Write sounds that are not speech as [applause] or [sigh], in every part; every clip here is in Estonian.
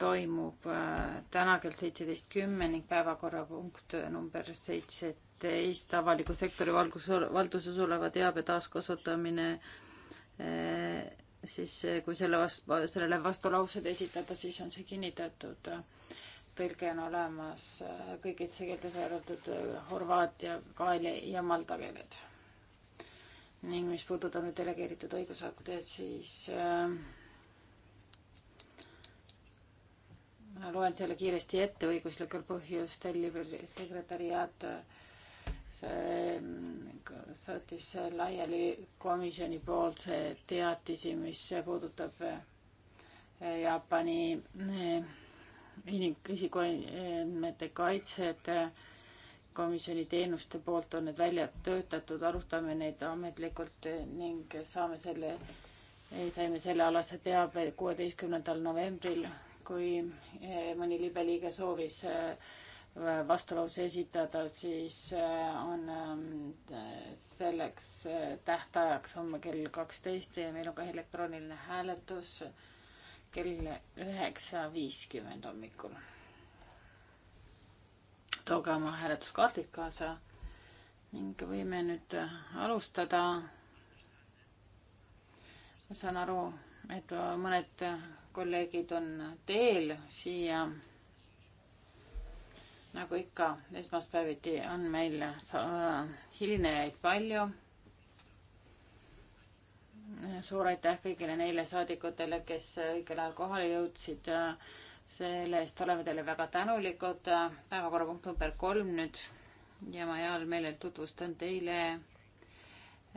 toimub äh, täna kell seitseteist kümme ning päevakorrapunkt äh, number seitseteist, avaliku sektori valgus, valduses oleva teabe taaskasutamine. Äh, siis kui selle vastu, sellele vastulaused esitada, siis on see kinnitatud. tõlge on olemas kõigisse keeltes, välja arvatud horvaatia, kaeli ja malda keeled. ning mis puudutab nüüd delegeeritud õigusaktid, siis äh, loen selle kiiresti ette õiguslikel põhjustel, sekretäriaat saatis laiali komisjoni poolt teatisi, mis puudutab eh, Jaapani eh, isikuandmete kaitset komisjoni teenuste poolt on need välja töötatud, arutame neid ametlikult eh, ning saame selle, saime sellealase teabe kuueteistkümnendal novembril kui eh, mõni libeliige soovis eh, vastulause esitada, siis eh, on selleks tähtajaks homme kell kaksteist ja meil on ka elektrooniline hääletus kell üheksa viiskümmend hommikul. tooge oma hääletuskaardid kaasa ning võime nüüd alustada. ma saan aru, et mõned kolleegid on teel siia. nagu ikka, esmaspäeviti on meil hilinejaid palju. suur aitäh kõigile neile saadikutele, kes õigel ajal kohale jõudsid. selle eest oleme teile väga tänulikud. päevakorrapunkt number kolm nüüd ja ma heal meelel tutvustan teile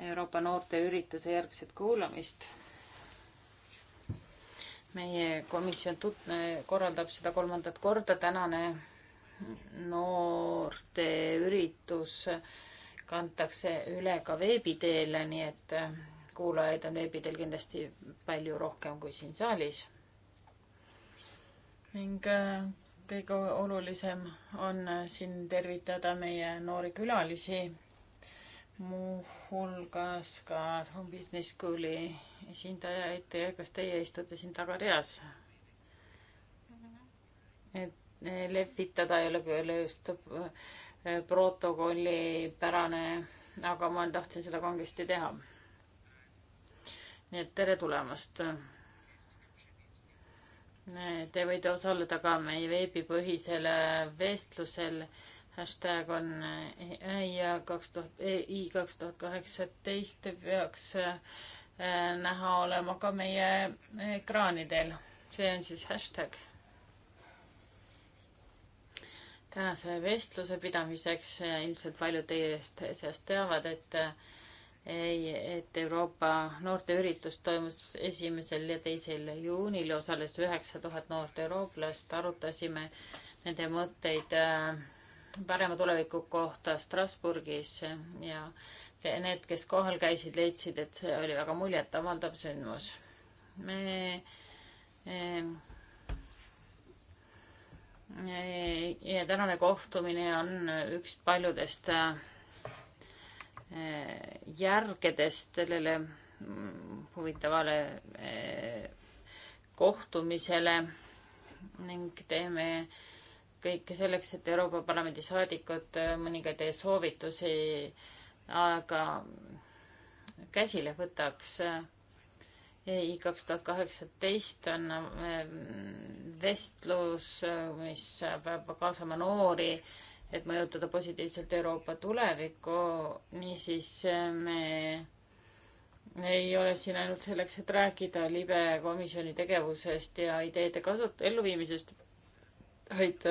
Euroopa noorteürituse järgset kuulamist meie komisjon tut-, korraldab seda kolmandat korda, tänane noorteüritus kantakse üle ka veebi teel, nii et äh, kuulajaid on veebi teel kindlasti palju rohkem kui siin saalis. ning äh, kõige olulisem on äh, siin tervitada meie noori külalisi muuhulgas ka Home Business Schooli esindajaid, kas teie istute siin tagareas? et eh, lehvitada ei ole küll just eh, protokolli pärane, aga ma tahtsin seda kangesti teha. nii et tere tulemast. Eh, te võite osaleda ka meie veebipõhisel vestlusel hashtag on EIA kaks tuhat, EI kaks tuhat kaheksateist peaks äh, näha olema ka meie ekraanidel. see on siis hashtag. tänase vestluse pidamiseks äh, ilmselt paljud teie seast teavad, et äh, ei, et Euroopa noorteüritus toimus esimesel ja teisel juunil, osales üheksa tuhat noort eurooplast, arutasime nende mõtteid äh, parema tuleviku kohta Strasburgis ja need, kes kohal käisid, leidsid, et see oli väga muljetavaldav sündmus. me, me ehm, eh, ja tänane kohtumine on üks paljudest eh, järgedest sellele huvitavale eh, kohtumisele ning teeme äh, kõike selleks, et Euroopa Parlamendi saadikud äh, mõningaid teie soovitusi aga käsile võtaks. EI kaks tuhat kaheksateist on äh, vestlus, äh, mis peab kaasama noori, et mõjutada positiivselt Euroopa tulevikku. niisiis me ei ole siin ainult selleks, et rääkida libe komisjoni tegevusest ja ideede kasut-, elluviimisest, vaid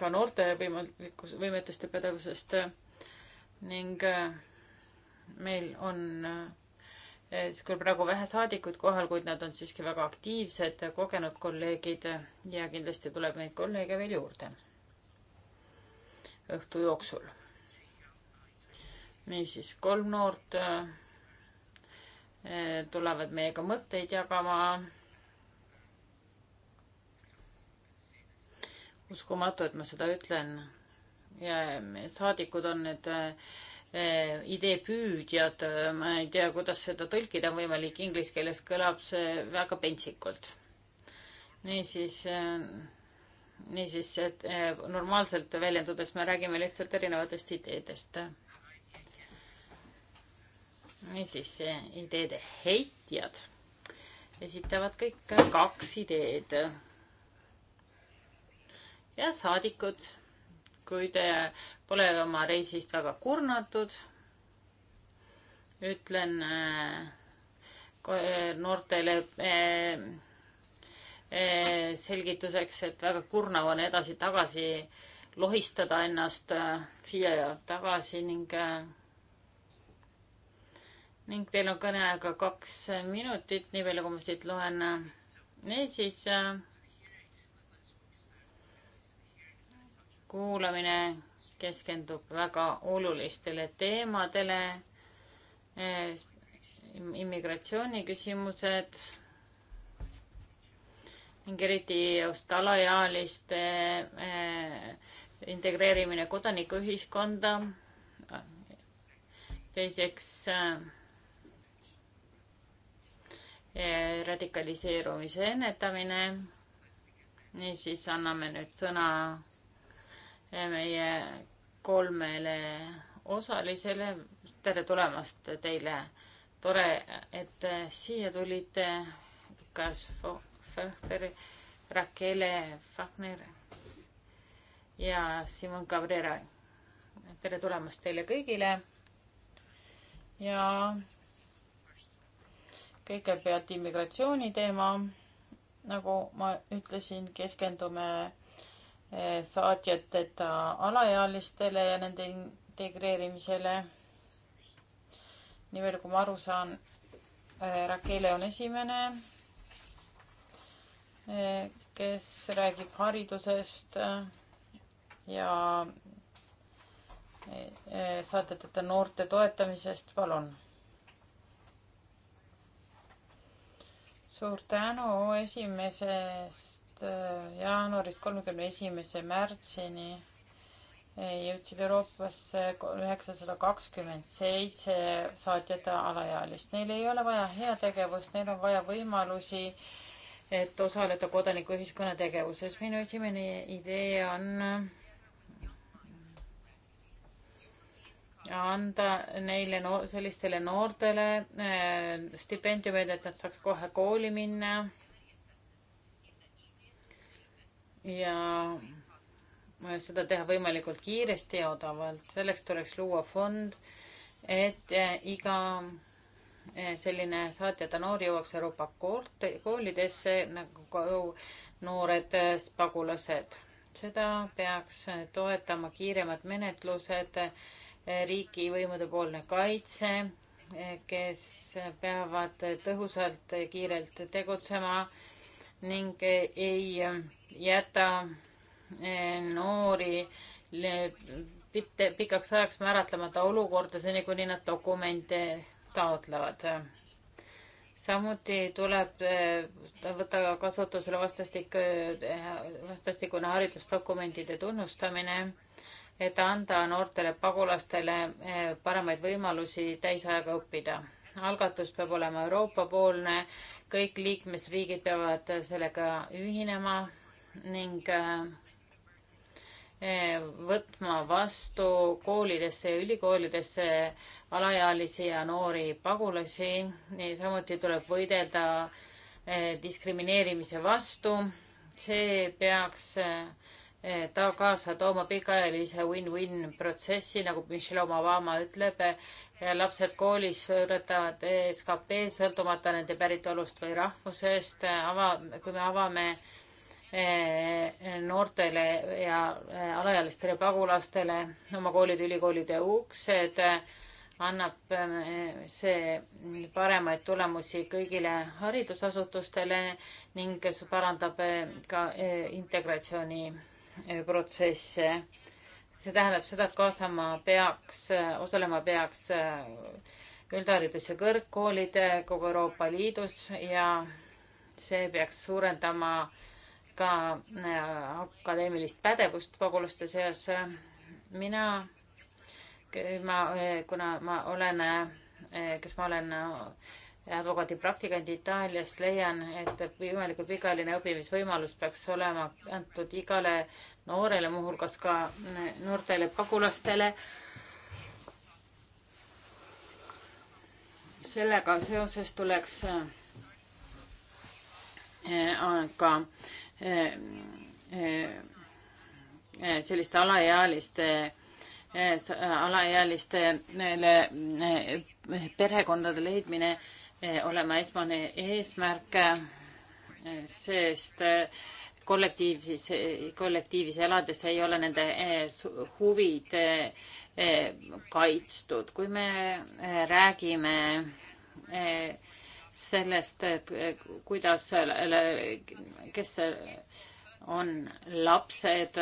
ka noorte võimalikkus, võimetest ja pädevusest ning äh, meil on äh, küll praegu vähe saadikuid kohal, kuid nad on siiski väga aktiivsed, kogenud kolleegid ja kindlasti tuleb neid kolleege veel juurde õhtu jooksul. niisiis, kolm noort äh, tulevad meiega mõtteid jagama uskumatu, et ma seda ütlen. ja saadikud on need eh, idee püüdjad, ma ei tea, kuidas seda tõlkida on võimalik, inglise keeles kõlab see väga pentsikult. niisiis, eh, niisiis, et eh, normaalselt väljendudes me räägime lihtsalt erinevatest ideedest. niisiis, ideede heitjad esitavad kõik kaks ideed ja saadikud, kui te pole oma reisist väga kurnatud, ütlen äh, noortele äh, äh, selgituseks, et väga kurnav on edasi-tagasi lohistada ennast siia ja tagasi ning ning teil on kõneaega kaks minutit, nii palju kui ma siit loen. niisiis äh, kuulamine keskendub väga olulistele teemadele. immigratsiooniküsimused ning eriti just alaealiste eh, integreerimine kodanikuühiskonda. teiseks eh, eh, radikaliseerumise ennetamine. niisiis anname nüüd sõna meie kolmele osalisele. tere tulemast teile. tore, et siia tulite. Lukas Fahter, Rakele Fahner ja Simon Cabrera. tere tulemast teile kõigile. ja kõigepealt immigratsiooni teema. nagu ma ütlesin, keskendume saatjateta alaealistele ja nende integreerimisele. nii palju, kui ma aru saan, äh, Rakele on esimene, äh, kes räägib haridusest äh, ja saatjateta noorte toetamisest, palun. suur tänu esimeses Äh, jaanuarist kolmekümne esimese märtsini äh, jõudsid Euroopasse üheksasada kakskümmend seitse saatjate alaealist. Neil ei ole vaja heategevust, neil on vaja võimalusi, et osaleda kodanikuühiskonna tegevuses. minu esimene idee on anda neile noor, sellistele noortele äh, stipendiumeid, et nad saaks kohe kooli minna ja seda teha võimalikult kiiresti ja odavalt. selleks tuleks luua fond, et eh, iga eh, selline saatjata noor jõuaks Euroopa koolidesse nagu noored eh, pagulased. seda peaks toetama kiiremad menetlused, riigivõimude poolne kaitse, kes peavad tõhusalt ja kiirelt tegutsema ning ei jäta eh, noori pikaks ajaks määratlemata olukorda seni, kuni nad dokumente taotlevad. samuti tuleb eh, võtta kasutusele vastastik, eh, vastastikune haridusdokumentide tunnustamine, et anda noortele pagulastele paremaid võimalusi täisajaga õppida. algatus peab olema Euroopa-poolne, kõik liikmesriigid peavad sellega ühinema ning äh, äh, võtma vastu koolidesse ja ülikoolidesse alaealisi ja noori pagulasi. samuti tuleb võidelda äh, diskrimineerimise vastu. see peaks ta kaasa tooma pikaajalise win-win protsessi, nagu Michelle Obama ütleb. lapsed koolis ületavad SKP sõltumata nende päritolust või rahvusest. ava, kui me avame äh, Eh, noortele ja eh, alaealistele pagulastele oma koolide, ülikoolide uksed, annab eh, see paremaid tulemusi kõigile haridusasutustele ning parandab ka integratsiooniprotsesse. see tähendab seda, et kaasama peaks, osalema peaks üldharidus- ja kõrgkoolid kogu Euroopa Liidus ja see peaks suurendama äh, ka äh, akadeemilist pädevust pagulaste seas. mina, ma, äh, kuna ma olen, äh, kes ma olen advokaadipraktikant Itaaliast, leian, et võimalikult pikaajaline õppimisvõimalus peaks olema antud igale noorele, muuhulgas ka noortele pagulastele. sellega seoses tuleks ka äh, Äh, äh, äh, selliste alaealiste alaealistele perekondade leidmine olema esmane eesmärk, sest kollektiivses, kollektiivis elades ei ole nende huvid kaitstud. kui me räägime sellest, et kuidas, kes on lapsed,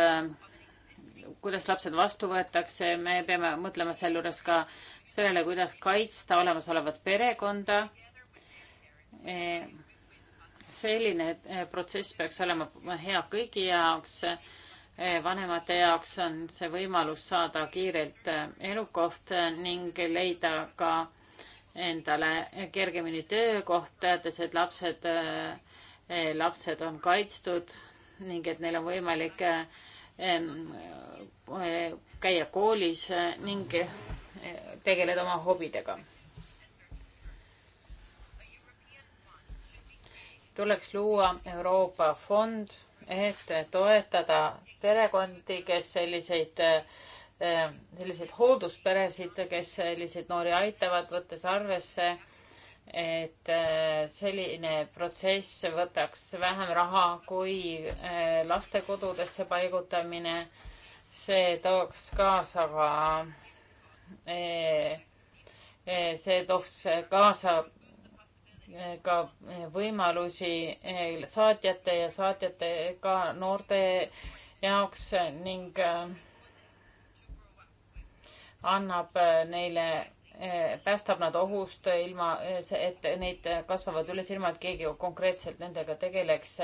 kuidas lapsed vastu võetakse, me peame mõtlema sealjuures ka sellele, kuidas kaitsta olemasolevat perekonda. selline protsess peaks olema hea kõigi jaoks. vanemate jaoks on see võimalus saada kiirelt elukoht ning leida ka endale kergemini töökoht, teades, et lapsed, eh, lapsed on kaitstud ning et neil on võimalik eh, käia koolis eh, ning tegeleda oma hobidega. tuleks luua Euroopa fond, et toetada perekondi, kes selliseid äh, Ähm, selliseid hooldusperesid, kes selliseid noori aitavad, võttes arvesse, et äh, selline protsess võtaks vähem raha kui äh, lastekodudesse paigutamine. see tooks kaasa ka, äh, see tooks kaasa ka võimalusi saatjate ja saatjatega noorte jaoks ning äh, annab äh, neile, äh, päästab nad ohust ilma, äh, et neid kasvavad üles, ilma et keegi konkreetselt nendega tegeleks.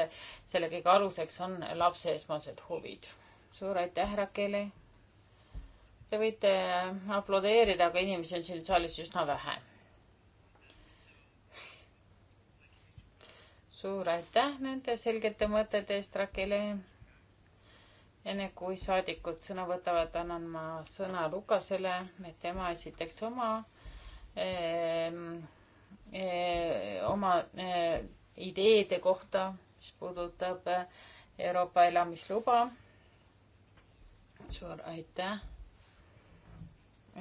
selle kõige aluseks on lapse esmased huvid. suur aitäh, Rakeli. Te võite aplodeerida, aga inimesi on siin saalis üsna vähe. suur aitäh nende selgete mõtete eest, Rakeli enne kui saadikud sõna võtavad, annan ma sõna Lukasele, et tema esiteks oma eh,, eh, oma eh, ideede kohta, mis puudutab eh, Euroopa elamisluba. suur aitäh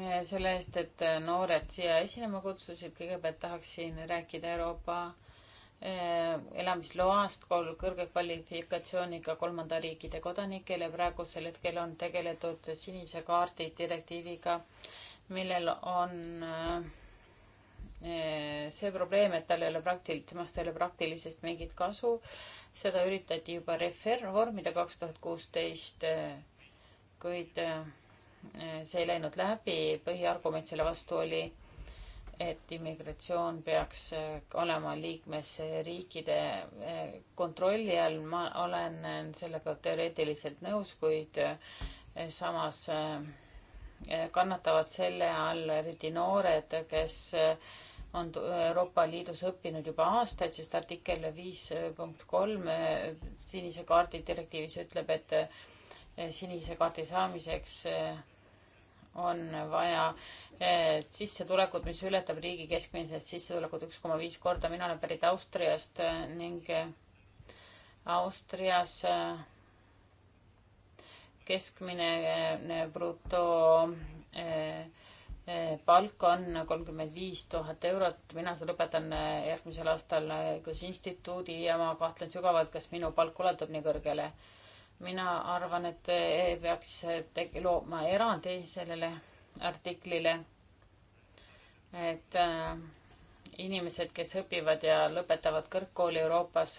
eh, selle eest, et eh, noored siia esinema kutsusid. kõigepealt tahaksin rääkida Euroopa Eh, elamisloast kõrge kvalifikatsiooniga kolmanda riikide kodanikele. praegusel hetkel on tegeletud sinise kaardi direktiiviga, millel on eh, see probleem, et tal ei ole praktiliselt, temast ei ole praktilisest mingit kasu. seda üritati juba reformida kaks tuhat kuusteist, eh, kuid see ei läinud läbi. põhiargument selle vastu oli et immigratsioon peaks eh, olema liikmesriikide eh, kontrolli all. ma olen eh, sellega teoreetiliselt nõus, kuid samas kannatavad selle all eriti noored, kes on Euroopa Liidus õppinud juba aastaid, sest artikkel viis punkt kolm sinise kaardi direktiivis ütleb, et sinise kaardi saamiseks on vaja sissetulekut, mis ületab riigi keskmisest sissetulekut üks koma viis korda. mina olen pärit Austriast eh, ning eh, Austrias eh, keskmine bruto palk on kolmkümmend viis tuhat eurot, mina seal lõpetan järgmisel aastal õigusinstituudi ja ma kahtlen sügavalt, kas minu palk ulatub nii kõrgele mina arvan, et peaks looma erandi sellele artiklile. et äh, inimesed, kes õpivad ja lõpetavad kõrgkooli Euroopas,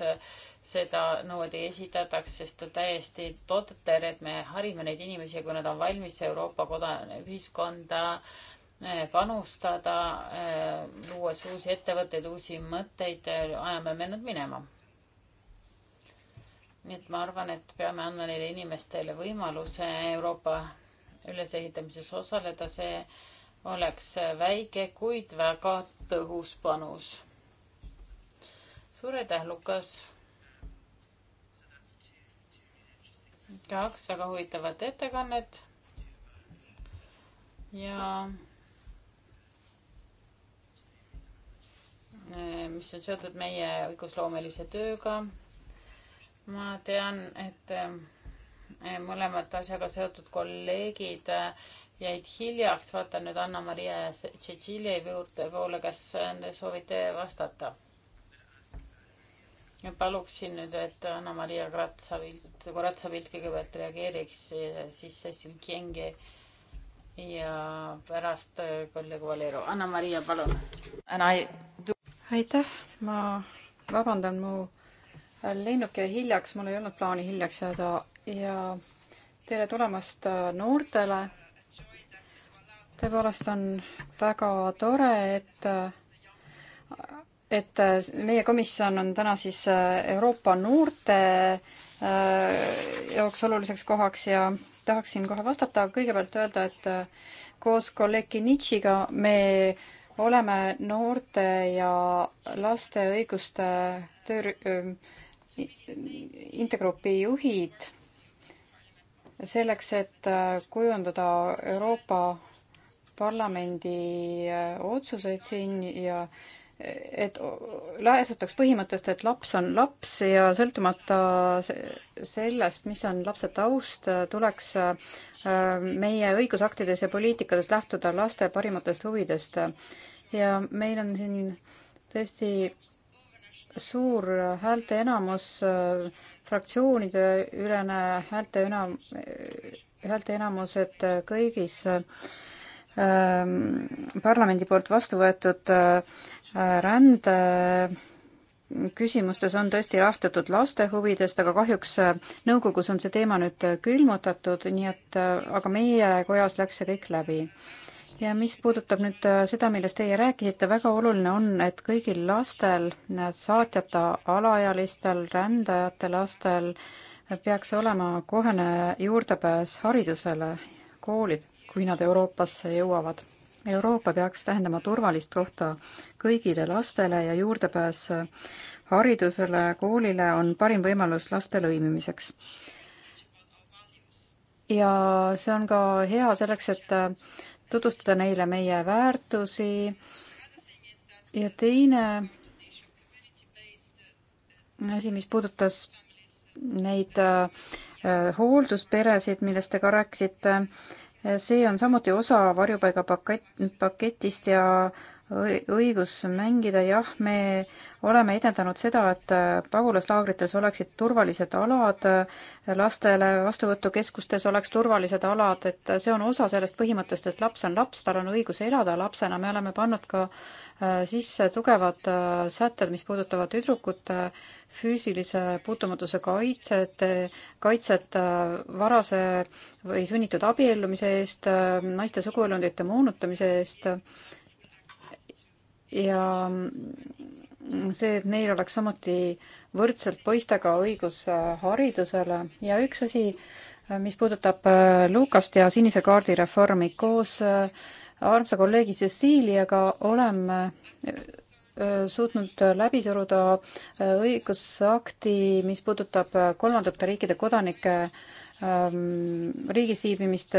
seda nõuet ei esitataks, sest on täiesti totter, et me harime neid inimesi, kui nad on valmis Euroopa kodan-, ühiskonda äh, panustada, äh, luues uusi ettevõtteid, uusi mõtteid, ajame me nad minema nii et ma arvan, et peame andma neile inimestele võimaluse Euroopa ülesehitamises osaleda, see oleks väike, kuid väga tõhus panus. suur aitäh, Lukas! kaks väga huvitavat ettekannet ja eh, mis on seotud meie õigusloomelise tööga ma tean, et eh, mõlemad asjaga seotud kolleegid eh, jäid hiljaks, vaatan nüüd Anna-Maria Tšetšiljevi juurde poole, kas soovite vastata? ja paluksin nüüd, et Anna-Maria Kratsavilt, Kratsavilt kõigepealt reageeriks, siis Cecil Kienge ja pärast eh, kolleeg Valero. Anna-Maria, palun. Do... aitäh, ma vabandan, mu lennuk jäi hiljaks, mul ei olnud plaani hiljaks jääda ja tere tulemast äh, noortele. tõepoolest on väga tore, et, äh, et äh, meie komisjon on täna siis Euroopa noorte jaoks oluliseks kohaks ja tahaksin kohe vastata, kõigepealt öelda, et koos kolleeg Kinitšiga me oleme noorte ja laste õiguste töörühm intergrupi juhid selleks, et äh, kujundada Euroopa Parlamendi äh, otsuseid siin ja äh, et lähtutaks põhimõttest, et laps on laps ja sõltumata sellest, mis on lapse taust, tuleks meie õigusaktides ja poliitikates lähtuda laste parimatest huvidest. ja meil on siin tõesti suur häälte enamus, äh, fraktsioonide ülene häälte enam-, häälte enamus, et kõigis ähm, parlamendi poolt vastu võetud äh, rände küsimustes on tõesti lähtutud laste huvidest, aga kahjuks äh, nõukogus on see teema nüüd külmutatud, nii et aga meie kojas läks see kõik läbi ja mis puudutab nüüd äh, seda, millest teie rääkisite, väga oluline on, et kõigil lastel, äh, saatjata alaealistel, rändajate lastel äh, peaks olema kohene juurdepääs haridusele, koolid, kui nad Euroopasse jõuavad. Euroopa peaks tähendama turvalist kohta kõigile lastele ja juurdepääs haridusele, koolile on parim võimalus laste lõimimiseks ja see on ka hea selleks, et tutvustada neile meie väärtusi ja teine asi, mis puudutas neid äh, hooldusperesid, millest te ka rääkisite, see on samuti osa varjupaiga pakett, paketist ja õigus mängida, jah, me oleme edendanud seda, et äh, pagulaslaagrites oleksid turvalised alad, äh, lastele vastuvõtukeskustes oleks turvalised alad, et äh, see on osa sellest põhimõttest, et laps on laps, tal on õigus elada lapsena, me oleme pannud ka sisse tugevad sätted, mis puudutavad tüdrukute füüsilise puutumatuse kaitset, kaitset varase või sunnitud abiellumise eest, naiste suguelundite moonutamise eest ja see, et neil oleks samuti võrdselt poistega õigus äh, haridusele ja üks asi, äh, mis puudutab äh, Lukast ja sinise kaardi reformi, koos armsa kolleegi Ceciliaga oleme suutnud läbi suruda õigusakti, mis puudutab kolmandate riikide kodanike ähm, riigis viibimist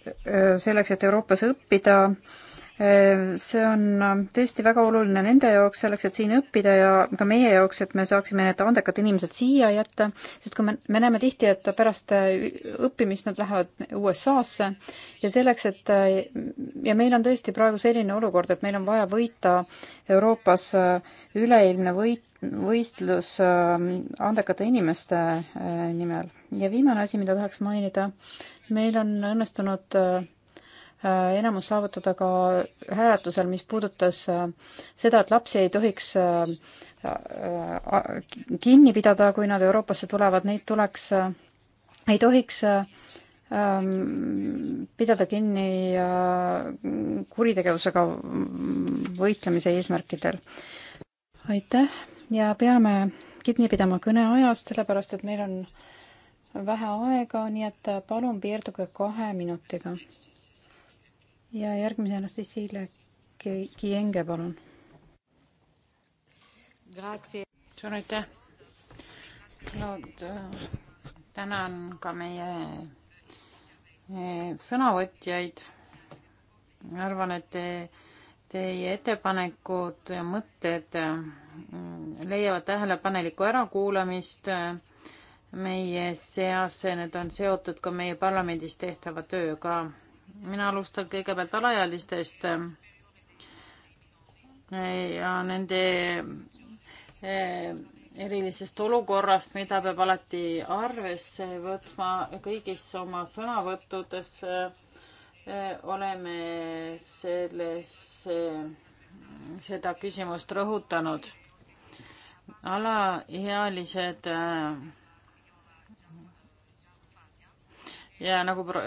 selleks, et Euroopas õppida Ehm, see on ähm, tõesti väga oluline nende jaoks, selleks, et siin õppida ja ka meie jaoks, et me saaksime need andekad inimesed siia jätta, sest kui me, me näeme tihti, et pärast äh, õppimist nad lähevad USA-sse ja selleks, et äh, ja meil on tõesti praegu selline olukord, et meil on vaja võita Euroopas äh, üleilmne võit, võistlus ähm, andekate inimeste nimel. ja viimane asi, mida tahaks mainida, meil on õnnestunud Äh, enamus saavutada ka hääletusel, mis puudutas äh, seda, et lapsi ei tohiks äh, kinni pidada, kui nad Euroopasse tulevad, neid tuleks, ei tohiks ähm, pidada kinni kuritegevusega võitlemise eesmärkidel. aitäh ja peame kinni pidama kõneajast, sellepärast et meil on vähe aega, nii et palun piirduge kahe minutiga ja järgmisena Cecilia Kienge, palun. suur aitäh. Claude, tänan ka meie eh, sõnavõtjaid. arvan, et te, teie ettepanekud ja mõtted mm, leiavad tähelepanelikku ärakuulamist meie seas, need on seotud ka meie parlamendis tehtava tööga mina alustan kõigepealt alaealistest ja nende eh, erilisest olukorrast, mida peab alati arvesse võtma kõigis oma sõnavõttudes. Eh, oleme selles, eh, seda küsimust rõhutanud. alaealised äh, ja nagu pro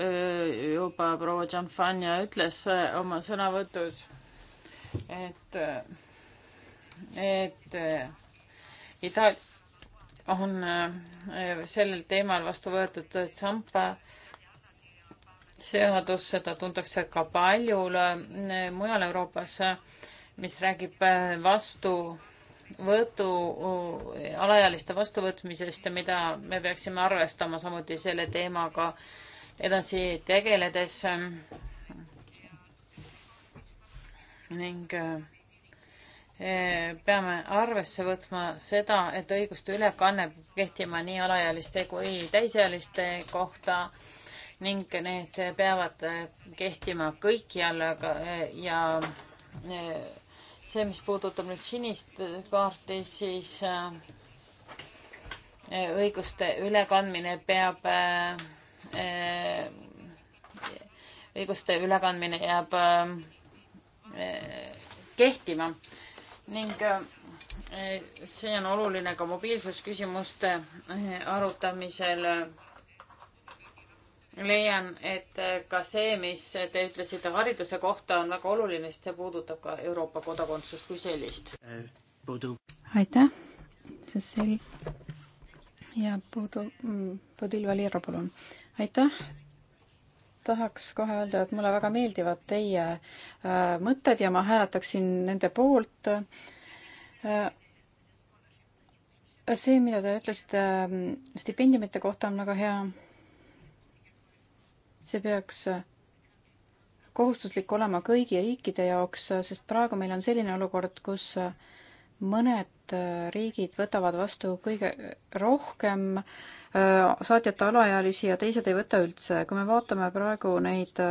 juba proua Gianfania ütles äh, oma sõnavõtus, et, äh, et äh, Itaalia on sellel teemal vastu võetud samba seadus, seda tuntakse ka paljul mujal Euroopas, mis räägib vastu võtu, alaealiste vastuvõtmisest ja mida me peaksime arvestama samuti selle teemaga edasi tegeledes. ning eh, peame arvesse võtma seda, et õiguste ülekanne peab kehtima nii alaealiste kui täisealiste kohta ning need peavad eh, kehtima kõikjal eh, ja see, mis puudutab nüüd sinist kaarti, siis äh, õiguste ülekandmine peab, äh, õiguste ülekandmine jääb äh, kehtima ning see on oluline ka mobiilsusküsimuste arutamisel leian, et äh, ka see, mis te ütlesite hariduse kohta, on väga oluline, sest see puudutab ka Euroopa kodakondsust kui sellist. aitäh, Cecil ja Pudu, mm, Pudil Valero, palun. aitäh, tahaks kohe öelda, et mulle väga meeldivad teie äh, mõtted ja ma hääletaksin nende poolt äh, see, mida te ütlesite mm, stipendiumite kohta, on väga hea see peaks äh, kohustuslik olema kõigi riikide jaoks, äh, sest praegu meil on selline olukord, kus äh, mõned riigid võtavad vastu kõige rohkem saatjate alaealisi ja teised ei võta üldse. kui me vaatame praegu neid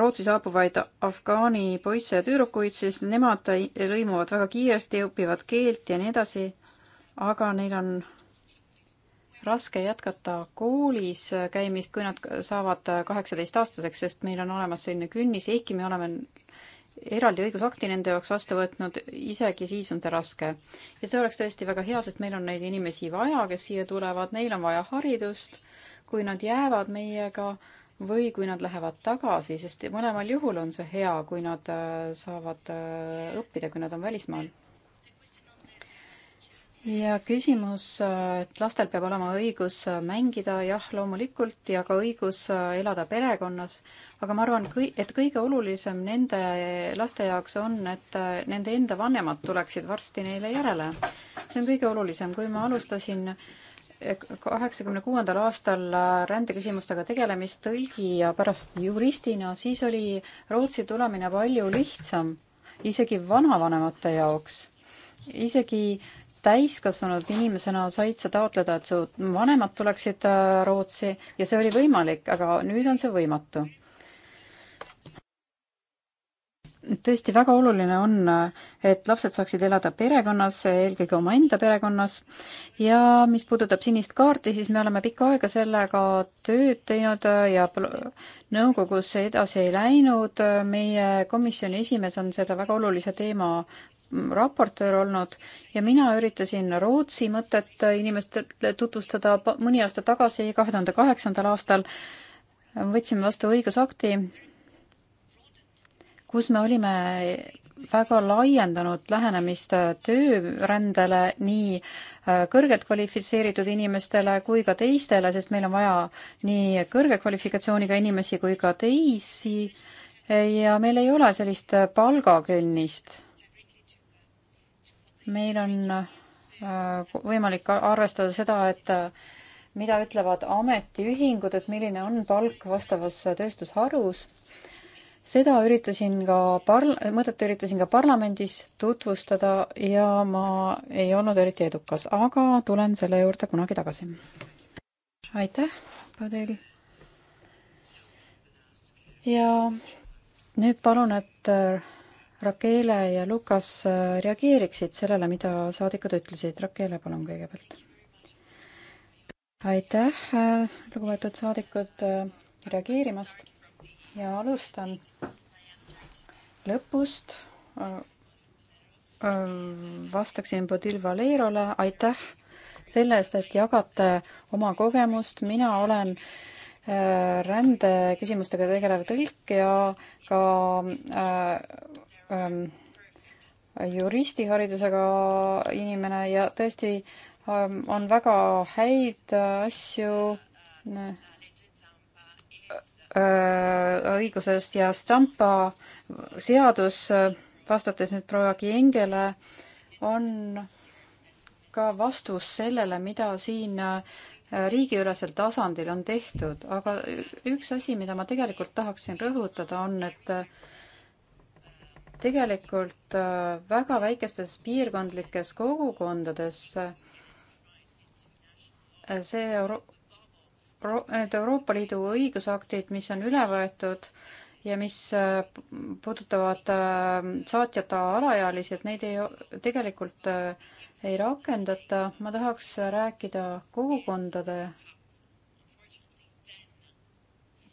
Rootsi saabuvaid afgaani poisse ja tüdrukuid, siis nemad lõimuvad väga kiiresti, õpivad keelt ja nii edasi, aga neil on raske jätkata koolis käimist, kui nad saavad kaheksateistaastaseks, sest meil on olemas selline künnis, ehkki me oleme eraldi õigusakti nende jaoks vastu võtnud, isegi siis on see raske. ja see oleks tõesti väga hea, sest meil on neid inimesi vaja, kes siia tulevad, neil on vaja haridust, kui nad jäävad meiega või kui nad lähevad tagasi, sest mõlemal juhul on see hea, kui nad äh, saavad äh, õppida, kui nad on välismaal ja küsimus, et lastel peab olema õigus mängida, jah, loomulikult, ja ka õigus äh, elada perekonnas, aga ma arvan, et kõige olulisem nende laste jaoks on, et äh, nende enda vanemad tuleksid varsti neile järele. see on kõige olulisem, kui ma alustasin eh, kaheksakümne kuuendal aastal äh, rändeküsimustega tegelemist tõlgi ja pärast juristina, siis oli Rootsi tulemine palju lihtsam, isegi vanavanemate jaoks, isegi äh, täiskasvanud inimesena said sa taotleda, et su vanemad tuleksid äh, Rootsi ja see oli võimalik, aga nüüd on see võimatu. tõesti väga oluline on, et lapsed saaksid elada perekonnas, eelkõige omaenda perekonnas ja mis puudutab sinist kaarti, siis me oleme pikka aega sellega tööd teinud ja nõukogus edasi ei läinud. meie komisjoni esimees on selle väga olulise teema raportöör olnud ja mina üritasin Rootsi mõtet inimestele tutvustada mõni aasta tagasi, kahe tuhande kaheksandal aastal võtsime vastu õigusakti kus me olime väga laiendanud lähenemist töörändele nii äh, kõrgelt kvalifitseeritud inimestele kui ka teistele, sest meil on vaja nii kõrge kvalifikatsiooniga inimesi kui ka teisi ja meil ei ole sellist palgakünnist. meil on äh, võimalik arvestada seda, et äh, mida ütlevad ametiühingud, et milline on palk vastavas tööstusharus seda üritasin ka parl-, mõtet üritasin ka parlamendis tutvustada ja ma ei olnud eriti edukas, aga tulen selle juurde kunagi tagasi. aitäh, Padel. ja nüüd palun, et äh, Rakele ja Lukas äh, reageeriksid sellele, mida saadikud ütlesid. Rakele, palun kõigepealt. aitäh, äh, lugupeetud saadikud, reageerimast ja alustan lõpust. vastaksin Bodil Valerole, aitäh selle eest, et jagate oma kogemust, mina olen äh, rändeküsimustega tegelev tõlk ja ka äh, äh, juristiharidusega inimene ja tõesti äh, on väga häid äh, asju äh, Äh, õigusest ja Stampa seadus, äh, vastates nüüd proua Kiengele, on ka vastus sellele, mida siin äh, riigiülesel tasandil on tehtud, aga üks asi, mida ma tegelikult tahaksin rõhutada, on, et tegelikult väga väikestes piirkondlikes kogukondades see Euro need Euroopa Liidu õigusaktid, mis on üle võetud ja mis äh, puudutavad äh, saatjata alaealisi, et neid ei, tegelikult äh, ei rakendata. ma tahaks rääkida kogukondade,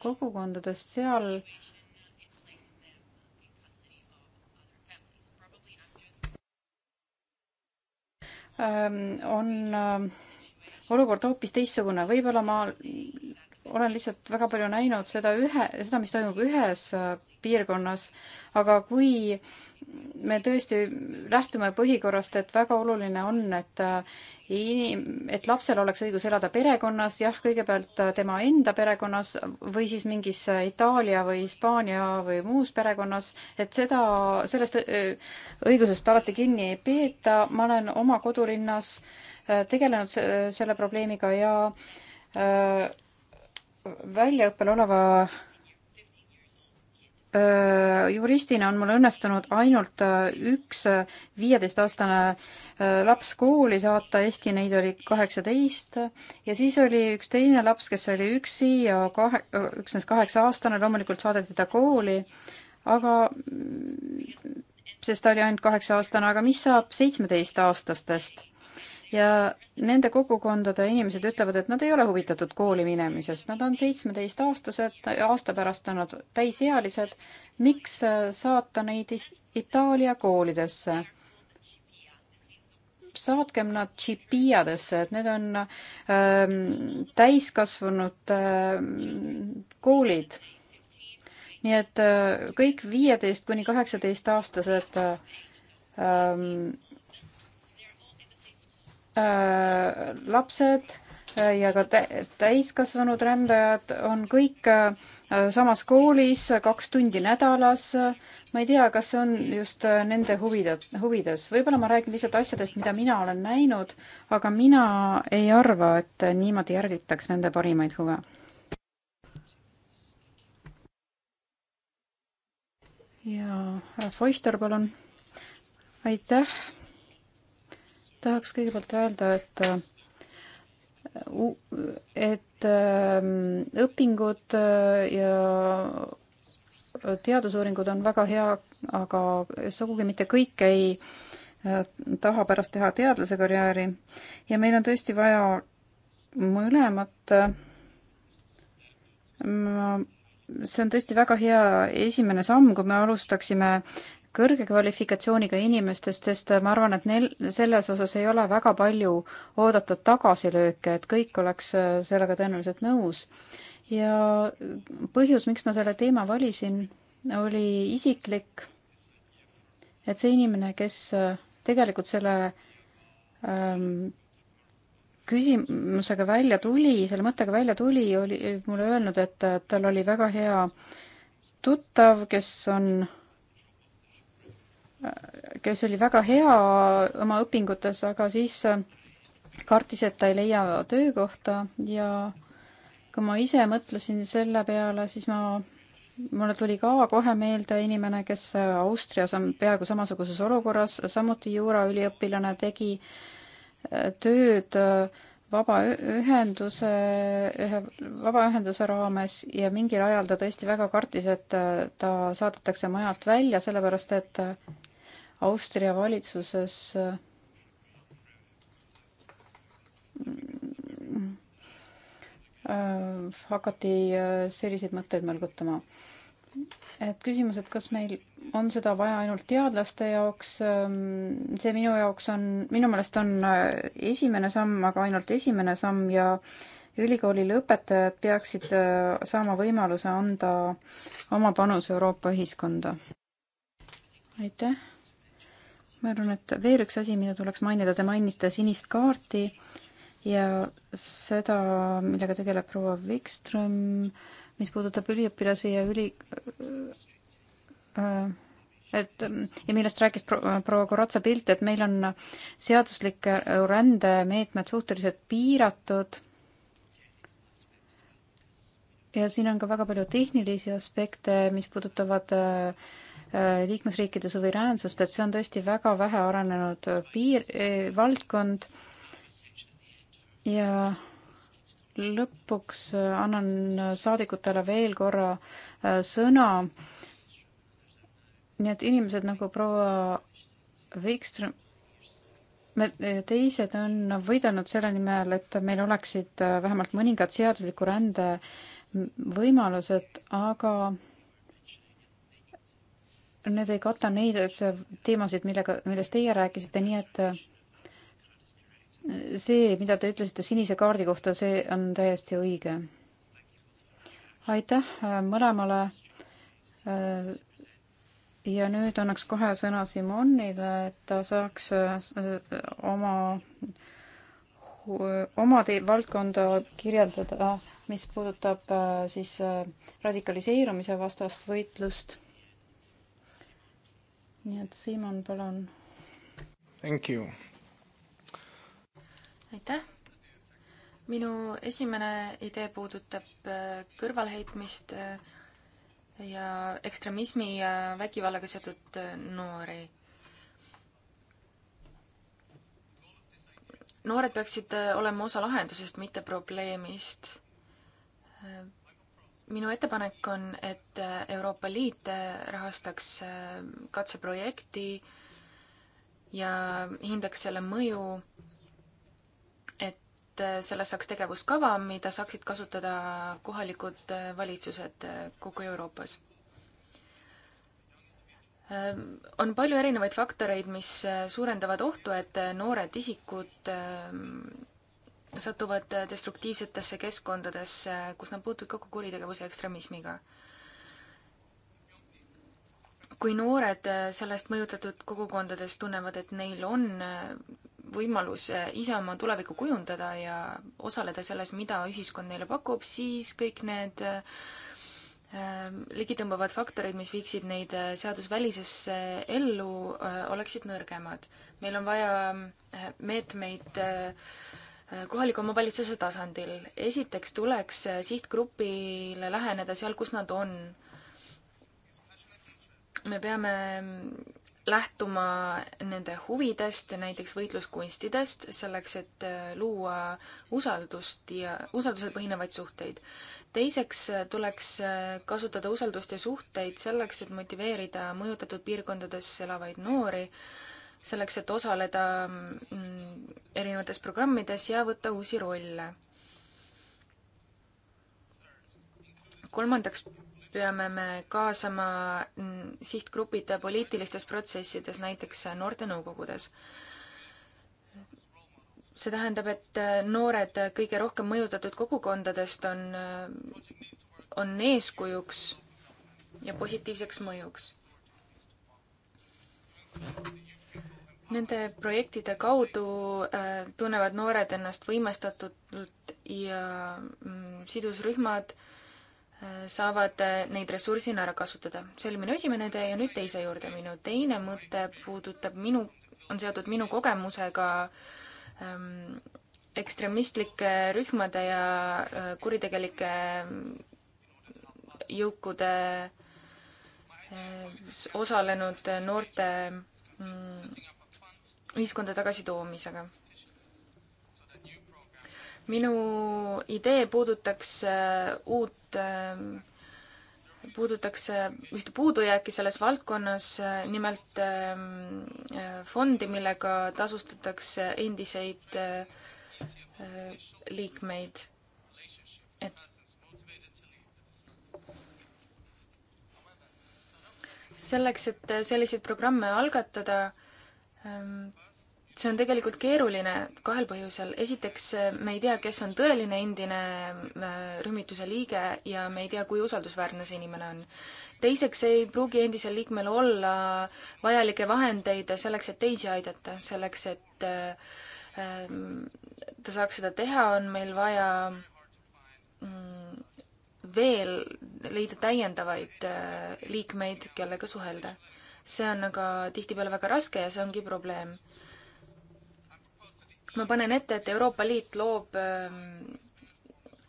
kogukondadest seal ähm, on olukord hoopis teistsugune, võib-olla ma olen lihtsalt väga palju näinud seda ühe, seda, mis toimub ühes äh, piirkonnas, aga kui me tõesti lähtume põhikorrast, et väga oluline on, et äh, inim-, et lapsel oleks õigus elada perekonnas, jah, kõigepealt äh, tema enda perekonnas või siis mingis Itaalia või Hispaania või muus perekonnas, et seda, sellest õigusest alati kinni ei peeta, ma olen oma kodulinnas äh, Äh, tegelenud selle probleemiga ja äh, väljaõppel oleva äh, juristina on mul õnnestunud ainult üks viieteistaastane laps kooli saata, ehkki neid oli kaheksateist. ja siis oli üks teine laps, kes oli üksi ja kahe, üksnes kaheksa-aastane, loomulikult saadeti ta kooli, aga sest ta oli ainult kaheksa-aastane, aga mis saab seitsmeteistaastastest? ja nende kogukondade inimesed ütlevad, et nad ei ole huvitatud kooli minemisest, nad on seitsmeteistaastased, aasta pärast on nad täisealised. miks äh, saata neid Itaalia koolidesse? saatkem nad tšipiadesse, et need on ähm, täiskasvanud ähm, koolid. nii et äh, kõik viieteist kuni kaheksateist aastased äh, ähm, Äh, lapsed äh, ja ka täiskasvanud rändajad on kõik äh, samas koolis kaks tundi nädalas. ma ei tea, kas see on just nende huvide, huvides. võib-olla ma räägin lihtsalt asjadest, mida mina olen näinud, aga mina ei arva, et niimoodi järgitaks nende parimaid huve. ja härra Foister, palun. aitäh tahaks kõigepealt öelda, et äh, et ähm, õpingud äh, ja teadusuuringud on väga hea, aga sugugi mitte kõik ei äh, taha pärast teha teadlase karjääri ja meil on tõesti vaja mõlemat. see on tõesti väga hea esimene samm, kui me alustaksime kõrge kvalifikatsiooniga inimestest, sest ma arvan, et neil, selles osas ei ole väga palju oodatud tagasilööke, et kõik oleks äh, sellega tõenäoliselt nõus. ja põhjus, miks ma selle teema valisin, oli isiklik, et see inimene, kes äh, tegelikult selle ähm, küsimusega välja tuli, selle mõttega välja tuli, oli mulle öelnud, et äh, tal oli väga hea tuttav, kes on kes oli väga hea oma õpingutes, aga siis äh, kartis, et ta ei leia töökohta ja kui ma ise mõtlesin selle peale, siis ma, mulle tuli ka kohe meelde inimene, kes äh, Austrias on peaaegu samasuguses olukorras, samuti juuraüliõpilane, tegi äh, tööd vabaühenduse, ühe vabaühenduse raames ja mingil ajal ta tõesti väga kartis, et ta saadetakse majalt välja, sellepärast et Austria valitsuses äh, hakati äh, selliseid mõtteid mõlgutama. et küsimus, et kas meil on seda vaja ainult teadlaste jaoks, ähm, see minu jaoks on, minu meelest on äh, esimene samm, aga ainult esimene samm ja ülikooli lõpetajad peaksid saama võimaluse anda oma panus Euroopa ühiskonda. aitäh ma arvan, et veel üks asi, mida tuleks mainida, te mainisite sinist kaarti ja seda, millega tegeleb proua Wikström, mis puudutab üliõpilasi ja üli äh, et ja millest rääkis proua Koratsa pilt, et meil on seaduslike rändemeetmed suhteliselt piiratud. ja siin on ka väga palju tehnilisi aspekte, mis puudutavad äh, Äh, liikmesriikide suveräänsust, et see on tõesti väga vähe arenenud äh, piir eh,, valdkond ja lõpuks annan saadikutele veel korra sõna. nii et inimesed nagu proua Wikström, teised on võidelnud selle nimel, et meil oleksid vähemalt mõningad seadusliku rände võimalused, aga need ei kata neid teemasid, millega, millest teie rääkisite, nii et äh, see, mida te ütlesite sinise kaardi kohta, see on täiesti õige. aitäh äh, mõlemale. Äh, ja nüüd annaks kohe sõna Simonile, et ta saaks oma, oma valdkonda kirjeldada, mis puudutab siis radikaliseerumise vastast võitlust nii et Siimon, palun. Thank you. aitäh. minu esimene idee puudutab äh, kõrvalheitmist äh, ja ekstremismi ja vägivallaga seotud äh, noori noored peaksid olema osa lahendusest, mitte probleemist minu ettepanek on, et Euroopa Liit rahastaks äh, katseprojekti ja hindaks selle mõju, et äh, sellest saaks tegevuskava, mida saaksid kasutada kohalikud äh, valitsused kogu Euroopas. Ähm, on palju erinevaid faktoreid, mis suurendavad ohtu, et noored isikud ähm, satuvad destruktiivsetesse keskkondadesse, kus nad puutuvad kokku kuritegevuse ja ekstremismiga. kui noored sellest mõjutatud kogukondades tunnevad, et neil on võimalus ise oma tulevikku kujundada ja osaleda selles, mida ühiskond neile pakub, siis kõik need ähm, ligitõmbavad faktorid, mis viiksid neid seadusvälisesse ellu, äh, oleksid nõrgemad. meil on vaja äh, meetmeid meet äh, Äh, kohaliku omavalitsuse tasandil. esiteks tuleks äh, sihtgrupile läheneda seal, kus nad on. me peame mm, lähtuma nende huvidest, näiteks võitluskunstidest, selleks et äh, luua usaldust ja usaldusel põhinevaid suhteid. teiseks tuleks kasutada usaldust ja suhteid selleks, et motiveerida mõjutatud piirkondades elavaid noori äh, selleks, et osaleda mm, erinevates programmides ja võtta uusi rolle. kolmandaks peame me kaasama mm, sihtgrupid poliitilistes protsessides, näiteks noortenõukogudes. see tähendab, et noored kõige rohkem mõjutatud kogukondadest on, on eeskujuks ja positiivseks mõjuks. Nende projektide kaudu äh, tunnevad noored ennast võimestatult ja mm, sidusrühmad äh, saavad äh, neid ressursina ära kasutada. see oli minu esimene tee ja nüüd teise juurde. minu teine mõte puudutab minu, on seotud minu kogemusega ähm, ekstremistlike rühmade ja äh, kuritegelike mm, jõukude äh, osalenud noorte äh, ühiskonda tagasitoomisega. minu idee puudutaks äh, uut, äh, puudutaks äh, ühte puudujääki selles valdkonnas, nimelt ähm, fondi, millega tasustatakse endiseid liikmeid. et selleks, et selliseid programme algatada, Ehm, see on tegelikult keeruline kahel põhjusel. esiteks, me ei tea, kes on tõeline endine äh, rühmituse liige ja me ei tea, kui usaldusväärne see inimene on. teiseks ei pruugi endisel liikmel olla vajalikke vahendeid selleks, et teisi aidata, selleks, et äh, äh, ta saaks seda teha, on meil vaja mm, veel leida täiendavaid liikmeid, kellega suhelda see on aga tihtipeale väga raske ja see ongi probleem. ma panen ette, et Euroopa Liit loob ähm,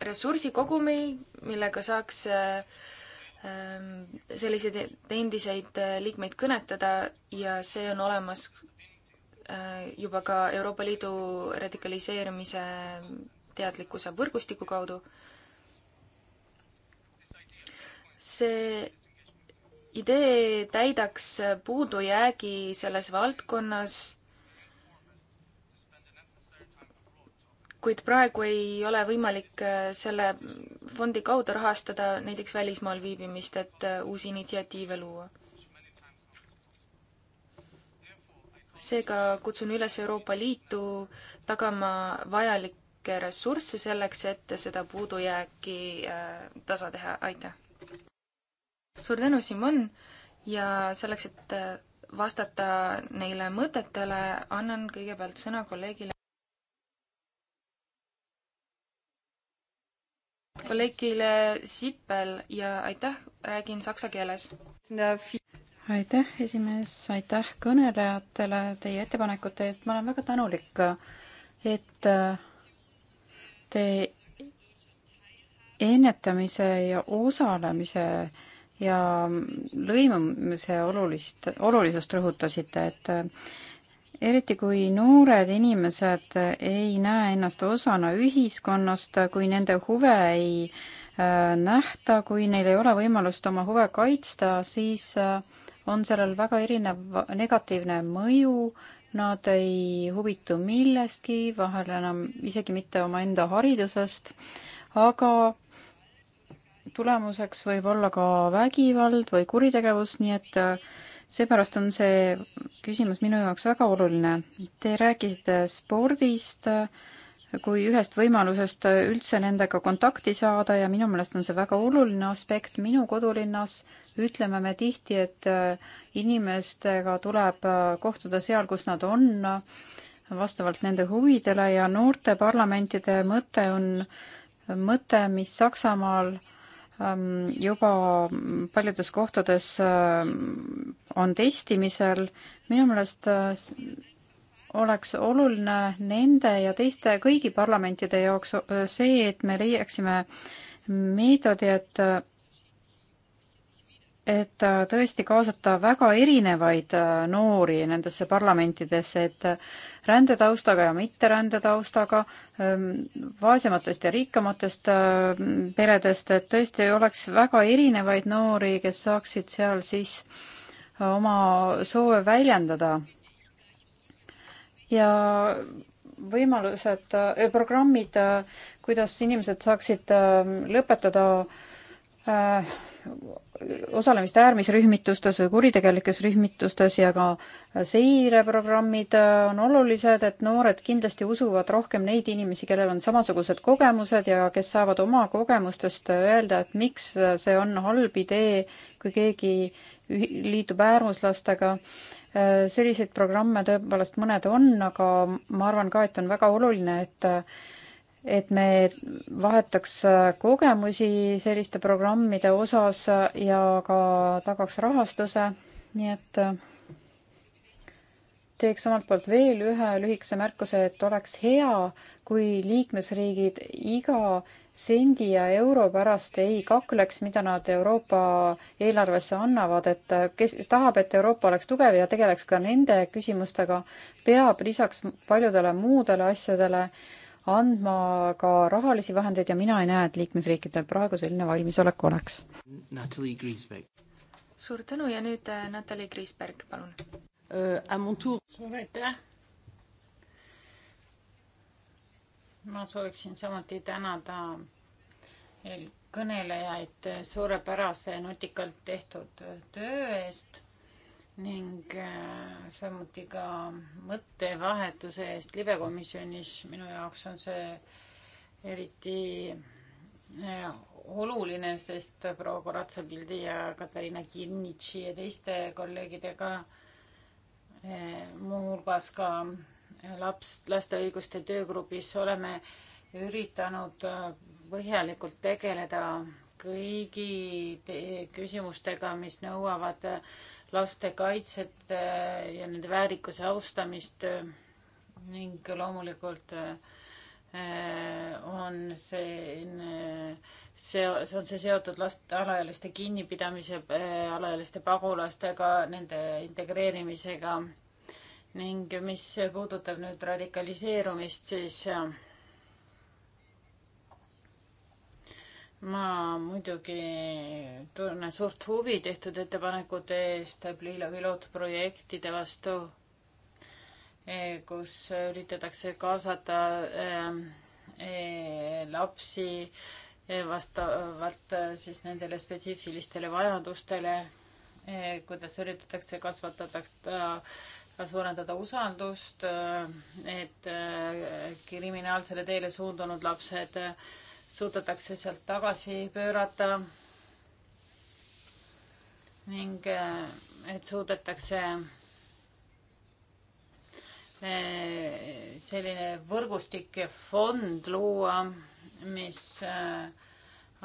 ressursikogumi, millega saaks ähm, selliseid endiseid äh, liikmeid kõnetada ja see on olemas äh, juba ka Euroopa Liidu radikaliseerimise teadlikkuse võrgustiku kaudu. see idee täidaks puudujäägi selles valdkonnas, kuid praegu ei ole võimalik äh, selle fondi kaudu rahastada näiteks välismaal viibimist, et äh, uusi initsiatiive luua seega kutsun üles Euroopa Liitu tagama vajalikke ressursse selleks, et seda puudujääki äh, tasa teha, aitäh! suur tänu, Simon, ja selleks, et äh, vastata neile mõtetele, annan kõigepealt sõna kolleegile. kolleegile Sippel ja aitäh, räägin saksa keeles. aitäh, esimees, aitäh kõnelejatele teie ettepanekute eest, ma olen väga tänulik, et äh, te ennetamise ja osalemise ja lõimumise olulist, olulisust rõhutasite, et eriti kui noored inimesed ei näe ennast osana ühiskonnast, kui nende huve ei äh, nähta, kui neil ei ole võimalust oma huve kaitsta, siis äh, on sellel väga erinev negatiivne mõju nad ei huvitu millestki, vahel enam isegi mitte omaenda haridusest, aga tulemuseks võib olla ka vägivald või kuritegevus, nii et äh, seepärast on see küsimus minu jaoks väga oluline. Te rääkisite spordist äh, kui ühest võimalusest äh, üldse nendega kontakti saada ja minu meelest on see väga oluline aspekt. minu kodulinnas ütleme me tihti, et inimestega tuleb kohtuda seal, kus nad on, vastavalt nende huvidele ja noorte parlamentide mõte on mõte, mis Saksamaal äh, Ähm, juba paljudes kohtades ähm, on testimisel. minu meelest äh, oleks oluline nende ja teiste kõigi parlamentide jaoks äh, see, et me leiaksime meetodi, et äh, et äh, tõesti kaasata väga erinevaid äh, noori nendesse parlamentidesse, et äh, rändetaustaga ja mitterändetaustaga, ähm, vaesematest ja rikkamatest peredest, et tõesti oleks väga erinevaid noori, kes saaksid seal siis oma soove väljendada. ja võimalused, programmid, kuidas inimesed saaksid lõpetada osalemist äärmisrühmitustes või kuritegelikes rühmitustes ja ka seireprogrammid äh, on olulised, et noored kindlasti usuvad rohkem neid inimesi, kellel on samasugused kogemused ja kes saavad oma kogemustest öelda, et miks see on halb idee, kui keegi liitub äärmuslastega. Äh, selliseid programme tõepoolest mõned on, aga ma arvan ka, et on väga oluline, et et me vahetaks kogemusi selliste programmide osas ja ka tagaks rahastuse, nii et äh, teeks omalt poolt veel ühe lühikese märkuse, et oleks hea, kui liikmesriigid iga sendi ja euro pärast ei kakleks, mida nad Euroopa eelarvesse annavad, et äh, kes tahab, et Euroopa oleks tugev ja tegeleks ka nende küsimustega, peab lisaks paljudele muudele asjadele äh, andma ka rahalisi vahendeid ja mina ei näe, et liikmesriikidel praegu selline valmisolek oleks. suur tänu ja nüüd äh, Natalja Kriisberg, palun. Äh, suur aitäh. ma sooviksin samuti tänada eelkõnelejaid suurepärase nutikalt tehtud töö eest ning äh, samuti ka mõttevahetuse eest libekomisjonis. minu jaoks on see eriti äh, oluline, sest proua Koratsapildi ja Katariina Kinnitši ja teiste kolleegidega äh, muuhulgas ka laps, laste õiguste töögrupis oleme üritanud põhjalikult tegeleda kõigi küsimustega, mis nõuavad laste kaitset äh, ja nende väärikuse austamist äh, ning loomulikult äh, on see, see, see on see seotud last, alaealiste kinnipidamise, alaealiste pagulastega, nende integreerimisega ning mis puudutab nüüd radikaliseerumist, siis ma muidugi tunnen suurt huvi tehtud ettepanekute eest pilootprojektide vastu, e, kus üritatakse kaasata e, e, lapsi vastavalt siis nendele spetsiifilistele vajadustele, kuidas üritatakse kasvatada suurendada usaldust, et kriminaalsele teele suundunud lapsed äh, suudetakse sealt tagasi pöörata ning eh, et suudetakse eh, selline võrgustik ja fond luua, mis eh,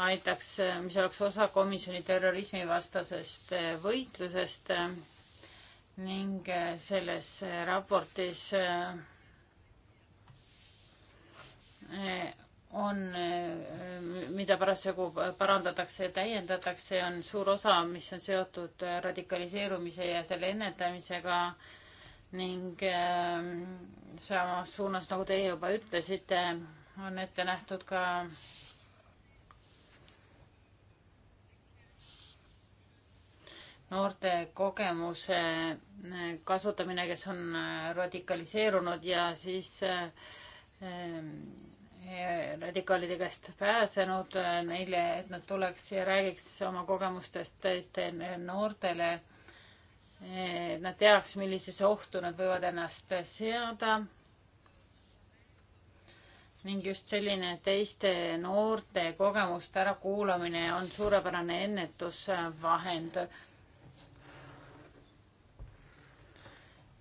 aitaks, mis oleks osa komisjoni terrorismivastasest võitlusest ning selles raportis on, eh, mida parasjagu parandatakse ja täiendatakse, on suur osa, mis on seotud radikaliseerumise ja selle ennetamisega ning äh, samas suunas, nagu teie juba ütlesite, on ette nähtud ka noorte kogemuse eh, kasutamine, kes on radikaliseerunud ja siis äh, radikaalide käest pääsenud äh, neile, et nad tuleks ja räägiks oma kogemustest teiste noortele. et nad teaks, millisesse ohtu nad võivad ennast seada. ning just selline teiste noorte kogemuste ärakuulamine on suurepärane ennetusvahend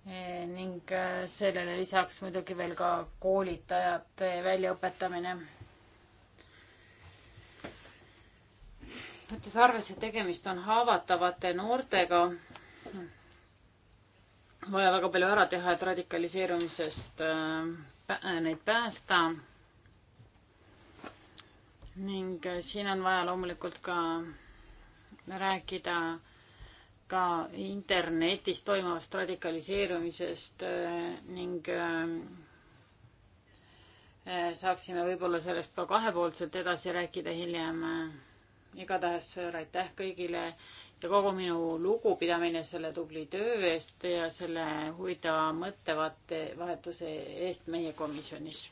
Eh, ning eh, sellele lisaks muidugi veel ka koolitajate väljaõpetamine. võttes arvesse, et tegemist on haavatavate noortega, vaja väga palju ära teha, et radikaliseerumisest eh, neid päästa. ning siin on vaja loomulikult ka rääkida ka internetis toimuvast radikaliseerumisest äh, ning äh, äh, saaksime võib-olla sellest ka kahepoolselt edasi rääkida hiljem. igatahes suur aitäh kõigile ja kogu minu lugupidamine selle tubli töö eest ja selle huvitava mõttevahetuse eest meie komisjonis.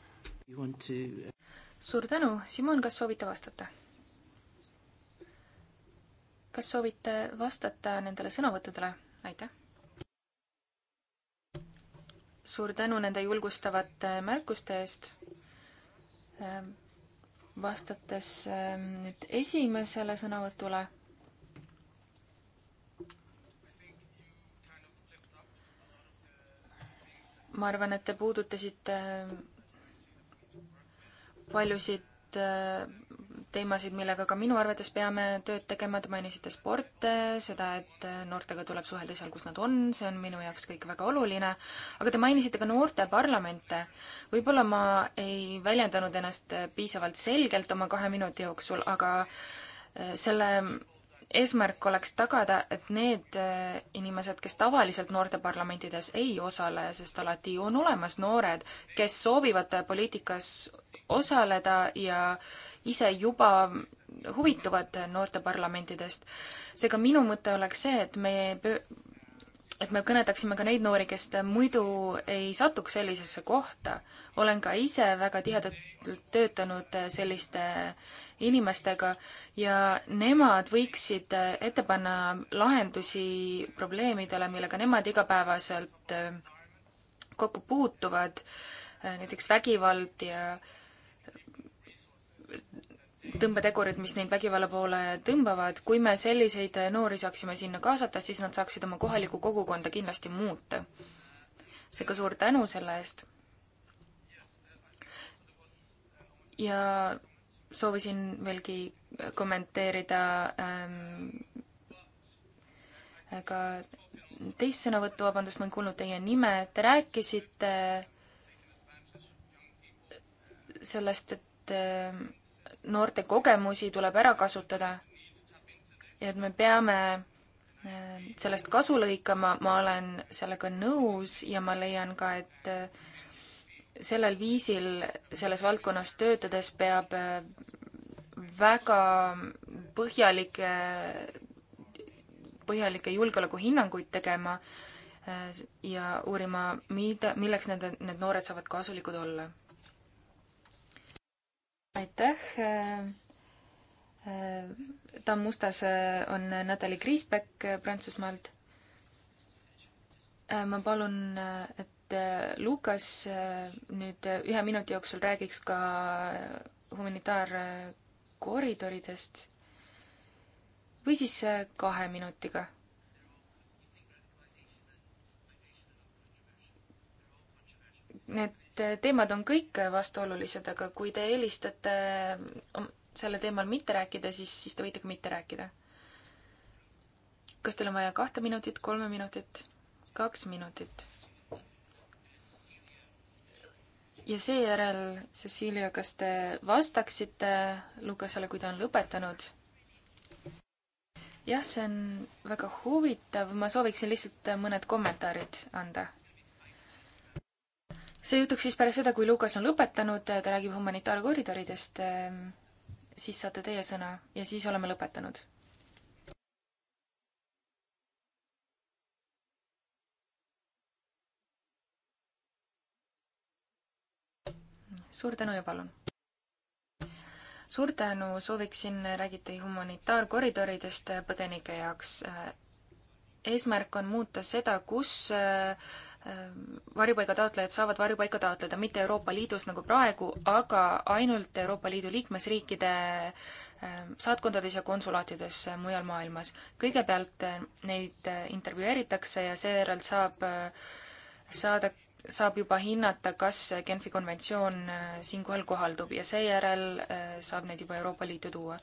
suur tänu, Simon, kas soovite vastata? kas soovite vastata nendele sõnavõttudele? aitäh! suur tänu nende julgustavate märkuste eest. Ähm, vastates ähm, nüüd esimesele sõnavõtule ma arvan, et te puudutasite ähm, paljusid, äh, teemasid, millega ka minu arvates peame tööd tegema, te mainisite sporte, seda, et noortega tuleb suhelda seal, kus nad on, see on minu jaoks kõik väga oluline, aga te mainisite ka noorteparlamente. võib-olla ma ei väljendanud ennast piisavalt selgelt oma kahe minuti jooksul, aga eh, selle eesmärk oleks tagada, et need eh, inimesed, kes tavaliselt noorteparlamentides ei osale, sest alati on olemas noored, kes soovivad poliitikas osaleda ja ise juba huvituvad noorteparlamentidest. seega minu mõte oleks see, et me et me kõnetaksime ka neid noori, kes muidu ei satuks sellisesse kohta. olen ka ise väga tihedalt töötanud selliste inimestega ja nemad võiksid ette panna lahendusi probleemidele, millega nemad igapäevaselt kokku puutuvad, näiteks vägivald ja äh, tõmbetegurid, mis neid vägivalla poole tõmbavad, kui me selliseid noori saaksime sinna kaasata, siis nad saaksid oma kohalikku kogukonda kindlasti muuta. seega suur tänu selle eest. ja soovisin veelgi kommenteerida ähm, ka teist sõnavõttu, vabandust, ma ei kuulnud teie nime, te rääkisite sellest, et äh, noorte kogemusi tuleb ära kasutada. ja et me peame äh, sellest kasu lõikama, ma olen sellega nõus ja ma leian ka, et äh, sellel viisil selles valdkonnas töötades peab äh, väga põhjalikke, põhjalikke julgeolekuhinnanguid tegema ja uurima, mida, milleks nende, need noored saavad kasulikud olla aitäh. Tammustas on Natalja Kriisbeck Prantsusmaalt. ma palun, et Lukas nüüd ühe minuti jooksul räägiks ka humanitaarkoridoridest või siis kahe minutiga need teemad on kõik vastuolulised, aga kui te eelistate um, sellel teemal mitte rääkida, siis, siis te võite ka mitte rääkida. kas teil on vaja kahte minutit, kolme minutit, kaks minutit? ja seejärel, Cecilia, kas te vastaksite Lukasele, kui ta on lõpetanud? jah, see on väga huvitav, ma sooviksin lihtsalt mõned kommentaarid anda see jutuks siis pärast seda, kui Lukas on lõpetanud, ta räägib humanitaarkoridoridest, ehm, siis saate teie sõna ja siis oleme lõpetanud. suur tänu ja palun! suur tänu, sooviksin, räägiti humanitaarkoridoridest põgenike jaoks. eesmärk on muuta seda, kus äh, Ehm, varjupaiga taotlejad saavad varjupaika taotleda mitte Euroopa Liidus nagu praegu, aga ainult Euroopa Liidu liikmesriikide ehm, saatkondades ja konsulaatides eh, mujal maailmas. kõigepealt eh, neid eh, intervjueeritakse ja seejärel saab saada saab juba hinnata, kas Genfi konventsioon äh, siinkohal kohaldub ja seejärel äh, saab neid juba Euroopa Liitu tuua.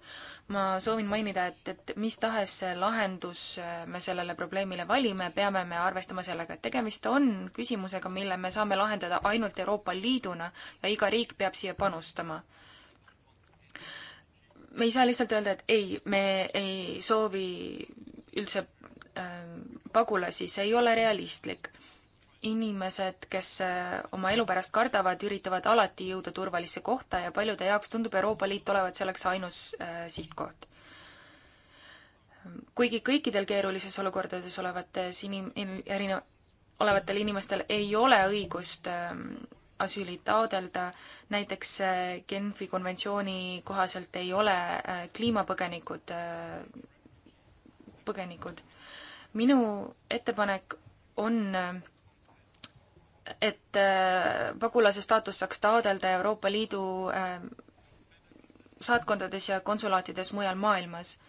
ma soovin mainida, et, et mis tahes lahendus äh, me sellele probleemile valime, peame me arvestama sellega, et tegemist on küsimusega, mille me saame lahendada ainult Euroopa Liiduna ja iga riik peab siia panustama me ei saa lihtsalt öelda, et ei, me ei soovi üldse äh, pagulasi, see ei ole realistlik inimesed, kes eh, oma elu pärast kardavad, üritavad alati jõuda turvalisse kohta ja paljude jaoks tundub Euroopa Liit olevat selleks ainus äh, sihtkoht. kuigi kõikidel keerulises olukordades olevates inim-, erine-, olevatel inimestel ei ole õigust äh, asüüli taodelda, näiteks äh, Genfi konventsiooni kohaselt ei ole äh, kliimapõgenikud äh, põgenikud. minu ettepanek on äh, et äh, pagulase staatus saaks taodelda Euroopa Liidu ähm, saatkondades ja konsulaatides mujal maailmas.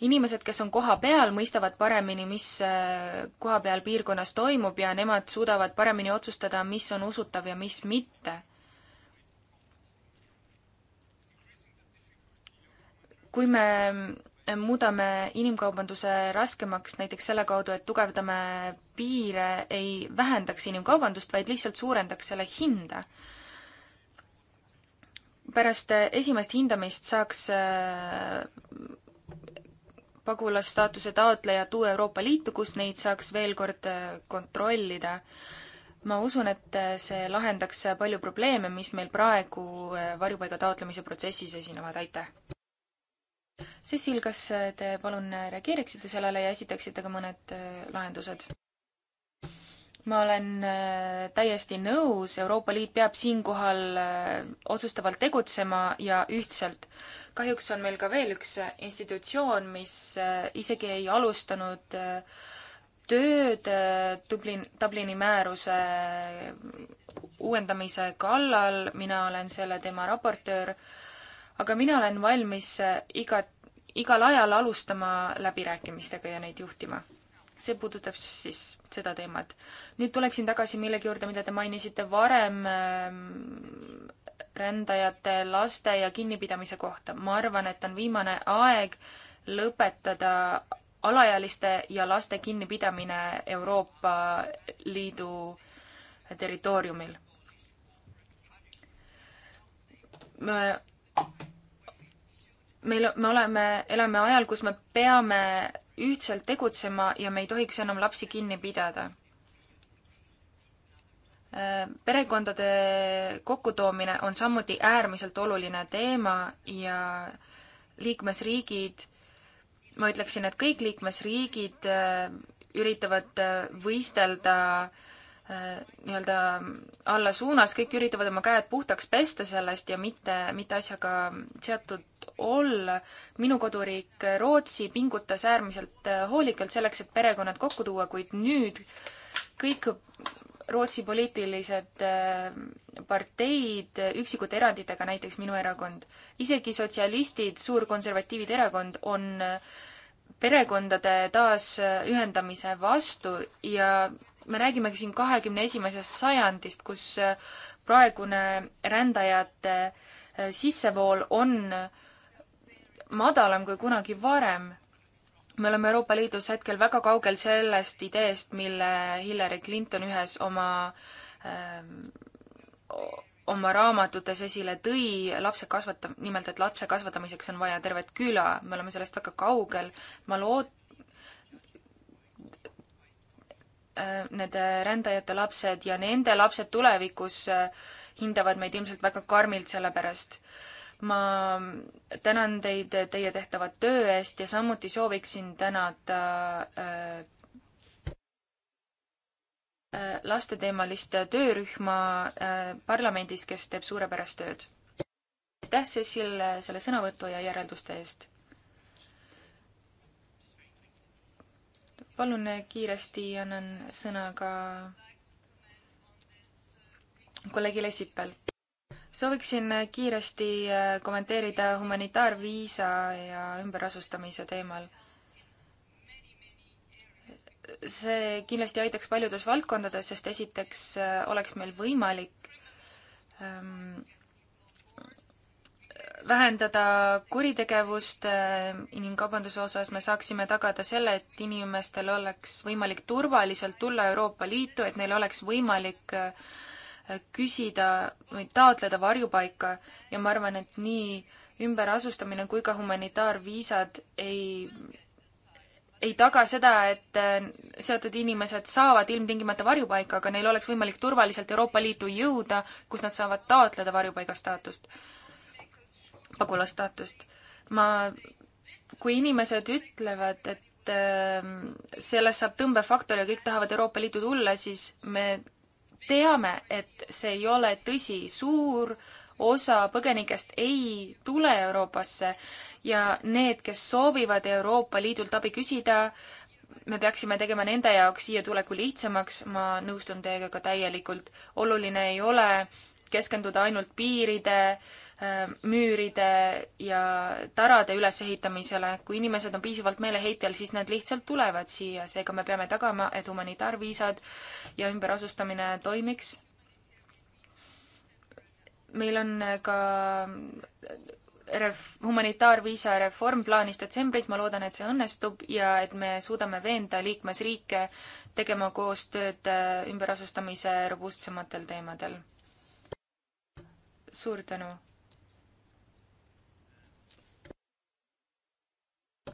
inimesed, kes on kohapeal, mõistavad paremini, mis äh, kohapeal piirkonnas toimub ja nemad suudavad paremini otsustada, mis on usutav ja mis mitte. kui me muudame inimkaubanduse raskemaks näiteks selle kaudu, et tugevdame piire, ei vähendaks inimkaubandust, vaid lihtsalt suurendaks selle hinda. pärast esimest hindamist saaks äh, pagulasstaatuse taotleja tuua Euroopa Liitu, kus neid saaks veel kord äh, kontrollida. ma usun, et äh, see lahendaks palju probleeme, mis meil praegu varjupaiga taotlemise protsessis esinevad, aitäh! Cecil, kas te palun reageeriksite sellele ja esitaksite ka mõned äh, lahendused? ma olen äh, täiesti nõus, Euroopa Liit peab siinkohal äh, otsustavalt tegutsema ja ühtselt. kahjuks on meil ka veel üks institutsioon, mis isegi ei alustanud tööd Dublin, Dublini määruse uuendamise kallal, mina olen selle teema raportöör aga mina olen valmis äh, iga, igal ajal alustama läbirääkimistega ja neid juhtima. see puudutab siis seda teemat. nüüd tuleksin tagasi millegi juurde, mida te mainisite varem ähm, rändajate, laste ja kinnipidamise kohta. ma arvan, et on viimane aeg lõpetada alaealiste ja laste kinnipidamine Euroopa Liidu territooriumil. me meil, me oleme, elame ajal, kus me peame ühtselt tegutsema ja me ei tohiks enam lapsi kinni pidada. perekondade kokkutoomine on samuti äärmiselt oluline teema ja liikmesriigid, ma ütleksin, et kõik liikmesriigid eh, üritavad eh, võistelda äh, Äh, nii-öelda alla suunas, kõik üritavad oma käed puhtaks pesta sellest ja mitte, mitte asjaga seotud olla. minu koduriik äh, Rootsi pingutas äärmiselt äh, hoolikalt selleks, et perekonnad kokku tuua, kuid nüüd kõik Rootsi poliitilised parteid, üksikute eranditega, näiteks minu erakond, isegi sotsialistid, suurkonservatiivid erakond on perekondade taasühendamise vastu ja me räägimegi siin kahekümne esimesest sajandist, kus äh, praegune rändajate äh, sissevool on madalam kui kunagi varem. me oleme Euroopa Liidus hetkel väga kaugel sellest ideest, mille Hillary Clinton ühes oma ähm, oma raamatutes esile tõi, lapse kasvata-, nimelt, et lapse kasvatamiseks on vaja tervet küla, me oleme sellest väga kaugel, ma lood-, Äh, nende äh, rändajate lapsed ja nende lapsed tulevikus äh, hindavad meid ilmselt väga karmilt selle pärast. ma tänan teid teie tehtava töö eest ja samuti sooviksin tänada lasteteemalist töörühma parlamendis, kes teeb suurepärast tööd. aitäh, Cecil, selle sõnavõtu ja järelduste eest! palun äh, kiiresti annan sõna ka kolleegile Sippel. sooviksin äh, kiiresti äh, kommenteerida humanitaarviisa ja ümberasustamise teemal. see kindlasti aitaks paljudes valdkondades, sest esiteks oleks meil võimalik ähm, vähendada kuritegevust äh, inimkaubanduse osas, me saaksime tagada selle, et inimestel oleks võimalik turvaliselt tulla Euroopa Liitu, et neil oleks võimalik äh, küsida või taotleda varjupaika ja ma arvan, et nii ümberasustamine kui ka humanitaarviisad ei, ei taga seda, et äh, seotud inimesed saavad ilmtingimata varjupaika, aga neil oleks võimalik turvaliselt Euroopa Liitu jõuda, kus nad saavad taotleda varjupaiga staatust pagulastaatust. ma, kui inimesed ütlevad, et äh, sellest saab tõmbefaktor ja kõik tahavad Euroopa Liitu tulla, siis me teame, et see ei ole tõsi. suur osa põgenikest ei tule Euroopasse ja need, kes soovivad Euroopa Liidult abi küsida, me peaksime tegema nende jaoks siia tuleku lihtsamaks, ma nõustun teiega ka täielikult. oluline ei ole keskenduda ainult piiride äh, Äh, müüride ja tarade ülesehitamisele. kui inimesed on piisavalt meeleheitel, siis nad lihtsalt tulevad siia, seega me peame tagama, et humanitaarviisad ja ümberasustamine toimiks. meil on ka ref-, humanitaarviisa reform plaanis detsembris, ma loodan, et see õnnestub ja et me suudame veenda liikmesriike tegema koostööd äh, ümberasustamise robustsematel teemadel. suur tänu!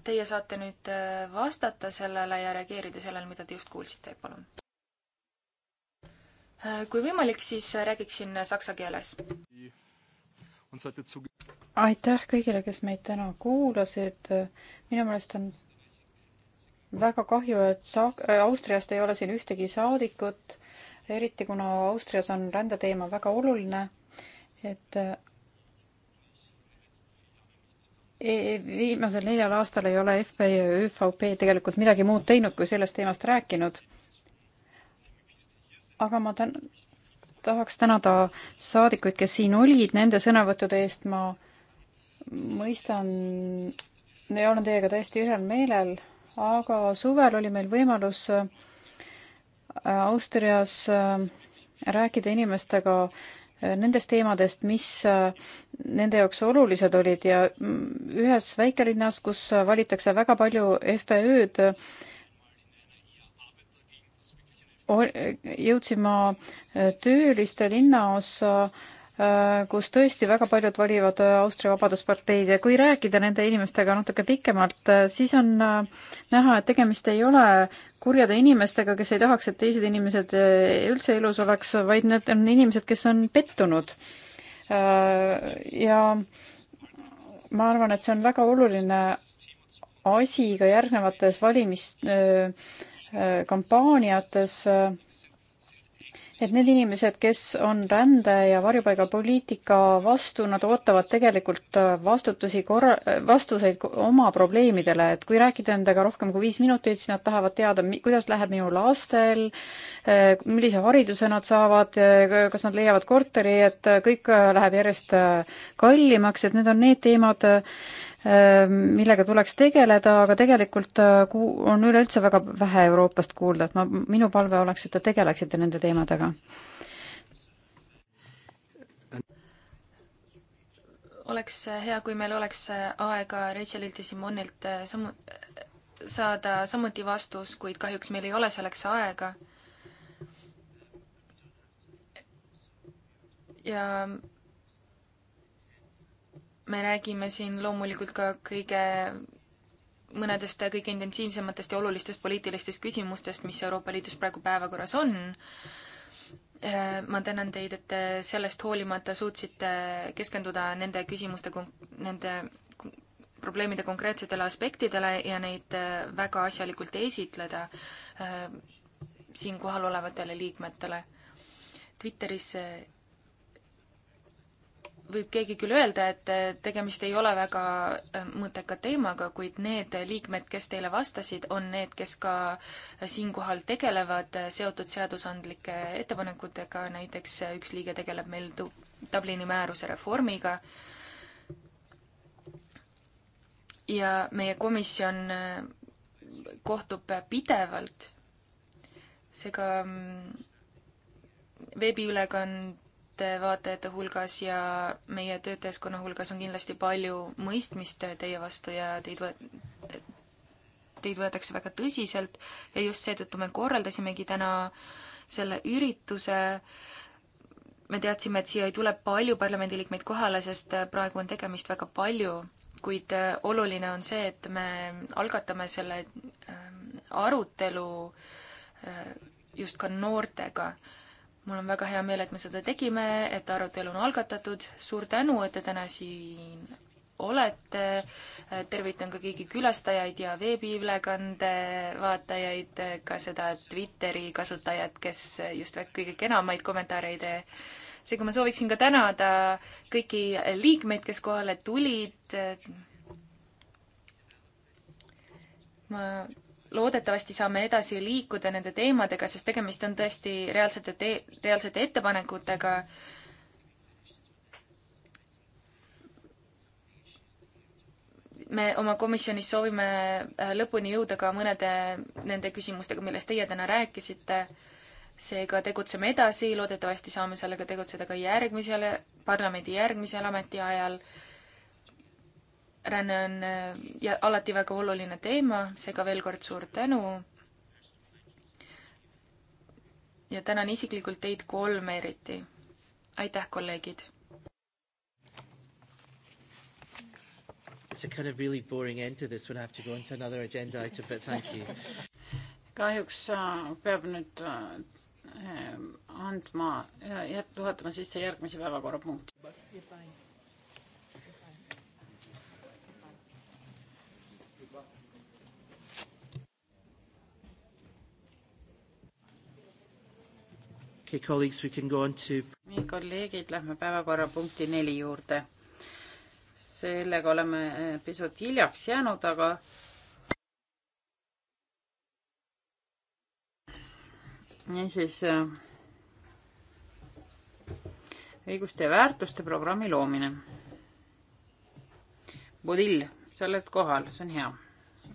Teie saate nüüd äh, vastata sellele ja reageerida sellele, mida te just kuulsite, palun. Äh, kui võimalik, siis äh, räägiksin saksa keeles. aitäh kõigile, kes meid täna kuulasid. minu meelest on väga kahju, et sa-, Austriast ei ole siin ühtegi saadikut, eriti kuna Austrias on rändeteema väga oluline, et E, viimasel neljal aastal ei ole FP ja ÜVP tegelikult midagi muud teinud, kui sellest teemast rääkinud. aga ma tän-, tahaks tänada saadikuid, kes siin olid, nende sõnavõttude eest ma mõistan, ei olnud teiega täiesti ühel meelel, aga suvel oli meil võimalus äh, Austrias äh, rääkida inimestega äh, nendest teemadest, mis äh, nende jaoks olulised olid ja mm, ühes väikelinnas, kus äh, valitakse väga palju FPÖ-d, jõudsin ma äh, tööliste linnaosa, kus tõesti väga paljud valivad Austria Vabadusparteid ja kui rääkida nende inimestega natuke pikemalt, siis on näha, et tegemist ei ole kurjade inimestega, kes ei tahaks, et teised inimesed eh, üldse elus oleks, vaid need on inimesed, kes on pettunud. Äh, ja ma arvan, et see on väga oluline asi ka järgnevates valimiskampaaniates äh, äh et need inimesed, kes on rände- ja varjupaigapoliitika vastu, nad ootavad tegelikult äh, vastutusi korra-, äh, vastuseid oma probleemidele, et kui rääkida nendega rohkem kui viis minutit, siis nad tahavad teada, kuidas läheb minu lastel, äh, millise hariduse nad saavad, kas nad leiavad korteri, et kõik läheb järjest kallimaks, et need on need teemad, Ehm, millega tuleks tegeleda, aga tegelikult äh, on üleüldse väga vähe Euroopast kuulda, et ma, minu palve oleks, et te tegeleksite nende teemadega. oleks äh, hea, kui meil oleks äh, aega Rachelilt ja Simonilt samu-, saada samuti vastus, kuid kahjuks meil ei ole selleks aega. ja me räägime siin loomulikult ka kõige, mõnedest kõige intensiivsematest ja olulistest poliitilistest küsimustest, mis Euroopa Liidus praegu päevakorras on. ma tänan teid, et te sellest hoolimata suutsite keskenduda nende küsimuste, nende probleemide konkreetsetele aspektidele ja neid äh, väga asjalikult esitleda äh, siin kohal olevatele liikmetele. Twitteris äh, võib keegi küll öelda, et eh, tegemist ei ole väga eh, mõtteka teemaga, kuid need liikmed, kes teile vastasid, on need, kes ka siinkohal tegelevad eh, seotud seadusandlike ettepanekutega, näiteks üks liige tegeleb meil Dublini määruse reformiga. ja meie komisjon kohtub pidevalt, seega mm, veebiülekand ettevaatajate hulgas ja meie töötajaskonna hulgas on kindlasti palju mõistmist teie vastu ja teid võet-, teid võetakse väga tõsiselt ja just seetõttu me korraldasimegi täna selle ürituse. me teadsime, et siia ei tule palju parlamendiliikmeid kohale, sest praegu on tegemist väga palju, kuid oluline on see, et me algatame selle ähm, arutelu äh, just ka noortega mul on väga hea meel, et me seda tegime, et arutelu on algatatud. suur tänu, et te täna siin olete. tervitan ka kõigi külastajaid ja veebiülekande vaatajaid, ka seda Twitteri kasutajat, kes just kõige kenamaid kommentaare ei tee. seega ma sooviksin ka tänada kõiki liikmeid, kes kohale tulid. ma loodetavasti saame edasi liikuda nende teemadega, sest tegemist on tõesti reaalsete tee, reaalsete ettepanekutega. me oma komisjonis soovime äh, lõpuni jõuda ka mõnede nende küsimustega, millest teie täna rääkisite. seega tegutseme edasi, loodetavasti saame sellega tegutseda ka järgmisel, parlamendi järgmisel ametiajal ränne on äh, ja alati väga oluline teema, seega veel kord suur tänu. ja tänan isiklikult teid kolme eriti. aitäh, kolleegid. It's a kind of really boring end to this when I have to go on to another agenda item, but thank you. [laughs] kahjuks äh, peab nüüd äh, andma ja jätkama sisse järgmise päevakorrapunkti. Okay, colleagues, we can go on to... nii, kolleegid, lähme päevakorrapunkti neli juurde. sellega oleme eh, pisut hiljaks jäänud, aga niisiis eh, õiguste ja väärtuste programmi loomine. Bodil, sa oled kohal, see on hea.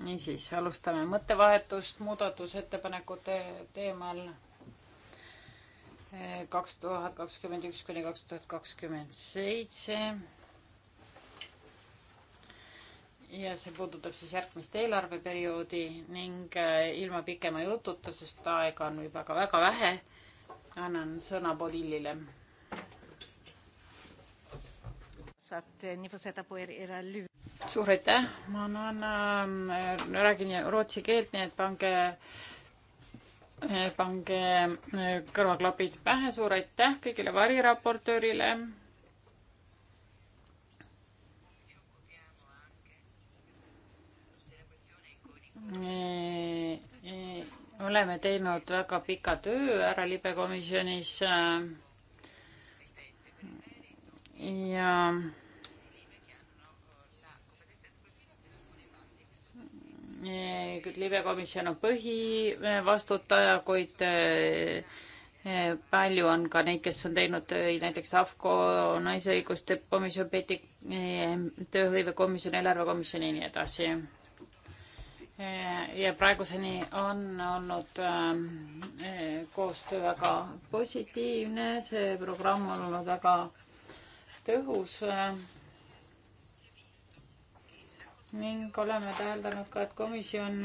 niisiis, alustame mõttevahetust muudatusettepanekute teemal kaks tuhat kakskümmend üks kuni kaks tuhat kakskümmend seitse. ja see puudutab siis järgmist eelarveperioodi ning äh, ilma pikema jututa, sest aega on juba ka väga vähe, annan sõna Polillile. suur aitäh, ma annan, ähm, räägin rootsi keelt, nii et pange pange äh, kõrvaklapid pähe, suur aitäh kõigile variraportöörile. Äh, äh, oleme teinud väga pika töö ära libekomisjonis. ja libekomisjon on põhivastutaja, kuid eh, eh, palju on ka neid, kes on teinud näiteks AFCO naisõiguste komisjon, PETI eh, tööhõivekomisjon, eelarvekomisjon ja nii edasi. ja praeguseni on olnud koostöö väga positiivne, see programm on olnud väga tõhus ning oleme täheldanud ka, et komisjon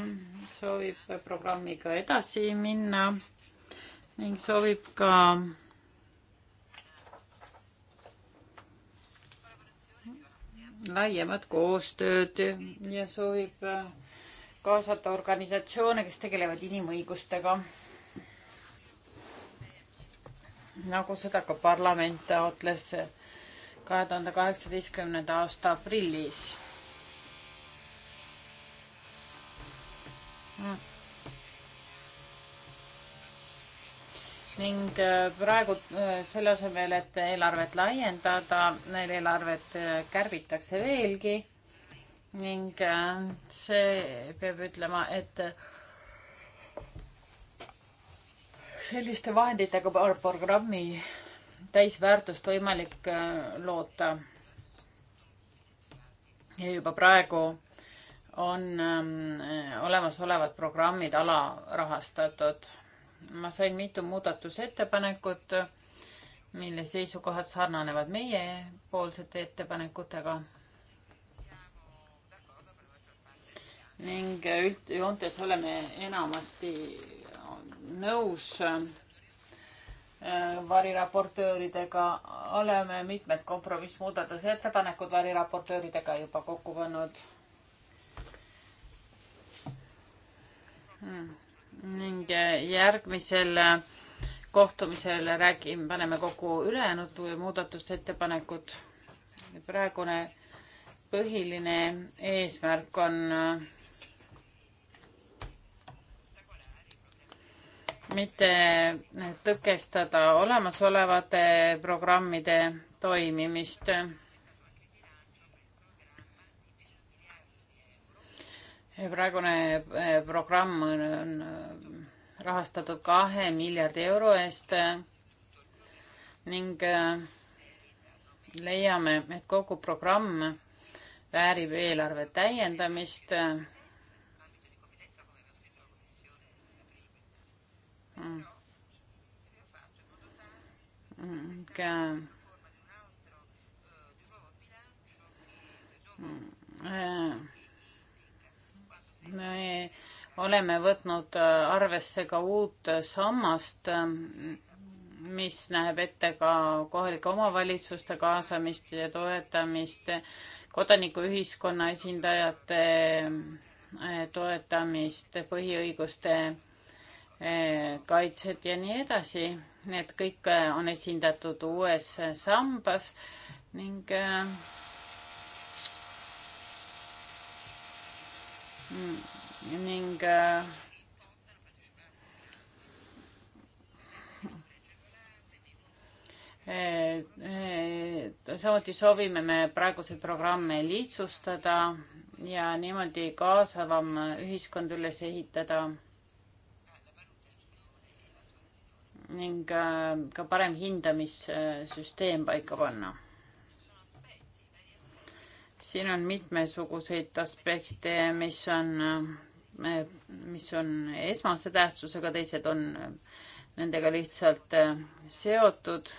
soovib programmiga edasi minna ning soovib ka laiemat koostööd ja soovib kaasata organisatsioone, kes tegelevad inimõigustega. nagu seda ka parlament taotles kahe tuhande kaheksateistkümnenda aasta aprillis ning äh, praegu äh, selle asemel, et eelarvet laiendada, neil eelarvet äh, kärbitakse veelgi ning see peab ütlema, et selliste vahenditega programmi täisväärtust võimalik loota. ja juba praegu on ähm, olemasolevad programmid alarahastatud. ma sain mitu muudatusettepanekut, mille seisukohad sarnanevad meiepoolsete ettepanekutega. ning üldjoontes oleme enamasti nõus äh, variraportööridega, oleme mitmed kompromissmuudatusettepanekud variraportööridega juba kokku pannud ning eh, järgmisel eh, kohtumisel räägime, paneme kokku ülejäänud muudatusettepanekud. praegune põhiline eesmärk on eh, mitte tõkestada olemasolevate programmide toimimist praegune eh, programm on eh, rahastatud kahe miljardi euro eest eh, ning leiame, et kogu programm väärib eelarve täiendamist. ka oleme võtnud äh, arvesse ka uut äh, sammast, ähm, mis näeb ette ka kohalike omavalitsuste kaasamist ja toetamist, kodanikuühiskonna esindajate äh, toetamist, põhiõiguste kaitset ja nii edasi. Need kõik on esindatud uues sambas ning mm, ning äh, äh, samuti soovime me praeguseid programme lihtsustada ja niimoodi kaasavam ühiskond üles ehitada ning äh, ka parem hindamissüsteem paika panna. siin on mitmesuguseid aspekte, mis on mis on esmase tähtsusega, teised on nendega lihtsalt äh, seotud.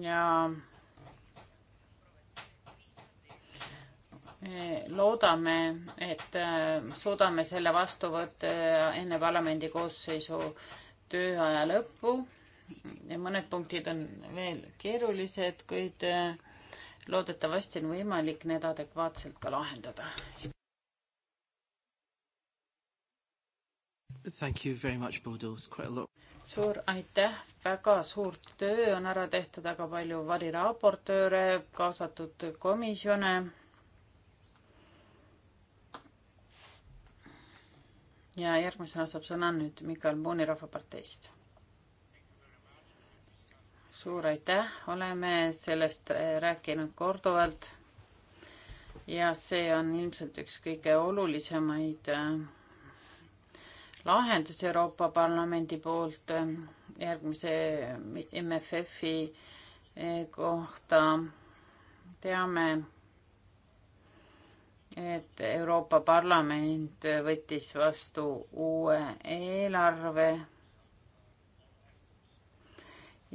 ja loodame, et äh, suudame selle vastu võtta enne parlamendi koosseisu tööaja lõppu mõned punktid on veel keerulised, kuid eh, loodetavasti on võimalik need adekvaatselt ka lahendada. Thank you very much, Bodo, it's quite a lot. suur aitäh, väga suur töö on ära tehtud, väga palju variraportööre, kaasatud komisjone. ja järgmisena saab sõna nüüd Mikael Muuni Rahvaparteist suur aitäh, oleme sellest äh, rääkinud korduvalt. ja see on ilmselt üks kõige olulisemaid äh, lahendusi Euroopa Parlamendi poolt äh, järgmise MFF-i kohta. teame, et Euroopa Parlament võttis vastu uue eelarve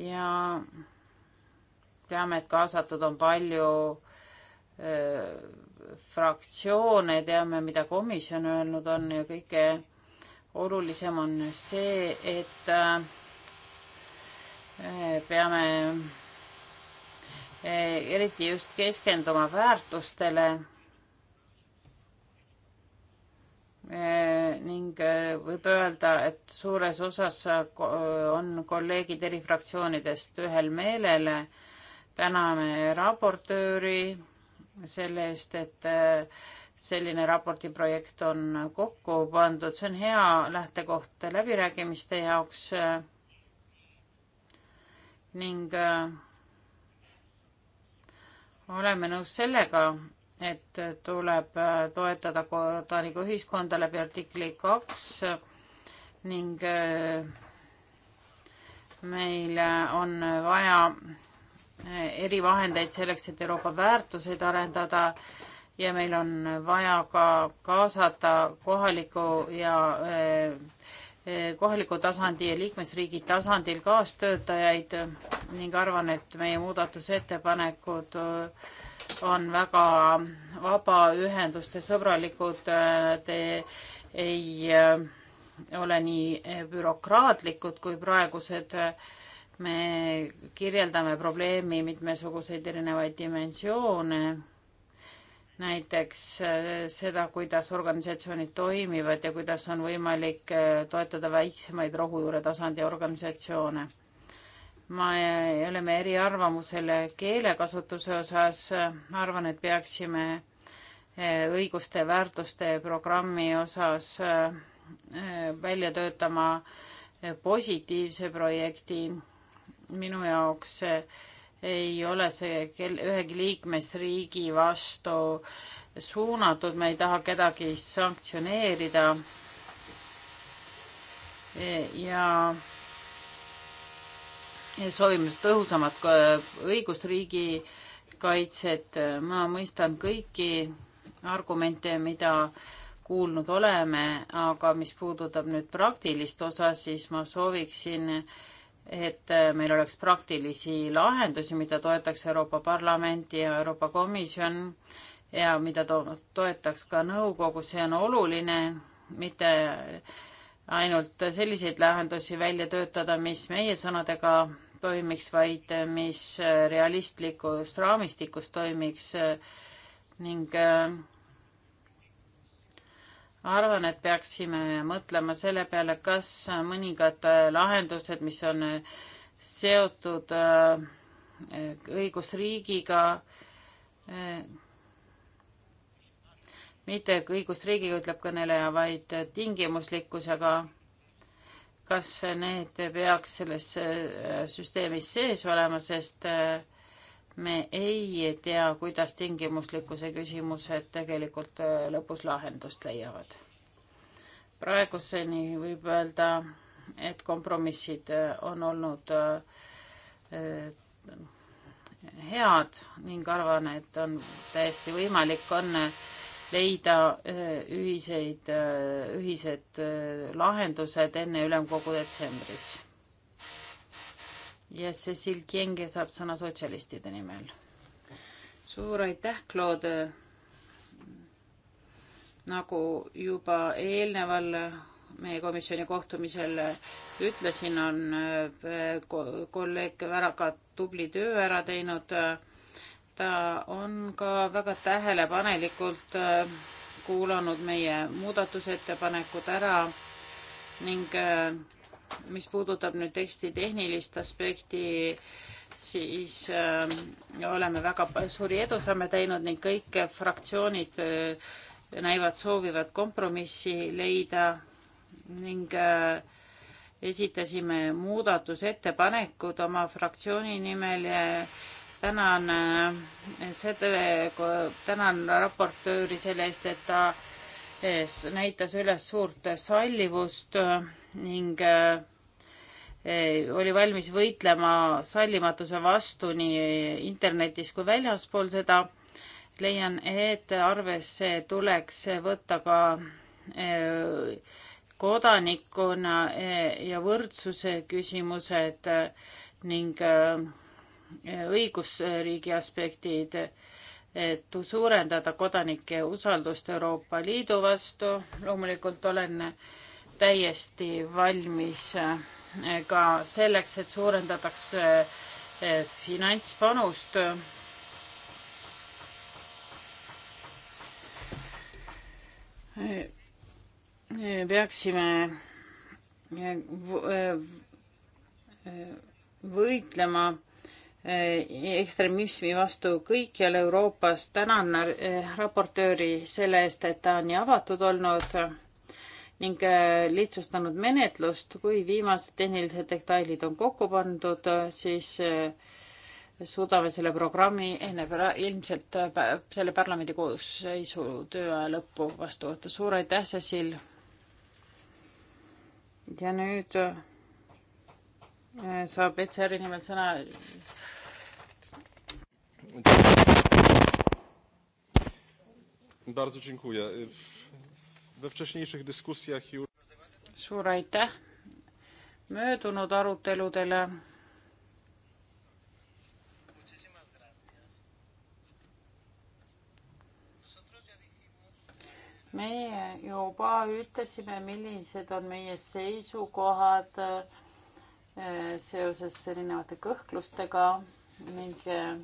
ja teame, et kaasatud on palju öö, fraktsioone, teame, mida komisjon öelnud on ja kõige olulisem on see, et öö, peame öö, eriti just keskenduma väärtustele Eh, ning eh, võib öelda, et suures osas eh, on kolleegid eri fraktsioonidest ühel meelel. täname raportööri selle eest, et selline raporti projekt on kokku pandud, see on hea lähtekoht läbirääkimiste jaoks. ning oleme nõus sellega, et tuleb äh, toetada kodanikuühiskonda läbi artikli kaks ning äh, meil on vaja äh, erivahendeid selleks, et Euroopa väärtuseid arendada ja meil on vaja ka kaasata kohaliku ja kohaliku tasandi ja liikmesriigi tasandil kaastöötajaid ning arvan, et meie muudatusettepanekud äh, on väga vabaühenduste sõbralikud, äh, te ei äh, ole nii äh, bürokraatlikud kui praegused. me kirjeldame probleemi mitmesuguseid erinevaid dimensioone, näiteks seda, kuidas organisatsioonid toimivad ja kuidas on võimalik toetada väiksemaid rohujuure tasandi organisatsioone me oleme eriarvamusel keelekasutuse osas, ma arvan, et peaksime eh, õiguste väärtuste programmi osas eh, välja töötama eh, positiivse projekti. minu jaoks ei ole see ühegi liikmesriigi vastu suunatud, me ei taha kedagi sanktsioneerida. ja soovime tõhusamat õigusriigi kaitset. ma mõistan kõiki argumente, mida kuulnud oleme, aga mis puudutab nüüd praktilist osa, siis ma sooviksin, et meil oleks praktilisi lahendusi, mida toetaks Euroopa Parlament ja Euroopa Komisjon ja mida to toetaks ka nõukogu, see on oluline, mitte ainult selliseid lahendusi välja töötada, mis meie sõnadega toimiks, vaid mis realistlikus raamistikus toimiks ning äh, arvan, et peaksime mõtlema selle peale, kas mõningad äh, lahendused, mis on äh, seotud õigusriigiga, mitte õigusriigiga, ütleb kõneleja, vaid tingimuslikkusega. kas need peaks selles äh, süsteemis sees olema, sest äh, me ei tea, kuidas tingimuslikkuse küsimused tegelikult äh, lõpus lahendust leiavad. praeguseni võib öelda, et kompromissid on olnud head ning arvan, et on täiesti võimalik, on leida äh, ühiseid, äh, ühised äh, lahendused enne ülemkogu detsembris. ja Cecil Kienge saab sõna sotsialistide nimel. suur aitäh, Claude. nagu juba eelneval meie komisjoni kohtumisel ütlesin, on kolleeg Väraka tubli töö ära teinud ta on ka väga tähelepanelikult äh, kuulanud meie muudatusettepanekud ära ning äh, mis puudutab nüüd teksti tehnilist aspekti, siis äh, oleme väga suuri edusamme teinud ning kõik fraktsioonid näivad, soovivad kompromissi leida ning esitasime muudatusettepanekud oma fraktsiooni nimel ja tänan äh, selle, tänan raportööri selle eest, et ta äh, näitas üles suurt sallivust äh, ning oli valmis võitlema sallimatuse vastu nii internetis kui väljaspool seda. leian, et arvesse tuleks võtta ka kodanikuna ja võrdsuse küsimused ning õigusriigi aspektid, et suurendada kodanike usaldust Euroopa Liidu vastu. loomulikult olen täiesti valmis eh, ka selleks, et suurendataks eh, finantspanust eh, peaksime võitlema Eh, ekstremismi vastu kõikjal Euroopas. tänan eh, raportööri selle eest, et ta on nii avatud olnud ning eh, lihtsustanud menetlust. kui viimased tehnilised detailid on kokku pandud, siis suudame selle programmi enne ilmselt selle parlamendi koosseisu tööaja lõppu vastu võtta. suur aitäh, Cecil. ja nüüd Eh, saab ECR-i nimel sõna. suur aitäh möödunud aruteludele meie juba ütlesime, millised on meie seisukohad Äh, seoses erinevate kõhklustega ning äh,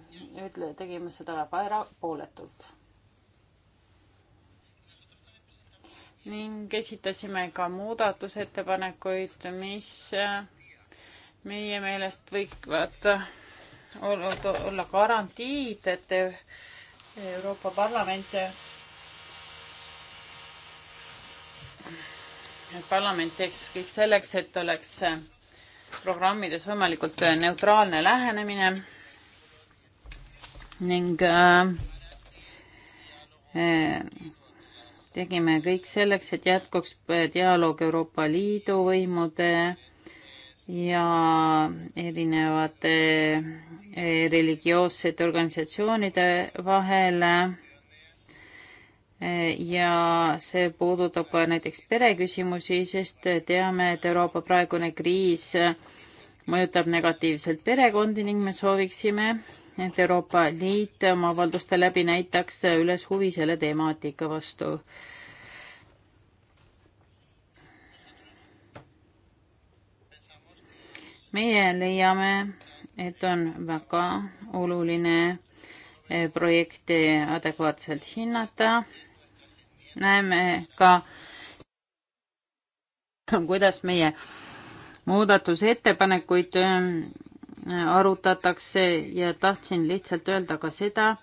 ütle, tegime seda väga erapooletult. ning esitasime ka muudatusettepanekuid, mis äh, meie meelest võivad olla garantiid, et Euroopa Parlament et parlament teeks kõik selleks, et oleks programmides võimalikult äh, neutraalne lähenemine ning äh, äh, tegime kõik selleks, et jätkuks dialoog Euroopa Liidu võimude ja erinevate religioossete organisatsioonide vahel ja see puudutab ka näiteks pereküsimusi, sest teame, et Euroopa praegune kriis mõjutab negatiivselt perekondi ning me sooviksime, et Euroopa Liit oma avalduste läbi näitaks üles huvi selle temaatika vastu. meie leiame, et on väga oluline projekte adekvaatselt hinnata näeme ka, kuidas meie muudatusettepanekuid äh, arutatakse ja tahtsin lihtsalt öelda ka seda,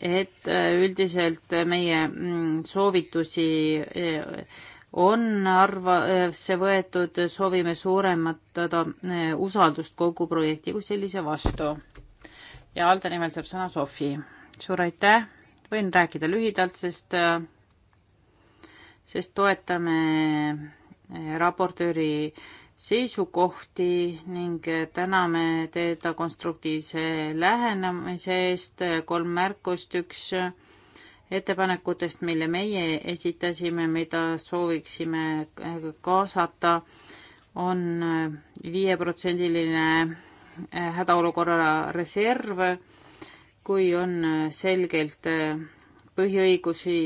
et äh, üldiselt meie mm, soovitusi äh, on arvasse võetud, soovime suurematada usaldust kogu projekti kui sellise vastu. ja Alde nimel saab sõna Sofi. suur aitäh, võin rääkida lühidalt, sest sest toetame eh, raportööri seisukohti ning eh, täname teda konstruktiivse lähenemise eest. kolm märkust, üks eh, ettepanekutest, mille meie esitasime, mida sooviksime kaasata, on viieprotsendiline hädaolukorra reserv, kui on selgelt põhiõigusi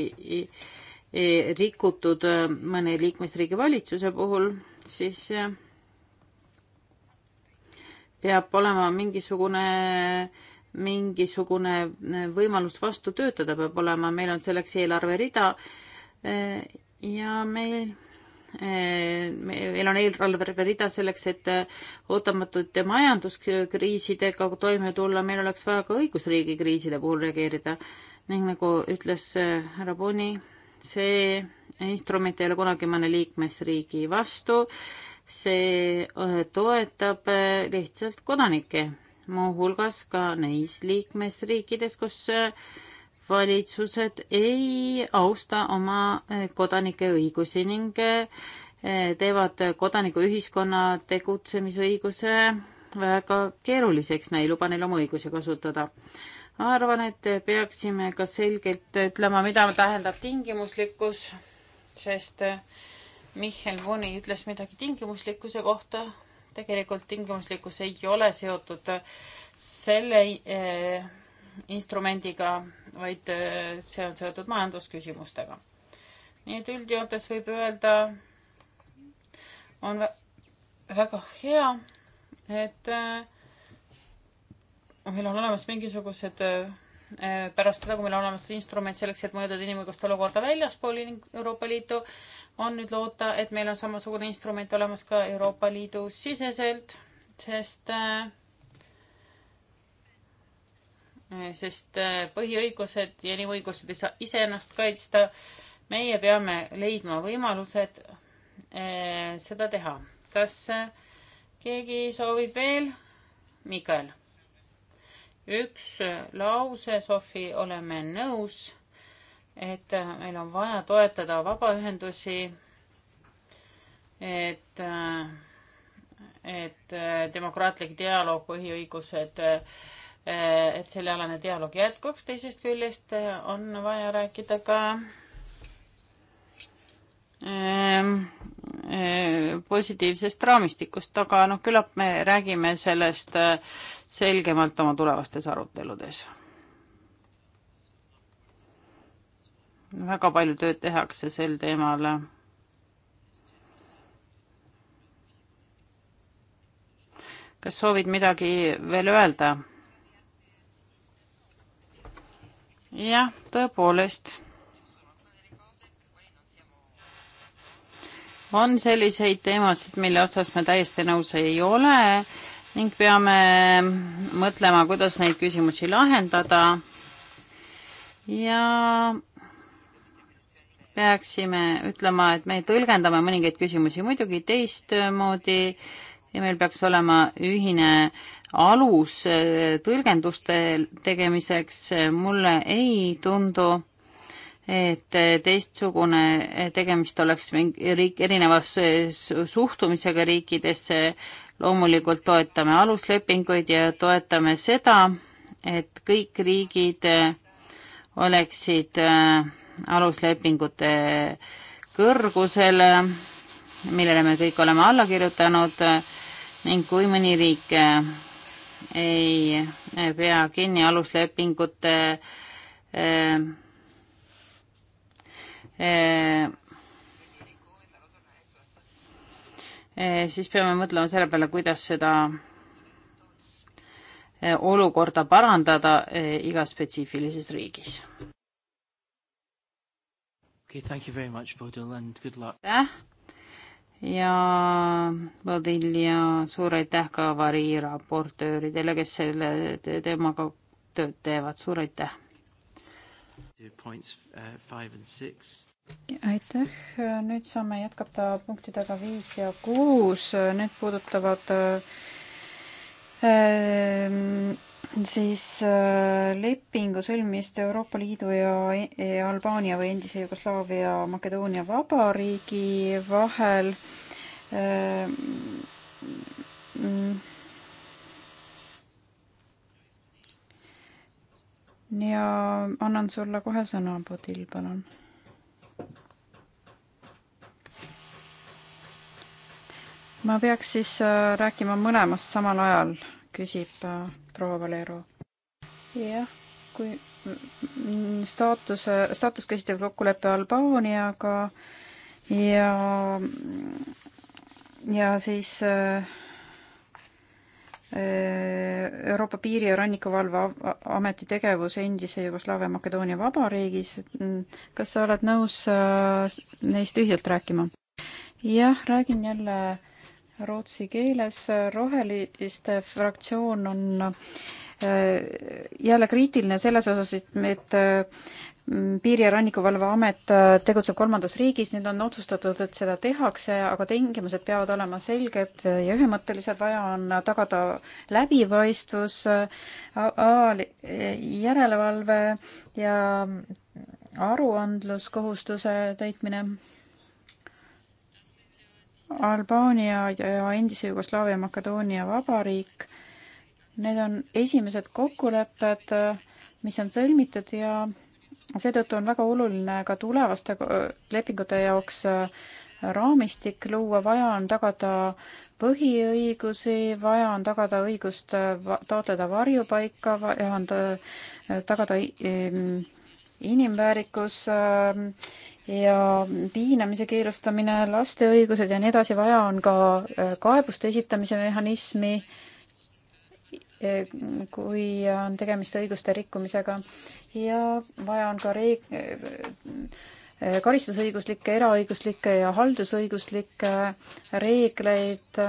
E rikutud äh, mõne liikmesriigi valitsuse puhul, siis äh, peab olema mingisugune, mingisugune äh, võimalus vastu töötada peab olema, meil on selleks eelarverida ja meil meil on eelarvega rida selleks, et ootamatute majanduskriisidega toime tulla, meil oleks vaja ka õigusriigi kriiside puhul reageerida. ning nagu ütles härra Boni, see instrument ei ole kunagi mõne liikmesriigi vastu, see äh, toetab äh, lihtsalt kodanikke, muuhulgas ka neis liikmesriikides, kus äh, valitsused ei austa oma kodanike õigusi ning teevad kodanikuühiskonna tegutsemisõiguse väga keeruliseks, me ei luba neil oma õigusi kasutada arvan, et peaksime ka selgelt ütlema, mida tähendab tingimuslikkus, sest äh, Michal Voni ütles midagi tingimuslikkuse kohta. tegelikult tingimuslikkus ei ole seotud äh, selle eh, instrumendiga, vaid see on seotud majandusküsimustega. nii et üldjoontes võib öelda, on väga hea, et äh, Noh, meil on olemas mingisugused äh, äh, pärast seda, kui meil on olemas instrument selleks, et mõjutada inimõiguste olukorda väljaspool Euroopa Liitu, on nüüd loota, et meil on samasugune instrument olemas ka Euroopa Liidu siseselt, sest äh, sest põhiõigused ja inimõigused ei saa iseennast kaitsta. meie peame leidma võimalused seda teha. kas keegi soovib veel? Mikael üks äh, lause, Sofi, oleme nõus, et äh, meil on vaja toetada vabaühendusi, et, äh, et demokraatlik dialoog, põhiõigused, et sellealane dialoog jätkuks, teisest küljest on vaja rääkida ka ähm, positiivsest raamistikust, aga noh, küllap me räägime sellest selgemalt oma tulevastes aruteludes. väga palju tööd tehakse sel teemal. kas soovid midagi veel öelda? jah, tõepoolest. on selliseid teemasid, mille osas me täiesti nõus ei ole ning peame mõtlema, kuidas neid küsimusi lahendada ja peaksime ütlema, et me tõlgendame mõningaid küsimusi muidugi teistmoodi ja meil peaks olema ühine alus eh, tõlgenduste tegemiseks. mulle ei tundu, et teistsugune tegemist oleks mingi riik, erineva eh, suhtumisega riikidesse loomulikult toetame aluslepinguid ja toetame seda, et kõik riigid äh, oleksid äh, aluslepingute kõrgusel, millele me kõik oleme alla kirjutanud äh, ning kui mõni riik ei pea kinni aluslepingute Eh, siis peame mõtlema selle peale, kuidas seda eh, olukorda parandada eh, igas spetsiifilises riigis. aitäh ja Vadil ja suur aitäh ka variraportööridele, kes selle teemaga tööd teevad, suur aitäh! Points uh, five and six aitäh, nüüd saame jätkata punktidega viis ja kuus, need puudutavad äh, siis äh, lepingu sõlmist Euroopa Liidu ja e Albaania või endise Jugoslaavia Makedoonia Vabariigi vahel äh, ja annan sulle kohe sõna, Bodil, palun ma peaks siis äh, rääkima mõlemast samal ajal, küsib äh, proua Valero. jah, kui staatuse, staatus käsitleb kokkuleppe Albaaniaga ja, ja siis äh, äh Euroopa Piiri- ja Rannikuvalve Ameti tegevus endise Jugoslaavia Makedoonia Vabariigis. Mm, kas sa oled nõus neist ühiselt rääkima? jah, räägin jälle rootsi keeles. roheliste fraktsioon on äh, jälle kriitiline selles osas, et äh, piiri- ja rannikuvalveamet äh, tegutseb kolmandas riigis, nüüd on otsustatud, et seda tehakse, aga tingimused peavad olema selged ja ühemõttelised, vaja on tagada läbipaistvus, järelevalve ja aruandluskohustuse täitmine Albaania ja endise Jugoslaavia Makedoonia Vabariik. Need on esimesed kokkulepped, mis on sõlmitud ja seetõttu on väga oluline ka tulevaste äh, lepingute jaoks äh, raamistik luua, vaja on tagada põhiõigusi, vaja on tagada õigust äh, taotleda varjupaika, vaja on tagada inimväärikus ja piinamise keelustamine, laste õigused ja nii edasi, vaja on ka äh, kaebuste esitamise mehhanismi, äh, kui on tegemist õiguste rikkumisega ja vaja on ka reeg-, äh, karistusõiguslikke, eraõiguslikke ja haldusõiguslikke reegleid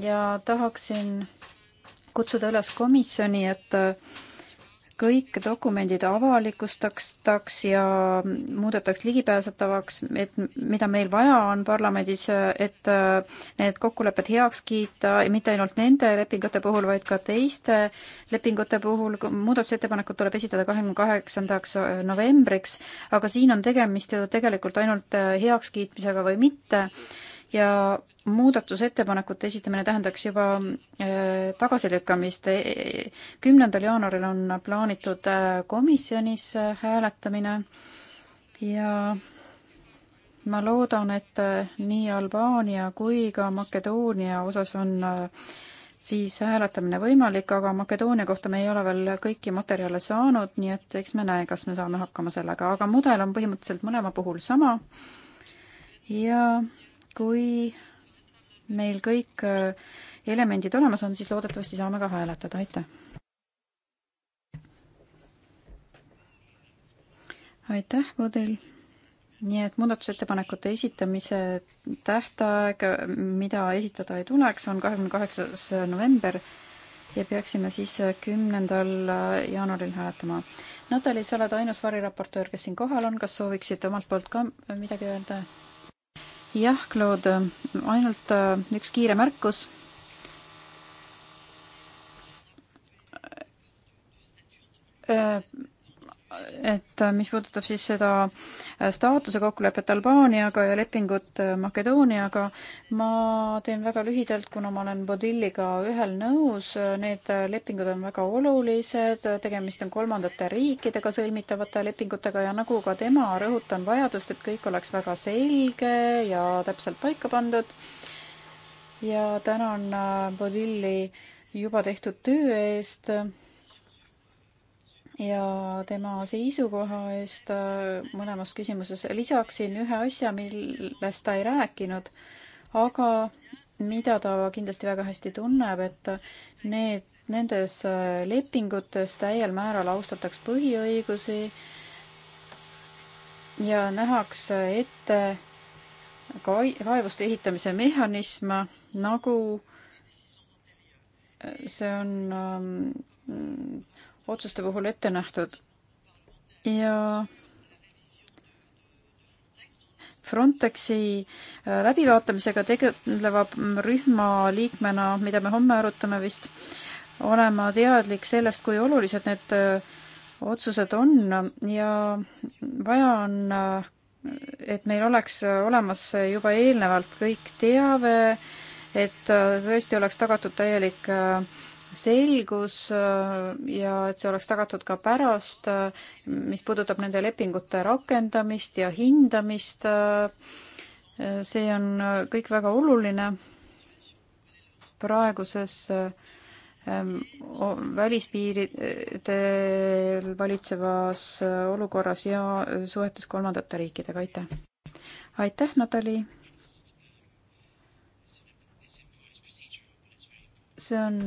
ja tahaksin kutsuda üles komisjoni, et kõik dokumendid avalikustataks ja muudetaks ligipääsetavaks, et mida meil vaja on parlamendis, et need kokkulepped heaks kiita ja mitte ainult nende lepingute puhul, vaid ka teiste lepingute puhul. muudatusettepanekud tuleb esitada kahekümne kaheksandaks novembriks, aga siin on tegemist ju tegelikult ainult heakskiitmisega või mitte ja muudatusettepanekute esitamine tähendaks juba äh, tagasilükkamist. E, e, kümnendal jaanuaril on plaanitud äh, komisjonis äh, hääletamine ja ma loodan, et nii Albaania kui ka Makedoonia osas on siis hääletamine võimalik, aga Makedoonia kohta me ei ole veel kõiki materjale saanud, nii et eks me näe, kas me saame hakkama sellega, aga mudel on põhimõtteliselt mõlema puhul sama. ja kui meil kõik äh, elemendid olemas on, siis loodetavasti saame ka hääletada, aitäh! aitäh, Bodil! nii et muudatusettepanekute esitamise tähtaeg, mida esitada ei tuleks, on kahekümne kaheksas november ja peaksime siis kümnendal jaanuaril hääletama. Natali, sa oled ainus variraportöör, kes siin kohal on, kas sooviksid omalt poolt ka midagi öelda? jah, Claude, ainult äh, üks kiire märkus. Äh, et äh, mis puudutab siis seda äh, staatuse kokkulepet Albaaniaga ja lepingut äh, Makedooniaga, ma teen väga lühidalt, kuna ma olen Bodilliga ühel nõus, need lepingud on väga olulised, tegemist on kolmandate riikidega sõlmitavate lepingutega ja nagu ka tema, rõhutan vajadust, et kõik oleks väga selge ja täpselt paika pandud. ja tänan Bodilli juba tehtud töö eest ja tema seisukoha eest äh, mõlemas küsimuses. lisaksin ühe asja, millest ta ei rääkinud, aga mida ta kindlasti väga hästi tunneb, et need, nendes äh, lepingutes täiel määral austataks põhiõigusi ja nähakse ette kaevuste ehitamise mehhanism, nagu äh, see on ähm, otsuste puhul ette nähtud ja Frontexi äh, läbivaatamisega tegeleva rühma liikmena, mida me homme arutame vist, olen ma teadlik sellest, kui olulised need äh, otsused on ja vaja on, äh, et meil oleks olemas juba eelnevalt kõik teave, et tõesti oleks tagatud täielik äh, selgus äh, ja et see oleks tagatud ka pärast, äh, mis puudutab nende lepingute rakendamist ja hindamist. Äh, see on kõik väga oluline praeguses ähm, välispiiridel valitsevas olukorras ja suhetes kolmandate riikidega, aitäh! aitäh, Natali! see on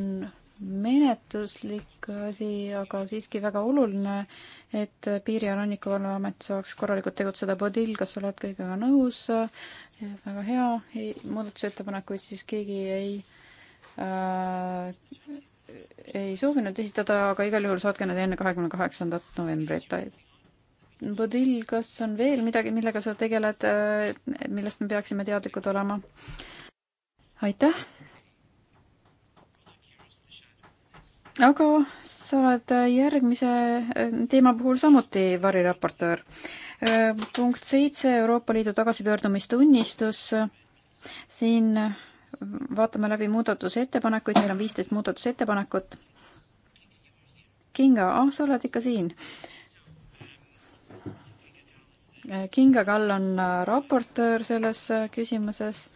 menetluslik asi, aga siiski väga oluline, et Piiri- ja Rannikuvalveamet saaks korralikult tegutseda. Bodil, kas sa oled kõigega nõus? väga hea, ei, muudatusettepanekuid siis keegi ei äh, ei soovinud esitada, aga igal juhul saatke need enne kahekümne kaheksandat novembrit. Bodil, kas on veel midagi, millega sa tegeled, millest me peaksime teadlikud olema? aitäh aga sa oled järgmise eh, teema puhul samuti variraportöör. Eh, punkt seitse, Euroopa Liidu tagasipöördumistunnistus. siin vaatame läbi muudatusettepanekuid, meil on viisteist muudatusettepanekut. Kinga, ah, sa oled ikka siin. Eh, Kinga Kall on raportöör selles küsimuses,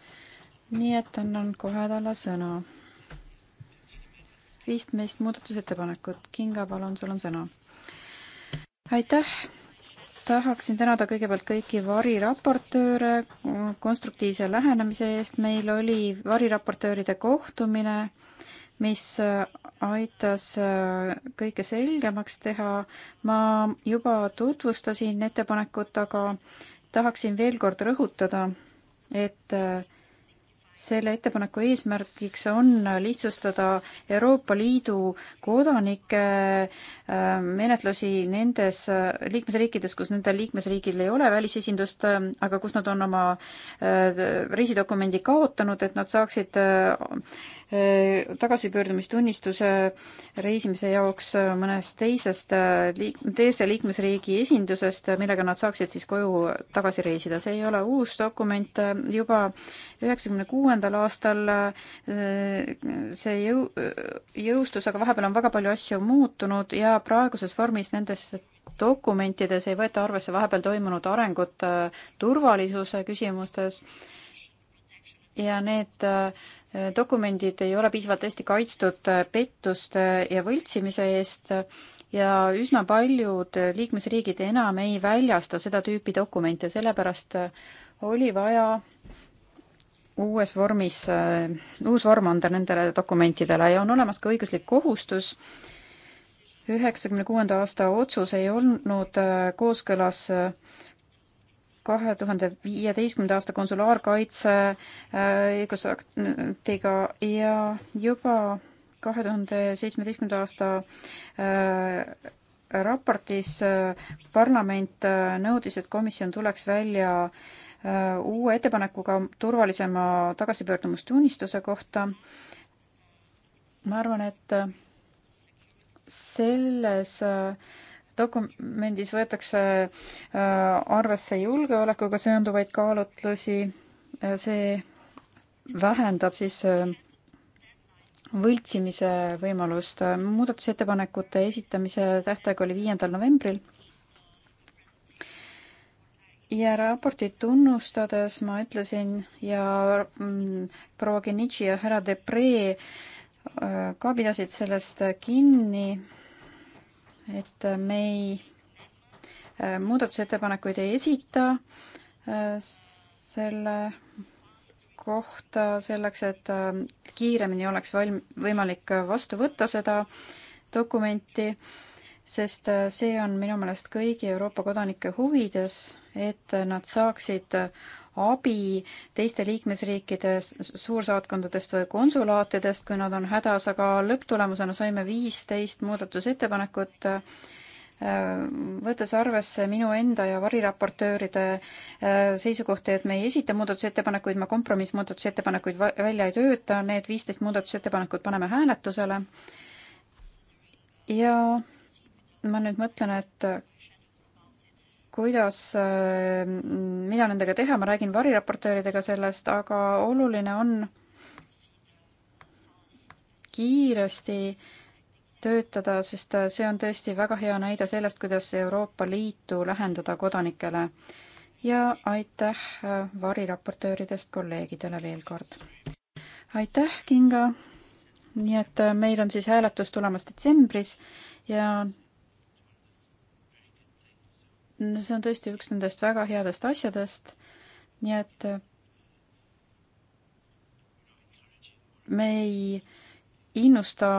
nii et annan kohe talle sõna viisteist muudatusettepanekut. Kinga, palun, sul on sõna. aitäh! tahaksin tänada kõigepealt kõiki variraportööre konstruktiivse lähenemise eest. meil oli variraportööride kohtumine, mis aitas kõike selgemaks teha. ma juba tutvustasin ettepanekut, aga tahaksin veel kord rõhutada, et äh, selle ettepaneku eesmärgiks on lihtsustada Euroopa Liidu kodanike äh, menetlusi nendes äh, liikmesriikides, kus nendel liikmesriigil ei ole välisesindust, äh, aga kus nad on oma reisidokumendi kaotanud, et nad saaksid Äh, tagasipöördumistunnistuse reisimise jaoks äh, mõnest teisest äh, liik-, teise liikmesriigi esindusest, millega nad saaksid siis koju tagasi reisida. see ei ole uus dokument, juba üheksakümne kuuendal aastal see jõu-, jõustus, aga vahepeal on väga palju asju muutunud ja praeguses vormis nendest dokumentides ei võeta arvesse vahepeal toimunud arengut turvalisuse küsimustes ja need dokumendid ei ole piisavalt hästi kaitstud äh, pettuste ja võltsimise eest ja üsna paljud liikmesriigid enam ei väljasta seda tüüpi dokumente, sellepärast äh, oli vaja uues vormis, äh, uus vorm anda nendele dokumentidele ja on olemas ka õiguslik kohustus. üheksakümne kuuenda aasta otsus ei olnud kooskõlas äh, kahe tuhande viieteistkümnenda aasta konsulaarkaitse äh, õigusaktiga ja juba kahe tuhande seitsmeteistkümnenda aasta äh, raportis äh, parlament nõudis, et komisjon tuleks välja uue ettepanekuga turvalisema tagasipöördumistunnistuse kohta. ma arvan, et selles äh, dokumendis võetakse äh, arvesse julgeolekuga seonduvaid kaalutlusi, äh, see vähendab siis äh, võltsimise võimalust. muudatusettepanekute esitamise tähtaeg oli viiendal novembril. ja raportit tunnustades ma ütlesin ja mm, proua Genitši ja härra Depree ka pidasid sellest kinni et äh, me ei äh, muudatusettepanekuid ei esita äh, selle kohta selleks, et kiiremini oleks valm-, võimalik vastu võtta seda dokumenti, sest see on minu meelest kõigi Euroopa kodanike huvides, et nad saaksid abi teiste liikmesriikide suursaatkondadest või konsulaatidest, kui nad on hädas, aga lõpptulemusena saime viisteist muudatusettepanekut, äh, võttes arvesse minu enda ja variraportööride äh, seisukohti, et me ei esita muudatusettepanekuid, me kompromissmuudatusettepanekuid välja ei tööta, need viisteist muudatusettepanekut paneme hääletusele ja ma nüüd mõtlen, et kuidas, äh, mida nendega teha, ma räägin variraportööridega sellest, aga oluline on kiiresti töötada, sest äh, see on tõesti väga hea näide sellest, kuidas Euroopa Liitu lähendada kodanikele. ja aitäh äh, variraportööridest kolleegidele veel kord. aitäh, Kinga. nii et meil on siis hääletus tulemas detsembris ja no see on tõesti üks nendest väga headest asjadest, nii et äh, me ei innusta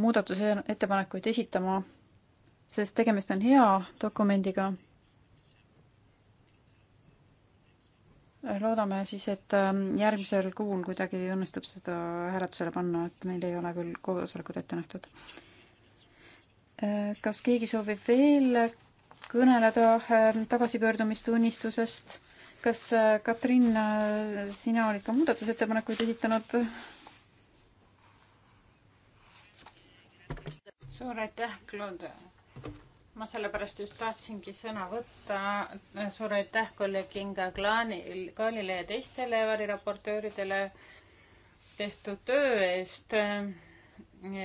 muudatusettepanekuid esitama, sest tegemist on hea dokumendiga. loodame siis, et ähm, järgmisel kuul kuidagi õnnestub seda hääletusele panna, et meil ei ole küll koosolekud ette nähtud. Äh, kas keegi soovib veel kõneleda äh, tagasipöördumistunnistusest. kas äh, Katrin, äh, sina olid ka muudatusettepanekuid esitanud? suur aitäh, Claude. ma sellepärast just tahtsingi sõna võtta. suur aitäh kolleeg Inga Klaanil, Kaalile ja teistele variraportööridele tehtud töö eest.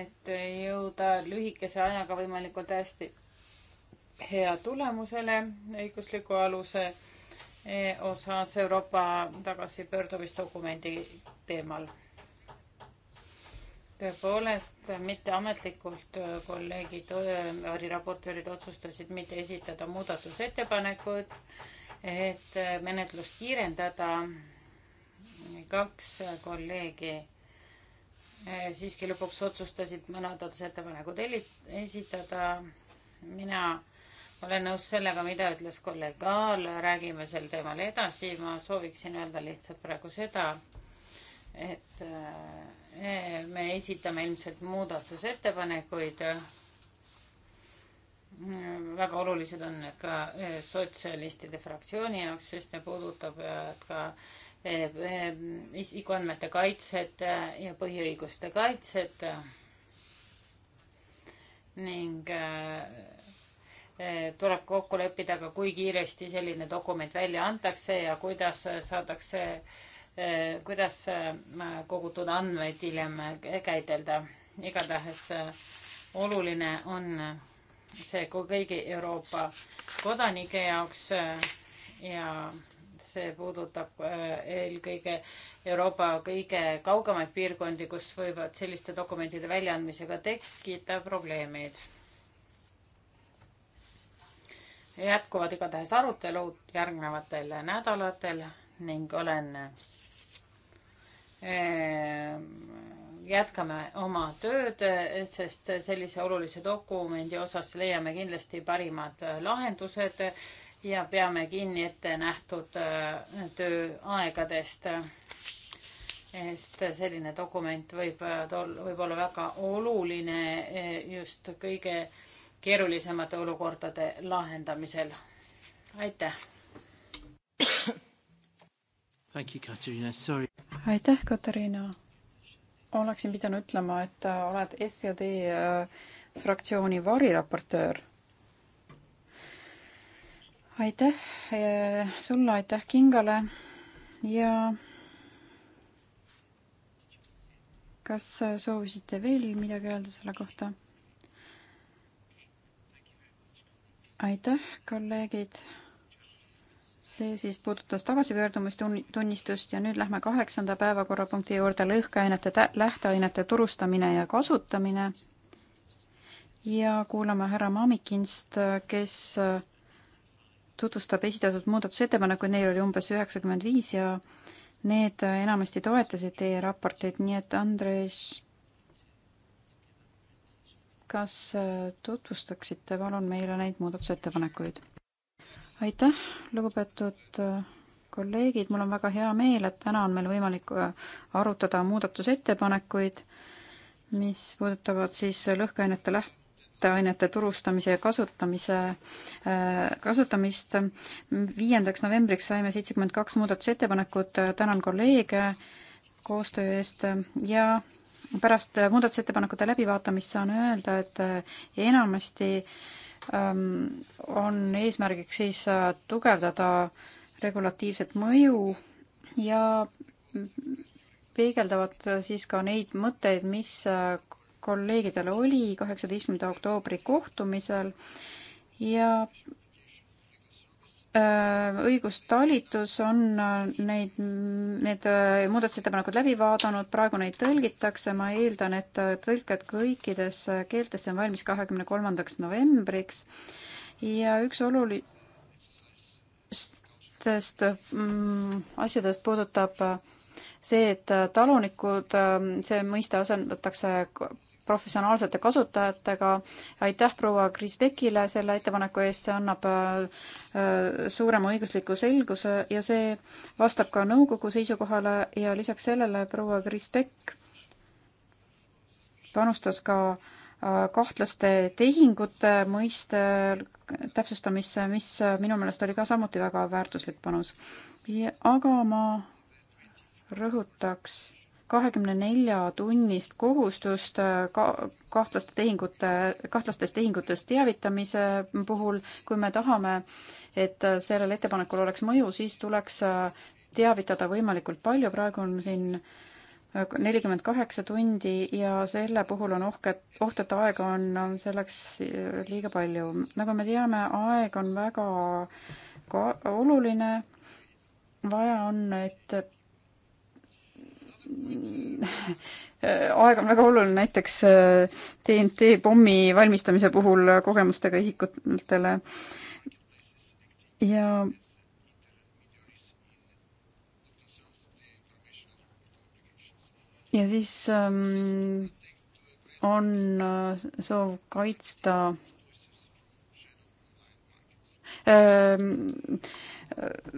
et jõuda lühikese ajaga võimalikult hästi hea tulemusele õigusliku aluse e, osas Euroopa tagasipöördumisdokumendi teemal. tõepoolest, mitteametlikult e, kolleegid, e, variraportöörid otsustasid mitte esitada muudatusettepanekut, et menetlust kiirendada. kaks kolleegi siiski lõpuks otsustasid mõned otsusettepanekud esitada. mina olen nõus sellega, mida ütles kolleeg Kaal, räägime sel teemal edasi, ma sooviksin öelda lihtsalt praegu seda, et eh, me esitame ilmselt muudatusettepanekuid. väga olulised on need ka eh, sotsialistide fraktsiooni jaoks, sest need puudutavad ka eh, isikuandmete kaitset ja põhiõiguste kaitset ning Eh, tuleb kokku leppida ka, kui kiiresti selline dokument välja antakse ja kuidas saadakse, eh, kuidas eh, kogutud andmeid hiljem käidelda. igatahes oluline on see kui kõigi Euroopa kodanike jaoks ja see puudutab eelkõige Euroopa kõige kaugemaid piirkondi, kus võivad selliste dokumentide väljaandmisega tekkida probleemid jätkuvad igatahes arutelud järgnevatel nädalatel ning olen ehm, jätkame oma tööd, sest sellise olulise dokumendi osas leiame kindlasti parimad lahendused ja peame kinni ette nähtud eh, tööaegadest. sest selline dokument võib, võib olla väga oluline eh, just kõige äh, keerulisemate olukordade lahendamisel. aitäh! aitäh, Katariina! oleksin pidanud ütlema, et äh, oled SED äh, fraktsiooni variraportöör. aitäh äh, sulle, aitäh Kingale ja kas soovisite veel midagi öelda selle kohta? aitäh, kolleegid. see siis puudutas tagasipöördumistunnistust ja nüüd lähme kaheksanda päevakorrapunkti juurde, lõhkeainete, lähteainete turustamine ja kasutamine. ja kuulame härra Mamikinst, kes tutvustab esitatud muudatusettepanekuid, neil oli umbes üheksakümmend viis ja need enamasti toetasid teie raporteid, nii et Andres kas äh, tutvustaksite palun meile neid muudatusettepanekuid? aitäh, lugupeetud äh, kolleegid, mul on väga hea meel, et täna on meil võimalik äh, arutada muudatusettepanekuid, mis puudutavad siis lõhkeainete läht-, mõtteainete turustamise ja kasutamise, kasutamist. viiendaks novembriks saime seitsekümmend kaks muudatusettepanekut, tänan kolleege koostöö eest ja pärast muudatusettepanekute läbivaatamist saan öelda, et äh, enamasti ähm, on eesmärgiks siis äh, tugevdada regulatiivset mõju ja peegeldavad äh, siis ka neid mõtteid, mis kolleegidel oli kaheksateistkümnenda oktoobri kohtumisel ja Äh, õigustalitus on äh, neid, need äh, muudatusettepanekud läbi vaadanud, praegu neid tõlgitakse, ma eeldan, et tõlked kõikides keeltes on valmis kahekümne kolmandaks novembriks ja üks olulistest mm, asjadest puudutab see, et talunikud, see mõiste asendatakse professionaalsete kasutajatega. aitäh proua Kriisbekile selle ettepaneku eest, see annab äh, äh, suurema õigusliku selguse ja see vastab ka nõukogu seisukohale ja lisaks sellele proua Kriisbekk panustas ka äh, kahtlaste tehingute mõiste täpsustamisse, mis minu meelest oli ka samuti väga väärtuslik panus. aga ma rõhutaks kahekümne nelja tunnist kohustust äh, ka-, kahtlaste tehingute, kahtlastest tehingutest teavitamise puhul, kui me tahame, et äh, sellel ettepanekul oleks mõju, siis tuleks äh, teavitada võimalikult palju, praegu on siin nelikümmend kaheksa tundi ja selle puhul on ohk, et oht, et aega on, on selleks liiga palju. nagu me teame, aeg on väga ka oluline, vaja on, et Äh, aeg on väga oluline näiteks TNT äh, pommi valmistamise puhul kogemustega isikutele ja ja siis ähm, on äh, soov kaitsta ähm,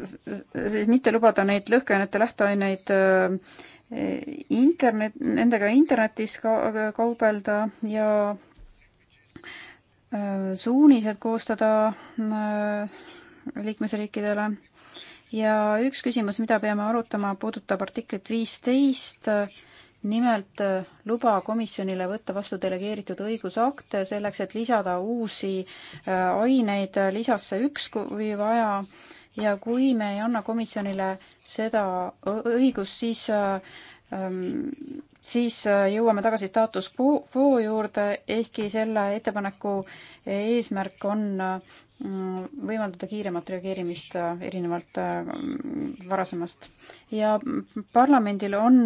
siis mitte lubada neid lõhkeainete lähteaineid äh, internet, nendega internetis ka kaubelda ja äh, suunised koostada äh, liikmesriikidele. ja üks küsimus, mida peame arutama, puudutab artiklit viisteist, nimelt äh, luba komisjonile võtta vastu delegeeritud õigusakte selleks, et lisada uusi aineid lisasse üks, kui vaja ja kui me ei anna komisjonile seda õigust, siis äh, ähm, siis äh, jõuame tagasi staatus quo juurde, ehkki selle ettepaneku eesmärk on äh, võimaldada kiiremat reageerimist erinevalt varasemast. ja parlamendil on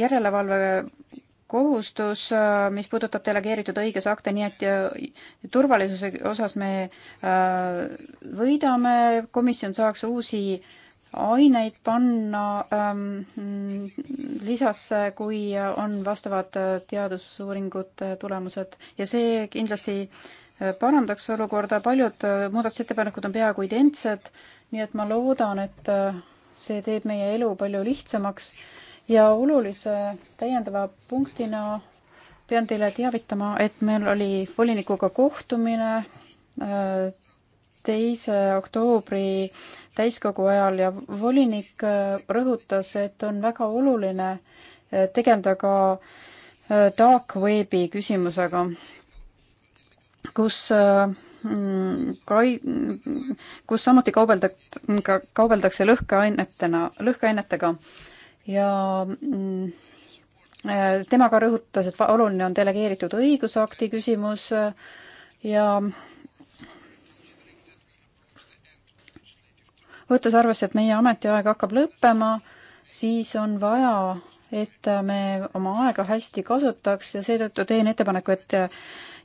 järelevalve kohustus, äh, mis puudutab delegeeritud õigusakte, nii et äh, turvalisuse osas me äh, võidame, komisjon saaks uusi aineid panna ähm, lisasse, kui on vastavad teadusuuringute tulemused ja see kindlasti parandaks olukorda, paljud muudatusettepanekud on peaaegu identsed, nii et ma loodan, et see teeb meie elu palju lihtsamaks äh, ja olulise täiendava punktina pean teile teavitama, et meil oli volinikuga kohtumine äh, teise oktoobri täiskogu ajal ja volinik äh, rõhutas, et on väga oluline äh, tegeleda ka dark webi küsimusega, kus mm, kai-, kus samuti kaubeldakse, kaubeldakse lõhkeainetena, lõhkeainetega ja mm, äh, tema ka rõhutas, et oluline on delegeeritud õigusakti küsimus äh, ja võttes arvesse, et meie ametiaeg hakkab lõppema, siis on vaja, et me oma aega hästi kasutaks ja seetõttu teen ettepaneku, et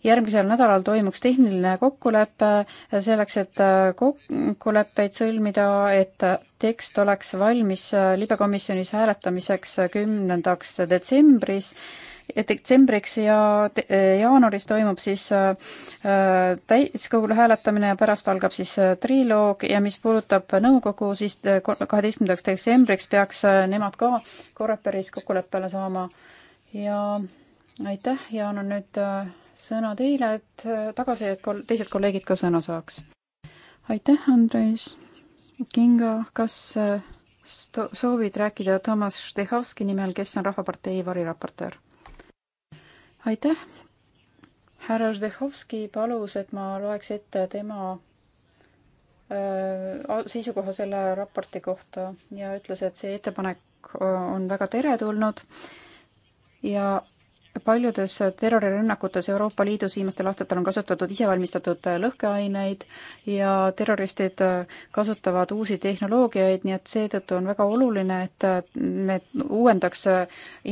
järgmisel nädalal toimuks tehniline kokkulepe äh, selleks, et äh, kokkuleppeid sõlmida, et äh, tekst oleks valmis libekomisjonis hääletamiseks kümnendaks detsembriks detsembriks ja jaanuaris toimub siis täiskogul hääletamine ja pärast algab siis triloog ja mis puudutab nõukogu, siis kaheteistkümnendaks detsembriks peaks nemad ka Coreperis kokkuleppele saama ja aitäh, Jaan on nüüd sõna teile, et äh, tagasi, et kol-, teised kolleegid ka sõna saaks. aitäh, Andres. Kinga, kas äh, sto-, soovid rääkida Toomas Štehovski nimel, kes on Rahvapartei variraportöör? aitäh. härra Ždehovski palus, et ma loeks ette tema äh, seisukoha selle raporti kohta ja ütles, et see ettepanek on väga teretulnud ja paljudes terrorirünnakutes Euroopa Liidus viimastel aastatel on kasutatud isevalmistatud lõhkeaineid ja terroristid kasutavad uusi tehnoloogiaid, nii et seetõttu on väga oluline, et me uuendaks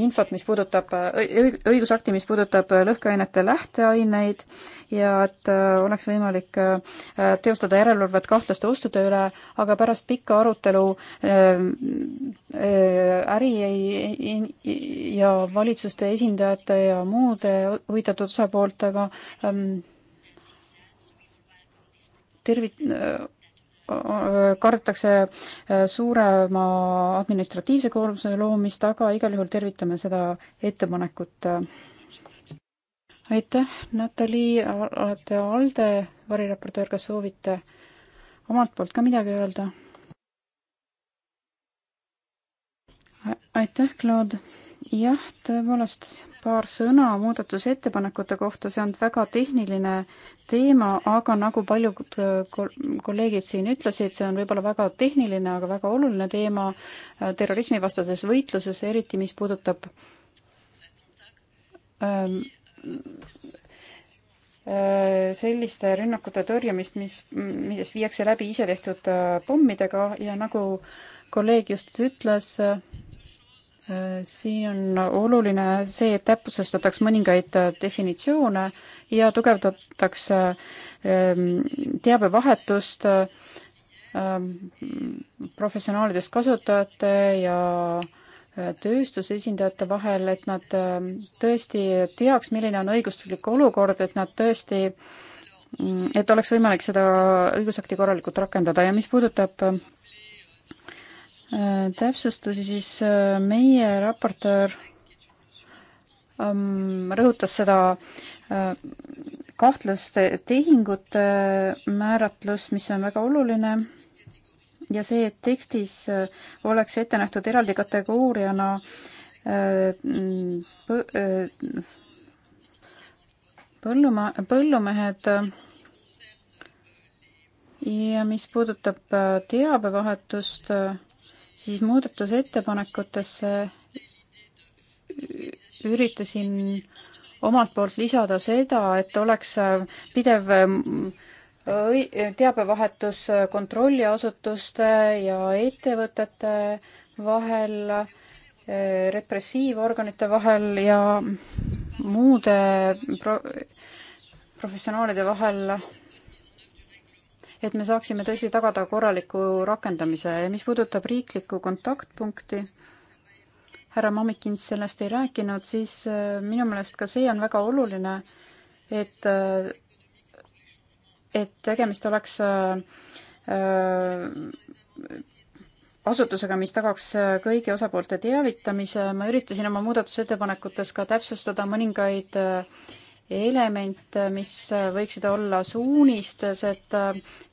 infot, mis puudutab, õigusakti, mis puudutab lõhkeainete lähteaineid ja et oleks võimalik teostada järelevalvet kahtlaste ostude üle, aga pärast pikka arutelu ehm, Äh, äri ja valitsuste esindajate ja muude huvitatud osapooltega ähm, tervit-, äh, äh, kardetakse suurema administratiivse koormuse loomist, aga igal juhul tervitame seda ettepanekut. aitäh, Natali, olete ALDE variraportöör, kas soovite omalt poolt ka midagi öelda? aitäh, Claude. jah, tõepoolest paar sõna muudatusettepanekute kohta, see on väga tehniline teema, aga nagu paljud äh, kolleegid siin ütlesid, see on võib-olla väga tehniline, aga väga oluline teema äh, terrorismivastases võitluses, eriti mis puudutab ähm, äh, selliste rünnakute tõrjumist, mis, milles viiakse läbi isetehtud pommidega ja nagu kolleeg just ütles äh,, siin on oluline see, et täpsustataks mõningaid äh, definitsioone ja tugevdatakse ähm, teabevahetust ähm, professionaalidest kasutajate ja äh, tööstuse esindajate vahel, et nad ähm, tõesti teaks, milline on õiguslik olukord, et nad tõesti, mm, et oleks võimalik seda õigusakti korralikult rakendada ja mis puudutab äh, Äh, täpsustusi, siis äh, meie raportöör ähm, rõhutas seda äh, kahtlaste tehingute määratlust, mis on väga oluline ja see, et tekstis oleks ette nähtud eraldi kategooriana põllumaa, põllumehed ja mis puudutab teabevahetust siis muudatusettepanekutesse üritasin omalt poolt lisada seda, et oleks pidev teabevahetus kontrolliasutuste ja ettevõtete vahel, repressiivorganite vahel ja muude pro professionaalide vahel et me saaksime tõesti tagada korraliku rakendamise ja mis puudutab riiklikku kontaktpunkti, härra Mamikins sellest ei rääkinud, siis äh, minu meelest ka see on väga oluline, et, äh, et tegemist oleks äh, äh asutusega, mis tagaks kõigi osapoolte teavitamise, ma üritasin oma muudatusettepanekutes ka täpsustada mõningaid äh, element, mis võiksid olla suunistes, et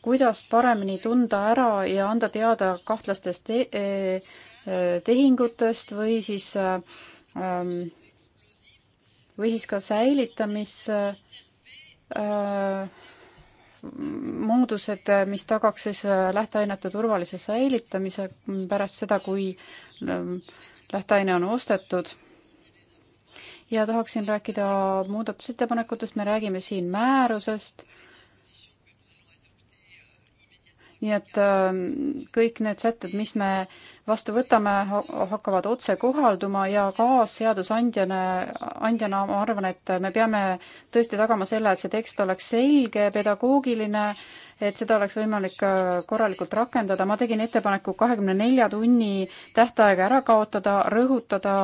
kuidas paremini tunda ära ja anda teada kahtlastest te eh, eh, tehingutest või siis ähm, või siis ka säilitamis äh, moodused, mis tagaks siis äh, lähteainete turvalise säilitamise pärast seda, kui äh, lähteaine on ostetud ja tahaksin rääkida muudatusettepanekutest, me räägime siin määrusest äh,, nii et ähm, kõik need sätted, mis me vastu võtame, hakkavad otse kohalduma ja kaasseadusandjana, andjana ma arvan, et me peame tõesti tagama selle, et see tekst oleks selge, pedagoogiline, et seda oleks võimalik äh, korralikult rakendada. ma tegin ettepaneku kahekümne nelja tunni tähtaega ära kaotada, rõhutada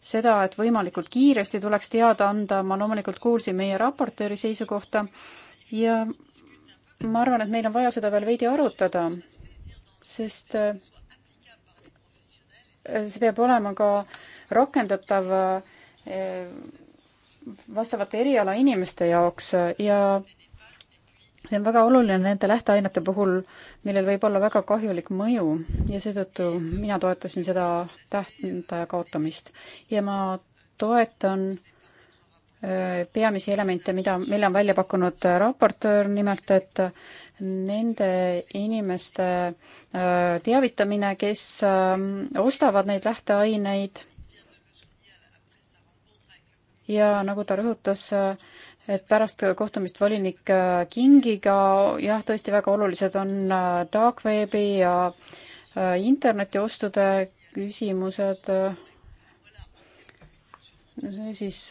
seda, et võimalikult kiiresti tuleks teada anda. ma loomulikult kuulsin meie raportööri seisukohta ja ma arvan, et meil on vaja seda veel veidi arutada, sest äh, see peab olema ka rakendatav äh, vastavate eriala inimeste jaoks ja see on väga oluline nende lähteainete puhul, millel võib olla väga kahjulik mõju ja seetõttu mina toetasin seda tähtaja kaotamist ja ma toetan äh, peamisi elemente, mida, mille on välja pakkunud raportöör, nimelt et nende inimeste äh, teavitamine, kes äh, ostavad neid lähteaineid ja nagu ta rõhutas, äh, et pärast kohtumist volinik Kingiga jah, tõesti väga olulised on darkveebi ja internetiostude küsimused. siis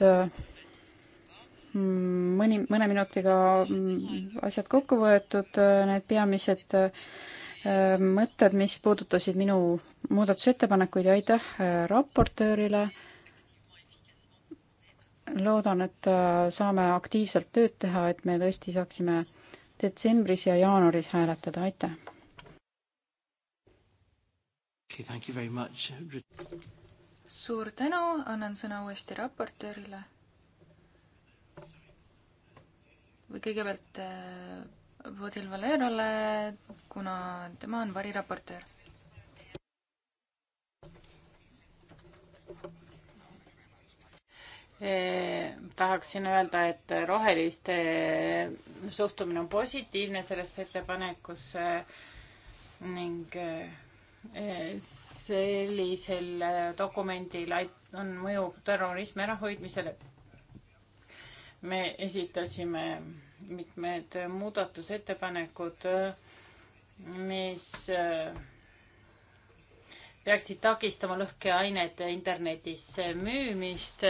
Mm, mõni, mõne minutiga mm, asjad kokku võetud, äh, need peamised äh, mõtted, mis puudutasid minu muudatusettepanekuid ja aitäh äh, raportöörile. loodan, et saame aktiivselt tööd teha, et me tõesti saaksime detsembris ja jaanuaris hääletada, aitäh. suur tänu, annan sõna uuesti raportöörile kõigepealt äh, Vodil Valerole, kuna tema on variraportöör. tahaksin öelda, et roheliste suhtumine on positiivne sellesse ettepanekusse ning sellisel dokumendil on mõju terrorismi ärahoidmisele me esitasime mitmed muudatusettepanekud, mis äh, peaksid takistama lõhkeainete internetis müümist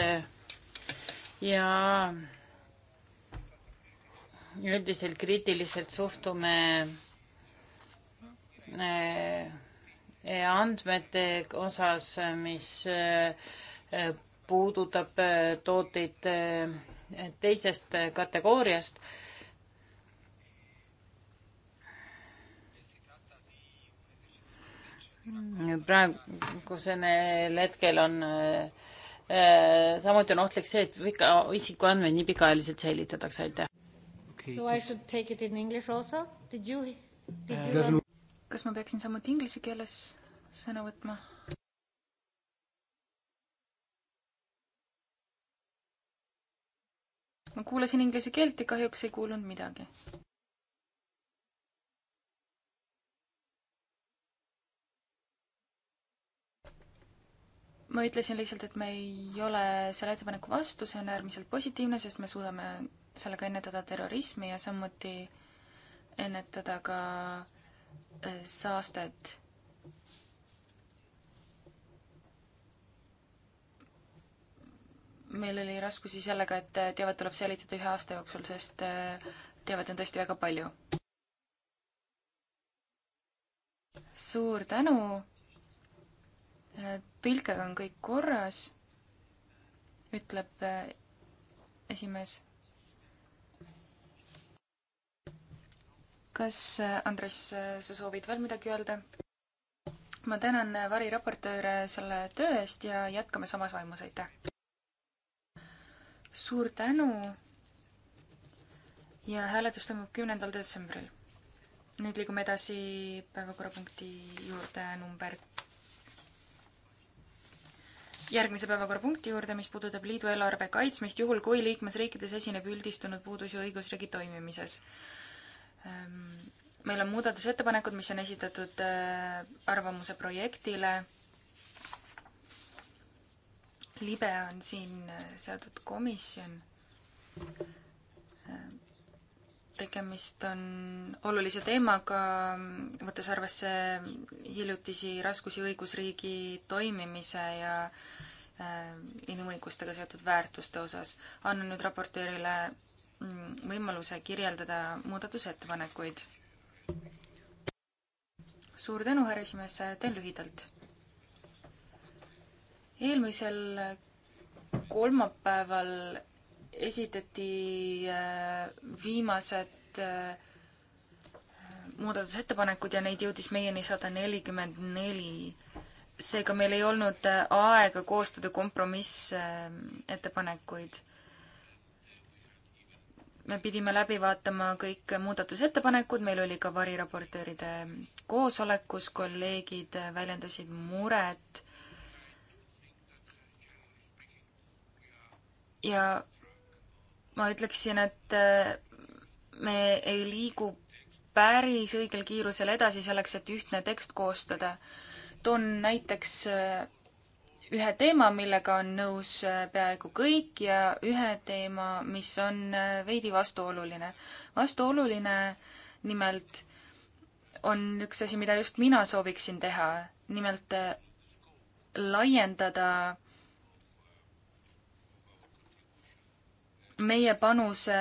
ja üldiselt kriitiliselt suhtume äh, andmete osas, mis äh, puudutab tooteid teisest kategooriast. praegusel hetkel on äh, samuti on ohtlik see, et pika, isikuandmeid nii pikaajaliselt säilitatakse, aitäh. So I should take it in English also? Did you, did äh, you? kas ma peaksin samuti inglise keeles sõna võtma? ma kuulasin inglise keelt ja kahjuks ei kuulnud midagi. ma ütlesin lihtsalt, et me ei ole selle ettepaneku vastu, see on äärmiselt positiivne, sest me suudame sellega ennetada terrorismi ja samuti ennetada ka äh, saastet meil oli raskusi sellega, et teavet tuleb säilitada ühe aasta jooksul, sest äh, teavet on tõesti väga palju. suur tänu. Äh, tõlkega on kõik korras, ütleb äh, esimees. kas, Andres, sa soovid veel midagi öelda? ma tänan variraportööre selle töö eest ja jätkame samas vaimus, aitäh! suur tänu ja hääletus toimub kümnendal detsembril. nüüd liigume edasi päevakorrapunkti juurde number, järgmise päevakorrapunkti juurde, mis puudutab liidu eelarve kaitsmist juhul, kui liikmesriikides esineb üldistunud puudusi õigusriigi toimimises. Ehm, meil on muudatusettepanekud, mis on esitatud äh, arvamuse projektile libe on siin äh, seatud komisjon. Äh, tegemist on olulise teemaga, võttes arvesse hiljutisi raskusi õigusriigi toimimise ja äh, inimõigustega seotud väärtuste osas. annan nüüd raportöörile mm, võimaluse kirjeldada muudatusettepanekuid. suur tänu, härra esimees, teen lühidalt eelmisel kolmapäeval esitati äh, viimased äh, muudatusettepanekud ja neid jõudis meieni sada nelikümmend neli. seega meil ei olnud äh, aega koostada kompromissettepanekuid. me pidime läbi vaatama kõik muudatusettepanekud, meil oli ka variraportööride koosolek, kus kolleegid väljendasid muret ja ma ütleksin, et äh, me ei liigu päris õigel kiirusel edasi selleks, et ühtne tekst koostada. toon näiteks äh, ühe teema, millega on nõus äh, peaaegu kõik ja ühe teema, mis on veidi vastuoluline. vastuoluline nimelt on üks asi, mida just mina sooviksin teha, nimelt laiendada meie panuse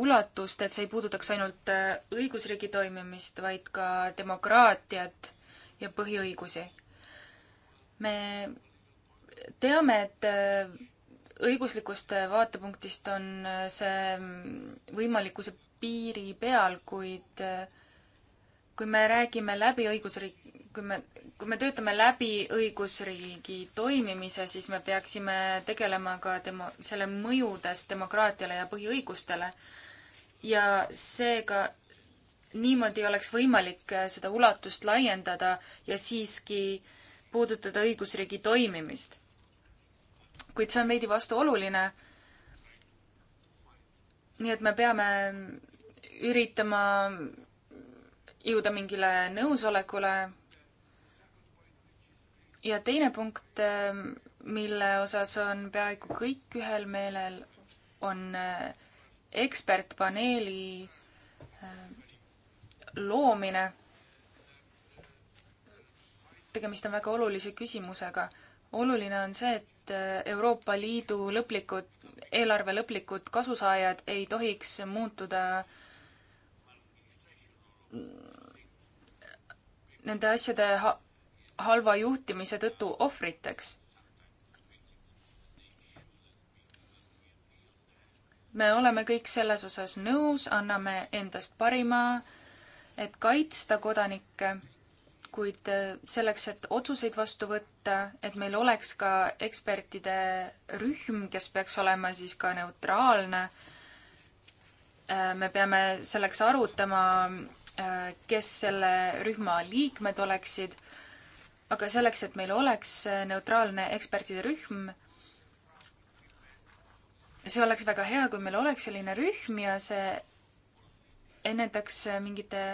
ulatust, et see ei puudutaks ainult äh, õigusriigi toimimist, vaid ka demokraatiat ja põhiõigusi. me teame, et äh, õiguslikust vaatepunktist on äh, see võimalikkuse piiri peal, kuid kui me räägime läbi õigusriik, kui me, kui me töötame läbi õigusriigi toimimise, siis me peaksime tegelema ka demo-, selle mõjudest demokraatiale ja põhiõigustele. ja seega niimoodi oleks võimalik seda ulatust laiendada ja siiski puudutada õigusriigi toimimist. kuid see on veidi vastuoluline. nii et me peame üritama jõuda mingile nõusolekule ja teine punkt, ähm, mille osas on peaaegu kõik ühel meelel, on äh, ekspertpaneeli äh, loomine. tegemist on väga olulise küsimusega. oluline on see, et äh, Euroopa Liidu lõplikud, eelarve lõplikud kasusaajad ei tohiks muutuda mm, nende asjade halva juhtimise tõttu ohvriteks. me oleme kõik selles osas nõus, anname endast parima, et kaitsta kodanikke, kuid äh, selleks, et otsuseid vastu võtta, et meil oleks ka ekspertide rühm, kes peaks olema siis ka neutraalne, äh, me peame selleks arutama, äh, kes selle rühma liikmed oleksid aga selleks, et meil oleks äh, neutraalne ekspertide rühm, see oleks väga hea, kui meil oleks selline rühm ja see ennetaks äh, mingite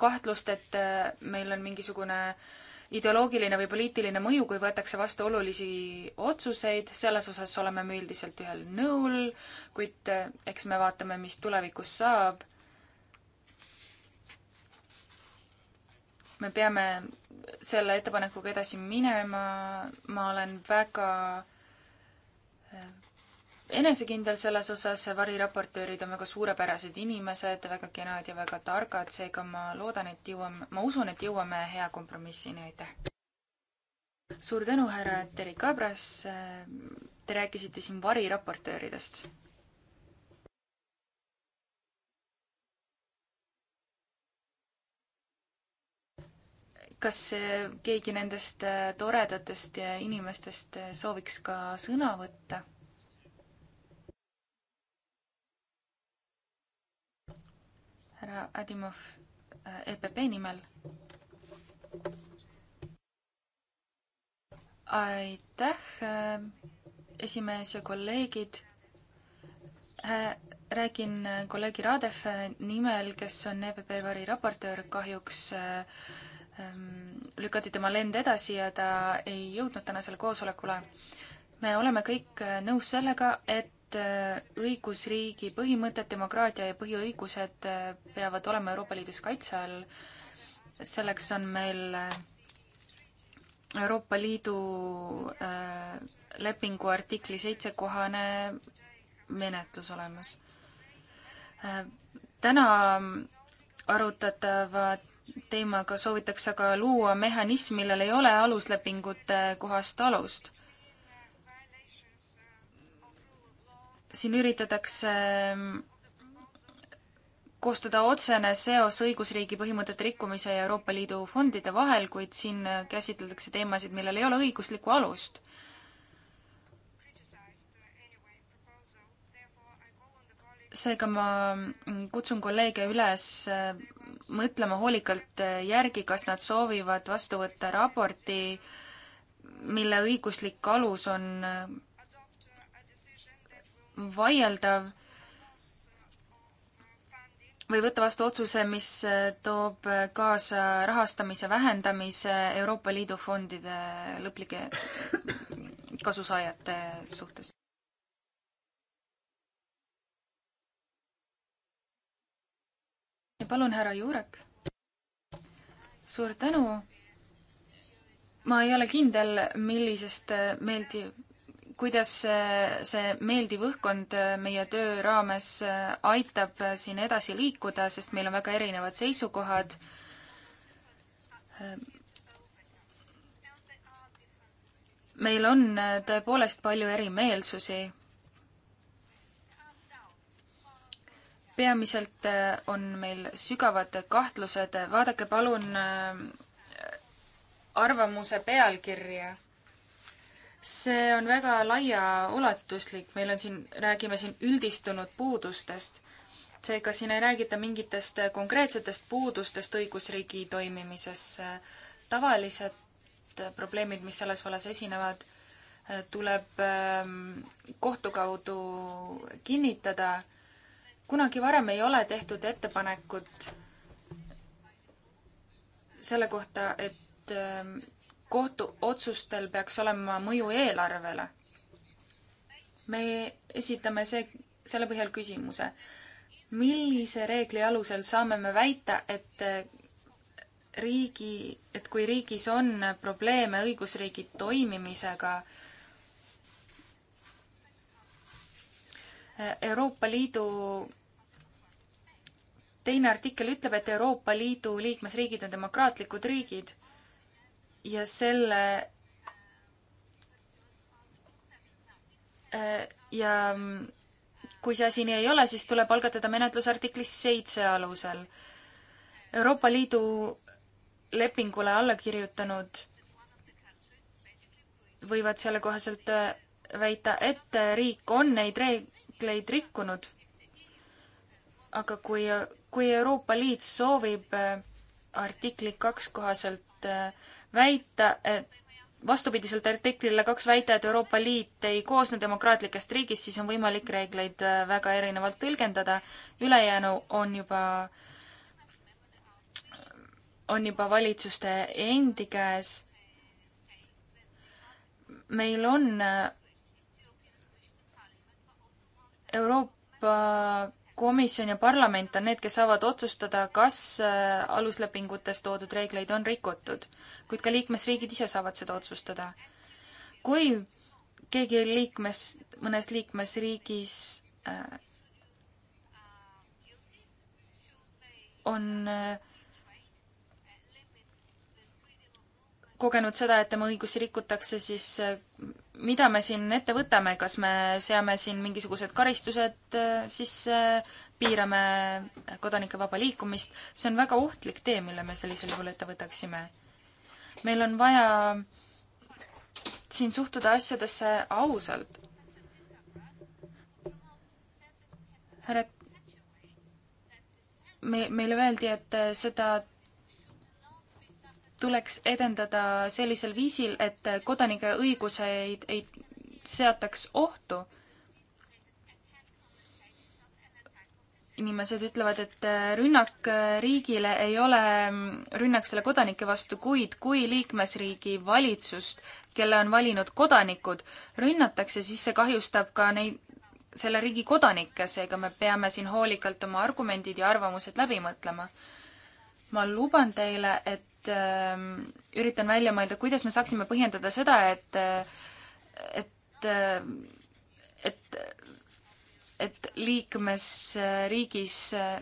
kahtlust, et äh, meil on mingisugune ideoloogiline või poliitiline mõju, kui võetakse vastu olulisi otsuseid, selles osas oleme me üldiselt ühel nõul, kuid eks me vaatame, mis tulevikus saab me peame selle ettepanekuga edasi minema, ma olen väga eh, enesekindel selles osas, variraportöörid on väga suurepärased inimesed, väga kenad ja väga targad, seega ma loodan, et jõuame, ma usun, et jõuame hea kompromissini, aitäh! suur tänu, härra Terri Kabras, te rääkisite siin variraportööridest kas eh, keegi nendest eh, toredatest eh, inimestest sooviks ka sõna võtta? härra Adimov EPP e nimel. aitäh, esimees ja kolleegid räägin kolleeg Radev nimel, kes on EPP variraportöör, kahjuks Ehm, lükati tema lend edasi ja ta ei jõudnud tänasele koosolekule. me oleme kõik eh, nõus sellega, et eh, õigusriigi põhimõtted, demokraatia ja põhiõigused eh, peavad olema Euroopa Liidus kaitse all. selleks on meil Euroopa Liidu lepingu artikli seitse kohane menetlus olemas. täna mm, arutatavad teemaga soovitakse aga luua mehhanism, millel ei ole aluslepingute kohast alust. siin üritatakse ähm, koostada otsene seos õigusriigi põhimõtete rikkumise ja Euroopa Liidu fondide vahel, kuid siin käsitletakse teemasid, millel ei ole õiguslikku alust seega ma kutsun kolleege üles äh, mõtlema hoolikalt äh, järgi, kas nad soovivad vastu võtta raporti, mille õiguslik alus on äh, vaieldav või võtta vastu otsuse, mis toob kaasa rahastamise vähendamise Euroopa Liidu fondide lõplike kasusaajate suhtes. palun, härra Juurek. suur tänu. ma ei ole kindel, millisest meeldiv, kuidas see meeldiv õhkkond meie töö raames aitab siin edasi liikuda, sest meil on väga erinevad seisukohad. meil on tõepoolest palju erimeelsusi peamiselt äh, on meil sügavad kahtlused, vaadake palun äh, arvamuse pealkirja. see on väga laiaulatuslik, meil on siin, räägime siin üldistunud puudustest. seega siin ei räägita mingitest konkreetsetest puudustest õigusriigi toimimises. tavalised äh, probleemid, mis selles vallas esinevad, tuleb ähm, kohtu kaudu kinnitada kunagi varem ei ole tehtud ettepanekut selle kohta, et ähm, kohtuotsustel peaks olema mõju eelarvele. me esitame see, selle põhjal küsimuse, millise reegli alusel saame me väita, et äh, riigi, et kui riigis on probleeme õigusriigi toimimisega, Euroopa Liidu teine artikkel ütleb, et Euroopa Liidu liikmesriigid on demokraatlikud riigid ja selle ja kui see asi nii ei ole, siis tuleb algatada menetlus artiklis seitse alusel. Euroopa Liidu lepingule alla kirjutanud võivad selle kohaselt väita, et riik on neid reeg-, artikleid rikkunud. aga kui, kui Euroopa Liit soovib äh, artikli kaks kohaselt äh, väita, et vastupidiselt artiklile kaks väita, et Euroopa Liit ei koosne demokraatlikest riigist, siis on võimalik reegleid äh, väga erinevalt tõlgendada. ülejäänu on juba, on juba valitsuste endi käes. meil on Euroopa Komisjon ja parlament on need, kes saavad otsustada, kas äh, aluslepingutes toodud reegleid on rikutud, kuid ka liikmesriigid ise saavad seda otsustada. kui keegi liikmes, mõnes liikmesriigis äh, on äh, kogenud seda, et tema õigusi rikutakse, siis mida me siin ette võtame, kas me seame siin mingisugused karistused äh, sisse, piirame kodanike vaba liikumist, see on väga ohtlik tee, mille me sellisel juhul ette võtaksime. meil on vaja siin suhtuda asjadesse ausalt. härra, me, meile öeldi, et äh, seda tuleks edendada sellisel viisil, et kodanike õiguseid ei seataks ohtu. inimesed ütlevad, et rünnak riigile ei ole rünnak selle kodanike vastu, kuid kui liikmesriigi valitsust, kelle on valinud kodanikud, rünnatakse, siis see kahjustab ka neid, selle riigi kodanikke, seega me peame siin hoolikalt oma argumendid ja arvamused läbi mõtlema. ma luban teile, et Ähm, üritan välja mõelda, kuidas me saaksime põhjendada seda, et, äh, et, äh, et, et liikmesriigis,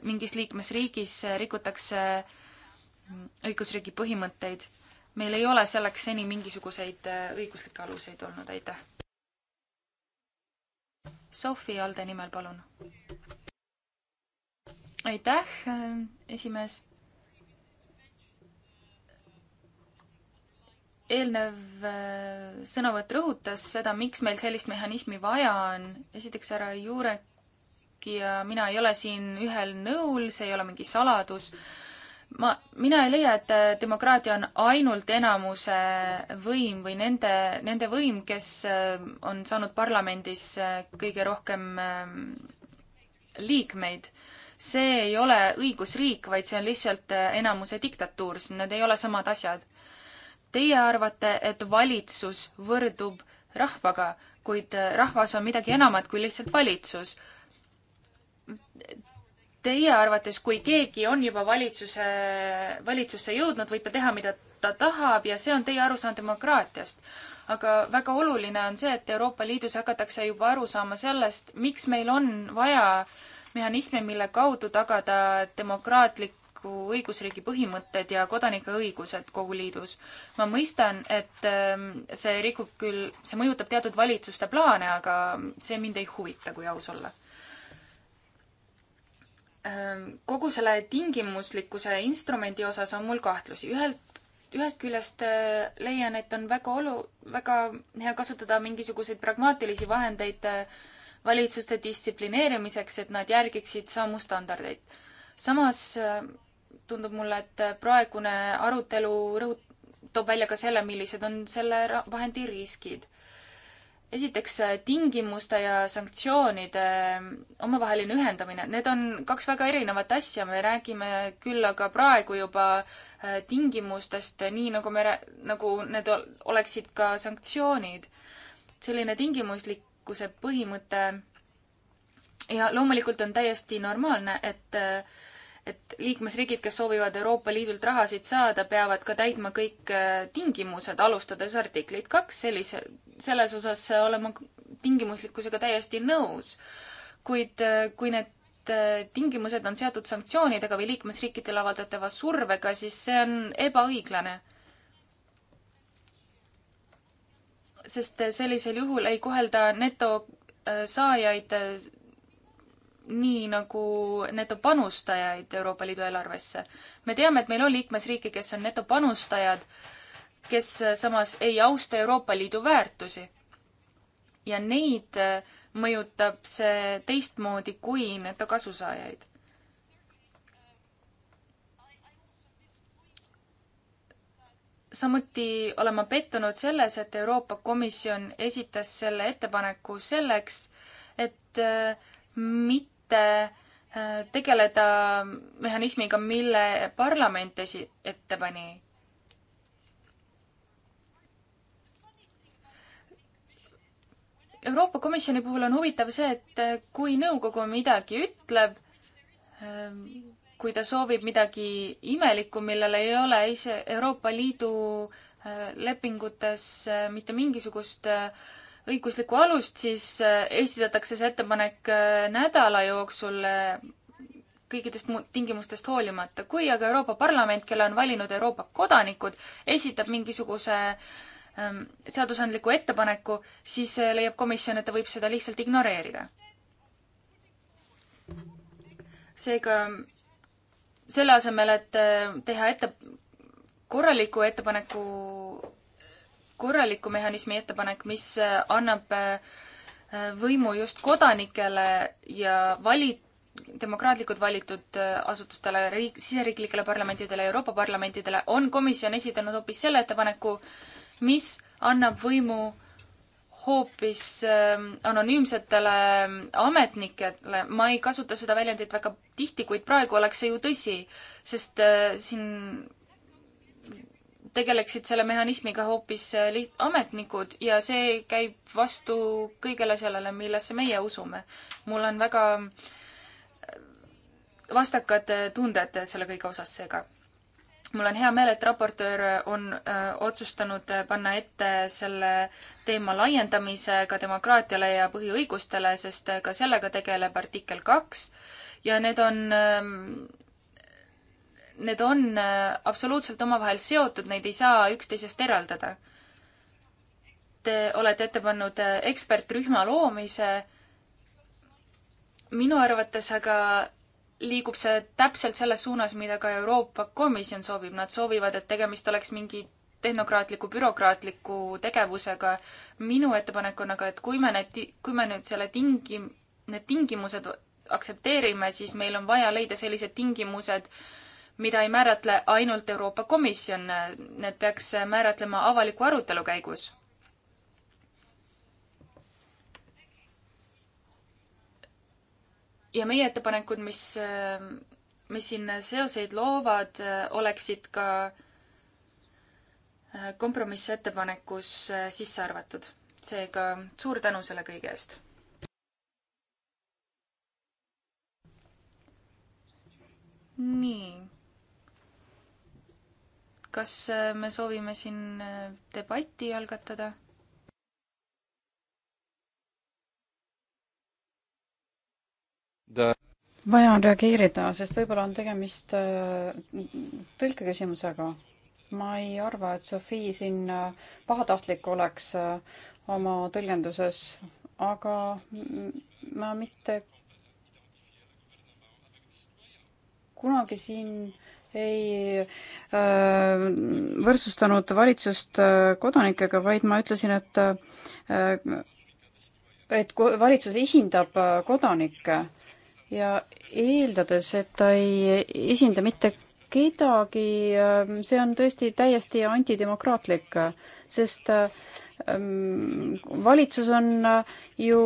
mingis liikmesriigis rikutakse õigusriigi põhimõtteid. meil ei ole selleks seni mingisuguseid äh, õiguslikke aluseid olnud, aitäh. Sofi Alde nimel, palun. aitäh, esimees eelnev äh, sõnavõtt rõhutas seda, miks meil sellist mehhanismi vaja on. esiteks, härra Jurek ja mina ei ole siin ühel nõul, see ei ole mingi saladus. ma, mina ei leia, et äh, demokraatia on ainult enamuse võim või nende, nende võim, kes äh, on saanud parlamendis kõige rohkem liikmeid see ei ole õigusriik, vaid see on lihtsalt enamuse diktatuur, nad ei ole samad asjad Teie arvate, et valitsus võrdub rahvaga, kuid äh, rahvas on midagi enamat kui lihtsalt valitsus. Teie arvates, kui keegi on juba valitsuse, valitsusse jõudnud, võib ta teha, mida ta tahab ja see on teie arusaam demokraatiast aga väga oluline on see, et Euroopa Liidus hakatakse juba aru saama sellest, miks meil on vaja mehhanisme, mille kaudu tagada demokraatlik tulevikku nagu õigusriigi põhimõtted ja kodanike õigused kogu liidus. ma mõistan, et ähm, see rikub küll, see mõjutab teatud valitsuste plaane, aga see mind ei huvita, kui aus olla. Ähm, kogu selle tingimuslikkuse instrumendi osas on mul kahtlusi. ühelt ühest küljest äh, leian, et on väga olu-, väga hea kasutada mingisuguseid pragmaatilisi vahendeid äh, valitsuste distsiplineerimiseks, et nad järgiksid samu standardeid. samas äh, tundub mulle, et praegune arutelu rõhut-, toob välja ka selle, millised on selle vahendi riskid. esiteks tingimuste ja sanktsioonide omavaheline ühendamine, need on kaks väga erinevat asja, me räägime küll aga praegu juba äh, tingimustest, nii nagu me, nagu need oleksid ka sanktsioonid. selline tingimuslikkuse põhimõte ja loomulikult on täiesti normaalne, et äh, et liikmesriigid, kes soovivad Euroopa Liidult rahasid saada, peavad ka täitma kõik äh, tingimused, alustades artiklit kaks, sellise, selles osas äh, olen ma tingimuslikkusega täiesti nõus. kuid äh, kui need tingimused on seotud sanktsioonidega või liikmesriikidele avaldatava survega, siis see on ebaõiglane. sest sellisel juhul ei kohelda netosaajaid nii nagu netopanustajaid Euroopa Liidu eelarvesse. me teame, et meil on liikmesriike, kes on netopanustajad, kes äh, samas ei austa Euroopa Liidu väärtusi. ja neid äh, mõjutab see teistmoodi kui netokasusaajaid. samuti olen ma pettunud selles, et Euroopa Komisjon esitas selle ettepaneku selleks, et äh, mitte mitte äh, tegeleda mehhanismiga, mille parlament esi-, ette pani. Euroopa Komisjoni puhul on huvitav see, et äh, kui nõukogu midagi ütleb, ähm, kui ta soovib midagi imelikku, millel ei ole ise Euroopa Liidu äh, lepingutes mitte mingisugust äh, õiguslikku alust, siis äh, esitatakse see ettepanek äh, nädala jooksul äh, kõikidest tingimustest hoolimata. kui aga Euroopa Parlament, kelle on valinud Euroopa kodanikud, esitab mingisuguse ähm, seadusandliku ettepaneku, siis leiab komisjon, et ta võib seda lihtsalt ignoreerida. seega selle asemel, et teha ette, korraliku ettepaneku korraliku mehhanismi ettepanek, mis äh, annab äh, võimu just kodanikele ja vali-, demokraatlikult valitud äh, asutustele, riik, siseriiklikele parlamentidele, Euroopa parlamentidele, on komisjon esitanud hoopis selle ettepaneku, mis annab võimu hoopis anonüümsetele ametnikele, ma ei kasuta seda väljendit väga tihti, kuid praegu oleks see ju tõsi, sest siin tegeleksid selle mehhanismiga hoopis äh, liht-, ametnikud ja see käib vastu kõigele sellele, millesse meie usume. mul on väga äh, vastakad äh, tunded selle kõige osas seega. mul on hea meel, et raportöör on öö, otsustanud panna ette selle teema laiendamise ka demokraatiale ja põhiõigustele, sest ka sellega tegeleb artikkel kaks ja need on öö, ähm, need on äh, absoluutselt omavahel seotud, neid ei saa üksteisest eraldada. Te olete ette pannud äh, ekspertrühma loomise. minu arvates aga liigub see täpselt selles suunas, mida ka Euroopa Komisjon soovib. Nad soovivad, et tegemist oleks mingi tehnokraatliku, bürokraatliku tegevusega. minu ettepanek on aga, et kui me need, kui me nüüd selle tingi-, need tingimused aktsepteerime, siis meil on vaja leida sellised tingimused, mida ei määratle ainult Euroopa Komisjon, need peaks määratlema avaliku arutelu käigus. ja meie ettepanekud, mis, mis siin seoseid loovad, oleksid ka kompromissettepanekus sisse arvatud. seega suur tänu selle kõige eest nii kas äh, me soovime siin äh, debatti algatada? vaja on reageerida, sest võib-olla on tegemist äh, tõlkeküsimusega. ma ei arva, et Sofii siin pahatahtlik oleks oma tõlgenduses, aga ma mitte kunagi siin ei äh, võrdsustanud valitsust äh, kodanikega, vaid ma ütlesin, et äh, et valitsus esindab äh, kodanikke ja eeldades, et ta ei esinda mitte kedagi, äh, see on tõesti täiesti antidemokraatlik, sest äh, Ehm, valitsus on äh, ju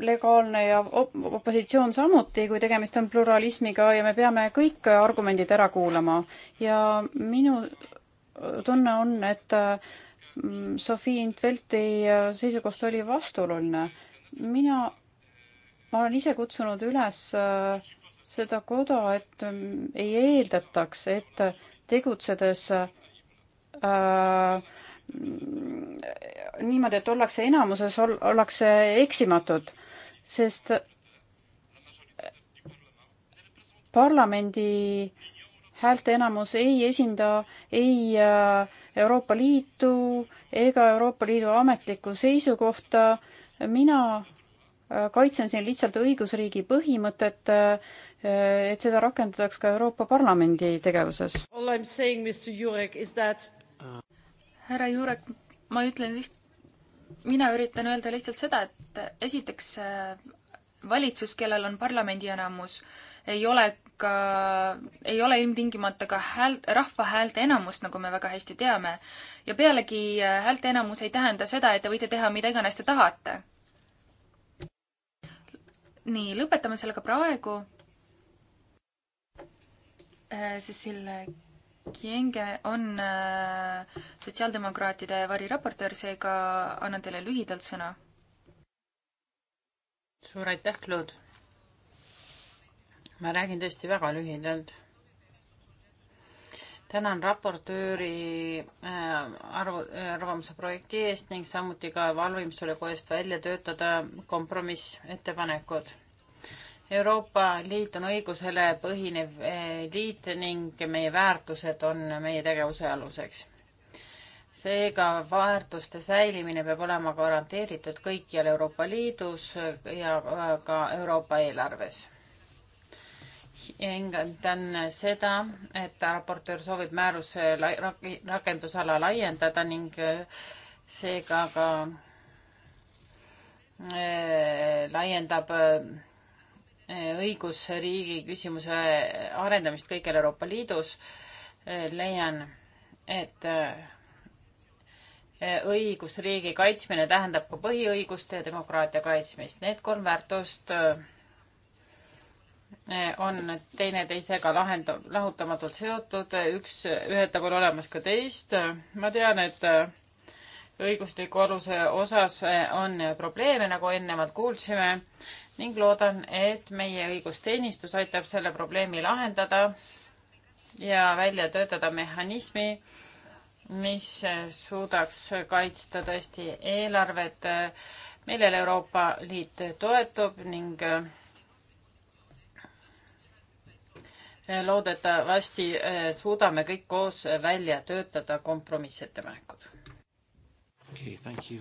legaalne ja op opositsioon samuti, kui tegemist on pluralismiga ja me peame kõik argumendid ära kuulama. ja minu tunne on, et mm, Sophie Intvelti äh, seisukoht oli vastuoluline. mina olen ise kutsunud üles äh, seda koda, et mm, ei eeldataks, et tegutsedes äh, Mm, niimoodi, et ollakse enamuses, ollakse eksimatud, sest parlamendi häälteenamus ei esinda ei äh, Euroopa Liitu ega Euroopa Liidu ametlikku seisukohta. mina äh, kaitsen siin lihtsalt õigusriigi põhimõtet, äh, et seda rakendataks ka Euroopa Parlamendi tegevuses. All I am saying, Mr Jurek, is that härra Juurek, ma ütlen liht-, mina üritan öelda lihtsalt seda, et esiteks äh, valitsus, kellel on parlamendi enamus, ei ole ka, ei ole ilmtingimata ka hääl, rahva häälte enamust, nagu me väga hästi teame. ja pealegi äh, häälte enamus ei tähenda seda, et te võite teha mida iganes te tahate. nii, lõpetame sellega praegu. Cecile äh, Kienge on äh, sotsiaaldemokraatide variraportöör, seega annan teile lühidalt sõna. suur aitäh, Claude! ma räägin tõesti väga lühidalt. tänan raportööri äh, arv-, äh, arvamuse projekti eest ning samuti ka valmimisele kohe välja töötada kompromissettepanekud Euroopa Liit on õigusele põhinev eh, liit ning meie väärtused on meie tegevuse aluseks. seega väärtuste säilimine peab olema garanteeritud kõikjal Euroopa Liidus ja eh, ka Euroopa eelarves. hindan seda, et raportöör soovib määruse rakendusala laiendada ning eh, seega ka äh, laiendab äh, Eh, õigusriigi küsimuse arendamist kõikjal Euroopa Liidus, eh, leian, et eh, õigusriigi kaitsmine tähendab ka põhiõiguste ja demokraatia kaitsmist. Need kolm väärtust on teineteisega lahend-, lahutamatult seotud, üks, ühed peab olemas ka teist. ma tean, et õigusliku aluse osas eh, on probleeme, nagu ennemalt kuulsime ning loodan, et meie õigusteenistus aitab selle probleemi lahendada ja välja töötada mehhanismi, mis suudaks kaitsta tõesti eelarvet, millele Euroopa Liit toetub ning eh, loodetavasti eh, suudame kõik koos välja töötada kompromissettepanekud okay,.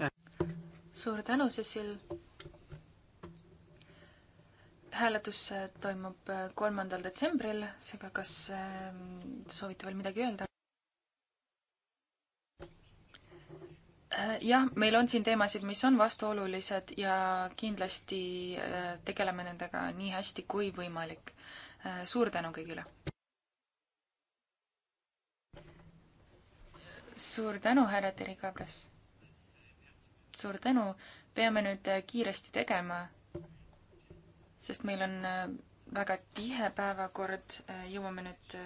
Uh... suur tänu, Cecil. hääletus äh, toimub äh, kolmandal detsembril, seega kas ähm, soovite veel midagi öelda? Äh, jah, meil on siin teemasid, mis on vastuolulised ja kindlasti tegeleme nendega nii hästi kui võimalik. suur tänu kõigile! suur tänu, härra Terri Kabras. suur tänu, peame nüüd äh, kiiresti tegema, sest meil on äh, väga tihe päevakord, äh, jõuame nüüd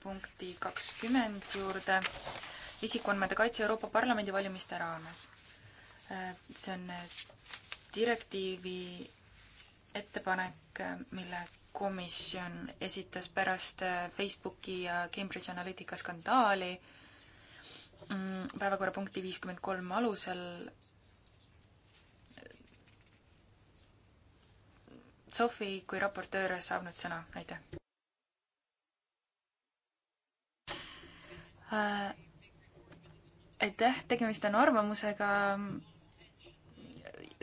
punkti kakskümmend juurde, isikuandmete kaitse Euroopa Parlamendi valimiste raames. see on direktiivi ettepanek, mille komisjon esitas pärast Facebooki ja Cambridge Analytica skandaali Mm, päevakorrapunkti viiskümmend kolm alusel Sofi kui raportöör saab nüüd sõna, aitäh. Äh, aitäh, tegemist on arvamusega.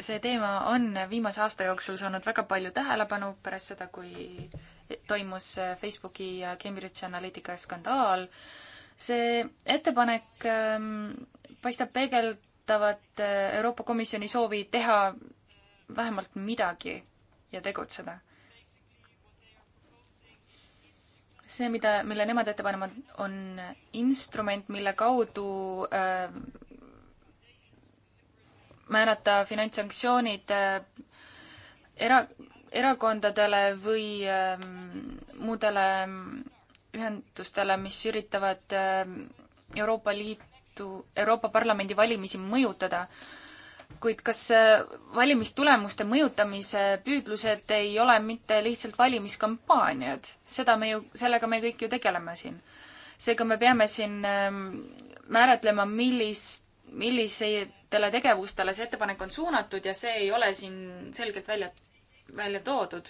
see teema on viimase aasta jooksul saanud väga palju tähelepanu pärast seda, kui toimus Facebooki ja Cambridge Analytica skandaal äh, see ettepanek ähm, paistab peegeldavat äh, Euroopa Komisjoni soovi teha vähemalt midagi ja tegutseda. see, mida, mille nemad ette panevad, on instrument, mille kaudu äh, määrata finantssanktsioonid äh, era-, erakondadele või äh, muudele äh, ühendustele, mis üritavad ähm, Euroopa Liitu, Euroopa Parlamendi valimisi mõjutada. kuid kas äh, valimistulemuste mõjutamise püüdlused ei ole mitte lihtsalt valimiskampaaniad? seda me ju, sellega me kõik ju tegeleme siin. seega me peame siin ähm, määratlema, millist, millistele tegevustele see ettepanek on suunatud ja see ei ole siin selgelt välja, välja toodud.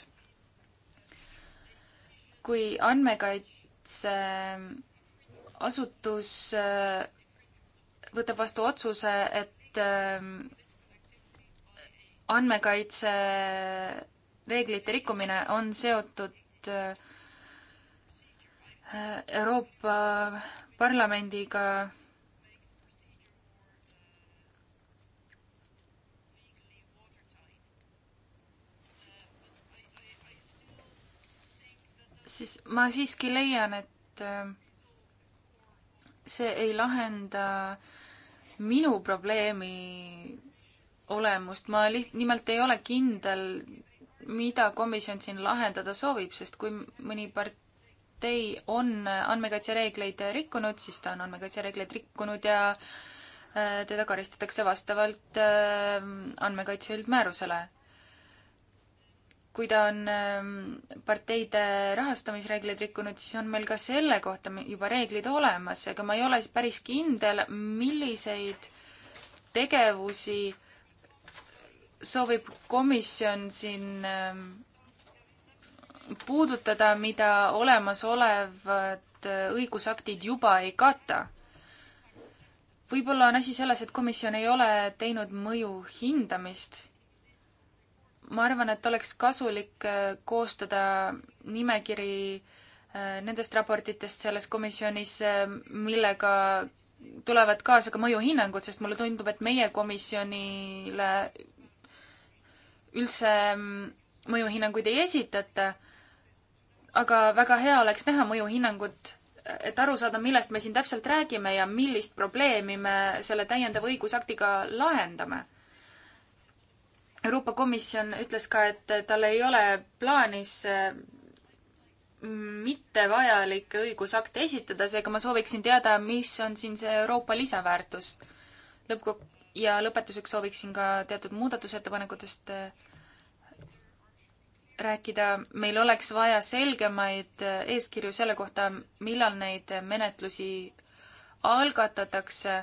kui andmekaitse kaitseasutus äh, võtab vastu otsuse, et äh, andmekaitse reeglite rikkumine on seotud äh, Euroopa Parlamendiga siis ma siiski leian, et ähm, see ei lahenda minu probleemi olemust, ma liht-, nimelt ei ole kindel, mida komisjon siin lahendada soovib, sest kui mõni partei on andmekaitsereegleid rikkunud, siis ta on andmekaitsereegleid rikkunud ja äh, teda karistatakse vastavalt äh, andmekaitse üldmäärusele kui ta on ähm, parteide rahastamisreegleid rikkunud, siis on meil ka selle kohta juba reeglid olemas, aga ma ei ole päris kindel, milliseid tegevusi soovib komisjon siin ähm, puudutada, mida olemasolevad äh, õigusaktid juba ei kata. võib-olla on asi selles, et komisjon ei ole teinud mõju hindamist ma arvan, et oleks kasulik äh, koostada nimekiri äh, nendest raportitest selles komisjonis, äh, millega tulevad kaasa ka mõjuhinnangud, sest mulle tundub, et meie komisjonile üldse mm, mõjuhinnanguid ei esitata. aga väga hea oleks näha mõjuhinnangut, et aru saada, millest me siin täpselt räägime ja millist probleemi me selle täiendava õigusaktiga lahendame Euroopa Komisjon ütles ka, et tal ei ole plaanis äh, mittevajalikke õigusakte esitada, seega ma sooviksin teada, mis on siin see Euroopa lisaväärtus. lõppkok- ja lõpetuseks sooviksin ka teatud muudatusettepanekutest äh, rääkida, meil oleks vaja selgemaid äh, eeskirju selle kohta, millal neid menetlusi algatatakse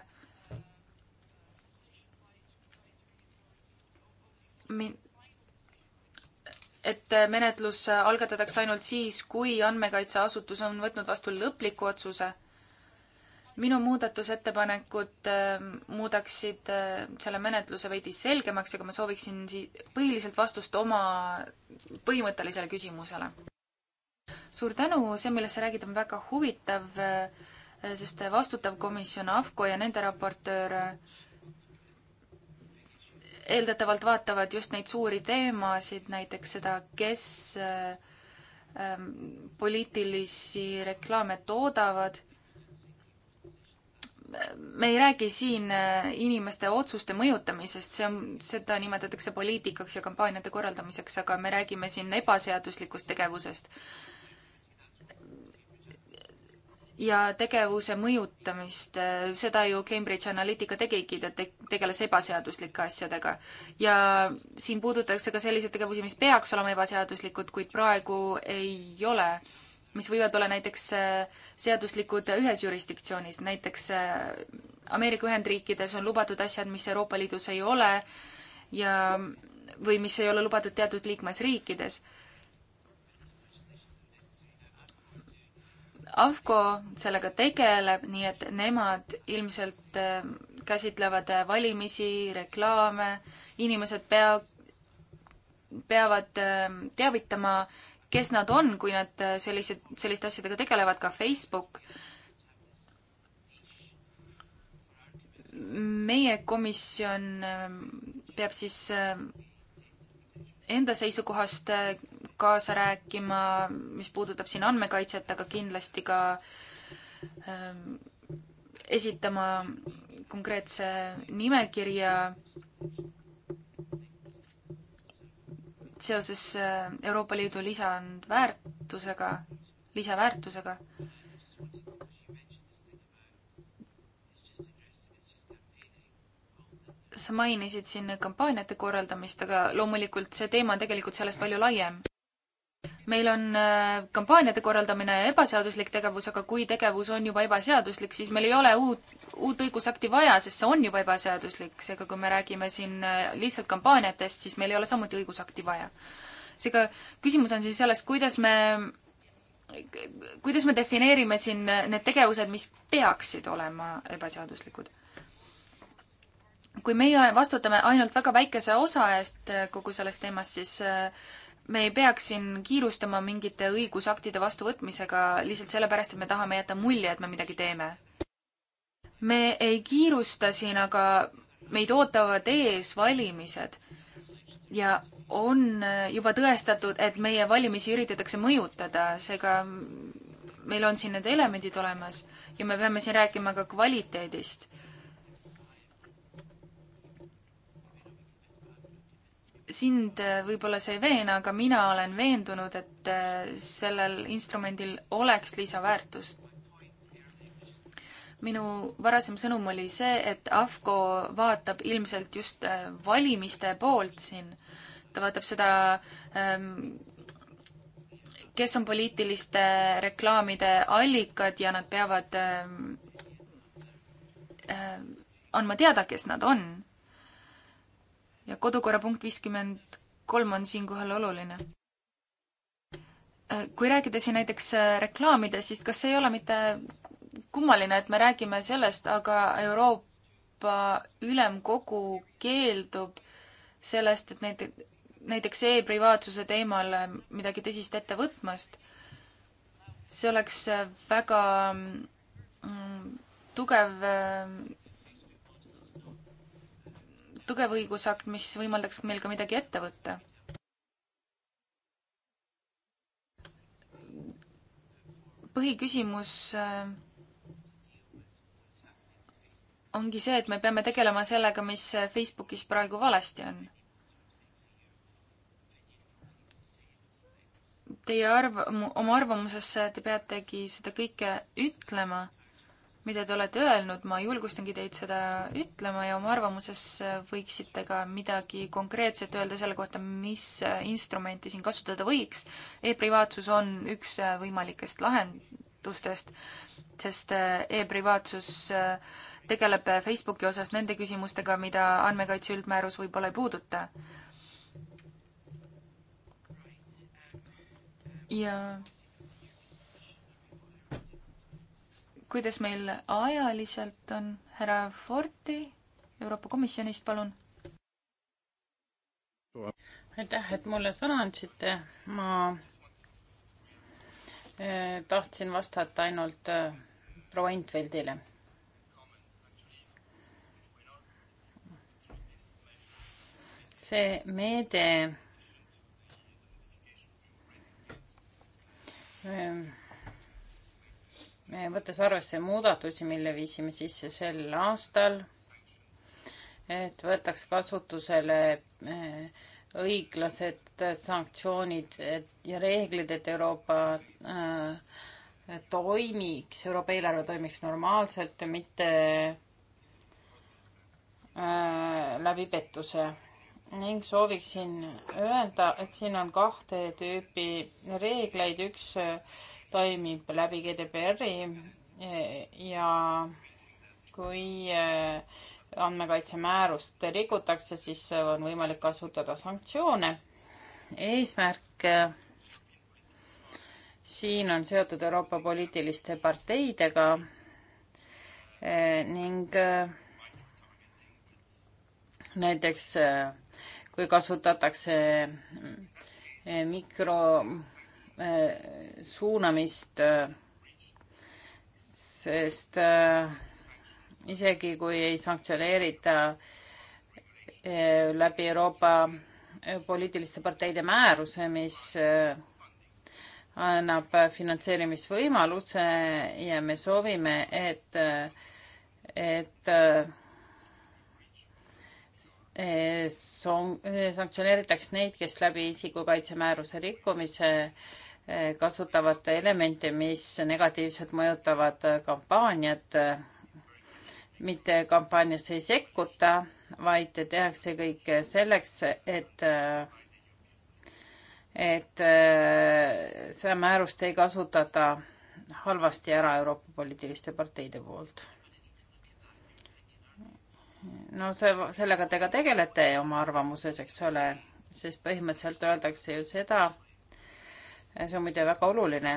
et menetlus algatatakse ainult siis, kui andmekaitseasutus on võtnud vastu lõpliku otsuse. minu muudatusettepanekud ähm, muudaksid äh, selle menetluse veidi selgemaks, aga ma sooviksin sii-, põhiliselt vastust oma põhimõttelisele küsimusele. suur tänu, see, millest sa räägid, on väga huvitav, äh, sest vastutav komisjon AFCO ja nende raportöör äh, eeldatavalt vaatavad just neid suuri teemasid, näiteks seda, kes äh, ähm, poliitilisi reklaame toodavad. me ei räägi siin äh, inimeste otsuste mõjutamisest, see on, seda nimetatakse poliitikaks ja kampaaniate korraldamiseks, aga me räägime siin ebaseaduslikust tegevusest ja tegevuse mõjutamist, seda ju Cambridge Analytica tegigi, ta te-, tegeles ebaseaduslike asjadega. ja siin puudutatakse ka selliseid tegevusi, mis peaks olema ebaseaduslikud, kuid praegu ei ole, mis võivad olla näiteks äh, seaduslikud ühes jurisdiktsioonis, näiteks äh, Ameerika Ühendriikides on lubatud asjad, mis Euroopa Liidus ei ole ja või mis ei ole lubatud teatud liikmesriikides AFCO sellega tegeleb, nii et nemad ilmselt äh, käsitlevad äh, valimisi, reklaame, inimesed pea, peavad ähm, teavitama, kes nad on, kui nad äh, sellised, selliste asjadega tegelevad, ka Facebook. meie komisjon ähm, peab siis enda seisukohast kaasa rääkima, mis puudutab siin andmekaitset, aga kindlasti ka ähm, esitama konkreetse nimekirja seoses äh, Euroopa Liidu lisandväärtusega, lisaväärtusega sa mainisid siin kampaaniate korraldamist, aga loomulikult see teema on tegelikult sellest palju laiem meil on äh, kampaaniate korraldamine ebaseaduslik tegevus, aga kui tegevus on juba ebaseaduslik, siis meil ei ole uut, uut õigusakti vaja, sest see on juba ebaseaduslik. seega kui me räägime siin äh, lihtsalt kampaaniatest, siis meil ei ole samuti õigusakti vaja. seega küsimus on siis selles, kuidas me, kuidas me defineerime siin äh, need tegevused, mis peaksid olema ebaseaduslikud? kui meie vastutame ainult väga väikese osa eest kogu sellest teemast, siis äh, me ei peaks siin kiirustama mingite õigusaktide vastuvõtmisega lihtsalt sellepärast, et me tahame jätta mulje, et me midagi teeme. me ei kiirusta siin, aga meid ootavad ees valimised ja on juba tõestatud, et meie valimisi üritatakse mõjutada, seega meil on siin need elemendid olemas ja me peame siin rääkima ka kvaliteedist sind äh, võib-olla see ei veena, aga mina olen veendunud, et äh, sellel instrumendil oleks lisaväärtust. minu varasem sõnum oli see, et AFCO vaatab ilmselt just äh, valimiste poolt siin. ta vaatab seda, ähm, kes on poliitiliste reklaamide allikad ja nad peavad ähm, andma teada, kes nad on ja kodukorra punkt viiskümmend kolm on siinkohal oluline. Äh, kui rääkida siin näiteks äh, reklaamidest, siis kas ei ole mitte kummaline, et me räägime sellest, aga Euroopa Ülemkogu keeldub sellest, et näiteks, näiteks e-privaatsuse teemal äh, midagi tõsist ette võtmast. see oleks väga mm, tugev tugev õigusakt, mis võimaldaks meil ka midagi ette võtta. põhiküsimus äh, ongi see, et me peame tegelema sellega, mis Facebookis praegu valesti on. Teie arv-, oma arvamuses te peategi seda kõike ütlema mida te olete öelnud, ma julgustangi teid seda ütlema ja oma arvamuses võiksite ka midagi konkreetset öelda selle kohta, mis instrumenti siin kasutada võiks e. e-privaatsus on üks äh, võimalikest lahendustest, sest äh, e-privaatsus äh, tegeleb Facebooki osas nende küsimustega, mida andmekaitse üldmäärus võib-olla ei puuduta. ja yeah kuidas meil ajaliselt on? härra Forti Euroopa Komisjonist, palun. aitäh, et mulle sõna andsite. ma eh, tahtsin vastata ainult eh, proua Intveldile. see meede eh, võttes arvesse muudatusi, mille viisime sisse sel aastal, et võtaks kasutusele eh, õiglased sanktsioonid ja reeglid, et Euroopa eh, toimiks, Euroopa eelarve toimiks normaalselt, mitte eh, läbi pettuse ning sooviksin öelda, et siin on kahte tüüpi reegleid, üks toimib läbi GDPR-i eh, ja kui eh, andmekaitsemäärust rikutakse, siis on võimalik kasutada sanktsioone. eesmärk eh, siin on seotud Euroopa poliitiliste parteidega ning näiteks kui kasutatakse mikro Äh, suunamist, äh, sest äh, isegi kui ei sanktsioneerita läbi Euroopa poliitiliste parteide määruse, mis annab finantseerimisvõimaluse ja me soovime, et, et sanktsioneeritaks neid, kes läbi isikukaitsemääruse rikkumise äh, kasutavad elemente, mis negatiivselt mõjutavad kampaaniat. mitte kampaaniasse ei sekkuta, vaid tehakse kõik selleks, et et seda määrust ei kasutata halvasti ära Euroopa poliitiliste parteide poolt. no see, sellega te ka tegelete oma arvamuses, eks ole, sest põhimõtteliselt öeldakse ju seda, see on muide väga oluline,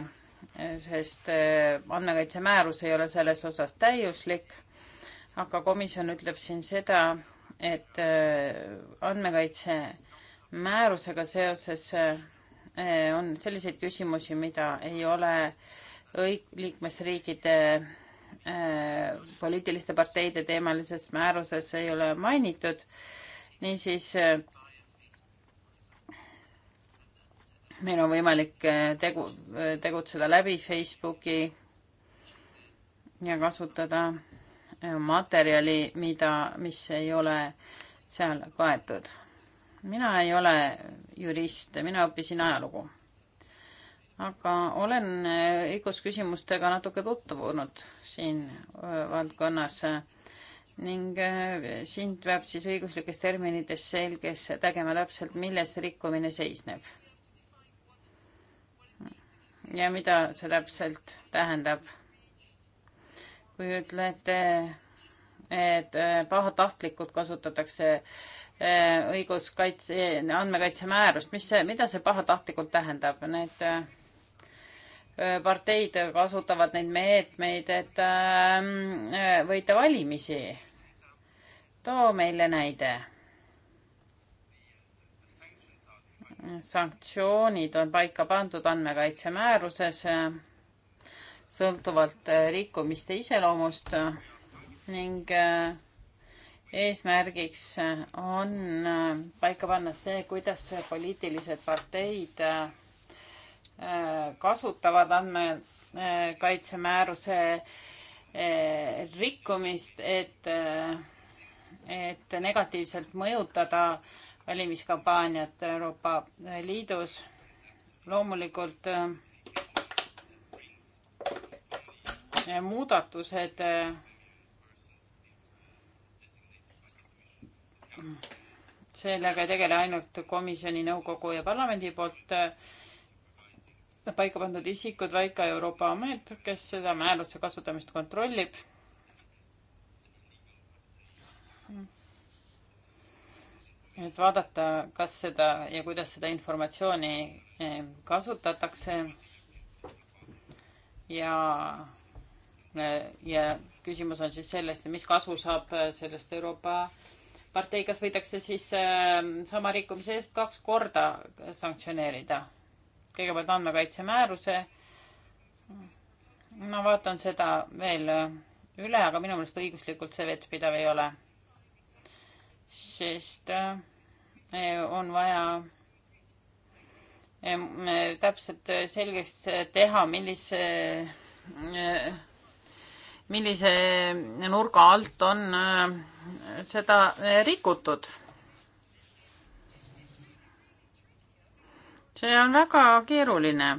sest eh, andmekaitsemäärus ei ole selles osas täiuslik, aga komisjon ütleb siin seda, et eh, andmekaitse määrusega seoses eh, on selliseid küsimusi, mida ei ole õig-, liikmesriikide äh, poliitiliste parteide teemalises määruses ei ole mainitud. niisiis äh, meil on võimalik äh, tegu, äh, tegutseda läbi Facebooki ja kasutada äh, materjali, mida, mis ei ole seal kaetud. mina ei ole jurist, mina õppisin ajalugu. aga olen õigusküsimustega natuke tutvunud siin valdkonnas ning sind peab siis õiguslikes terminites selgeks tegema täpselt, milles rikkumine seisneb ja mida see täpselt tähendab. kui ütlete, et äh, pahatahtlikult kasutatakse äh, õiguskaitse, andmekaitse määrust, mis see, mida see pahatahtlikult tähendab, need äh, parteid kasutavad neid meetmeid, et võita valimisi. too meile näide sanktsioonid on paika pandud andmekaitse määruses sõltuvalt äh, rikkumiste iseloomust ning äh, eesmärgiks on äh, paika panna see, kuidas poliitilised parteid kasutavad andmekaitsemääruse rikkumist, et, et negatiivselt mõjutada äh, valimiskampaaniat Euroopa Liidus. loomulikult äh, äh, muudatused äh, sellega ei tegele ainult komisjoni, nõukogu ja parlamendi poolt paika pandud isikud, vaid ka Euroopa Amet, kes seda määruse kasutamist kontrollib et vaadata, kas seda ja kuidas seda informatsiooni eh, kasutatakse. ja, eh, ja küsimus on siis selles, mis kasu saab eh, sellest Euroopa partei, kas võidakse siis sama rikkumise eest kaks korda sanktsioneerida? kõigepealt andmekaitse määruse. ma vaatan seda veel üle, aga minu meelest õiguslikult see vettpidav ei ole sest äh, on vaja äh, äh, täpselt selgeks teha, millise, millise nurga alt on seda rikutud. see on väga keeruline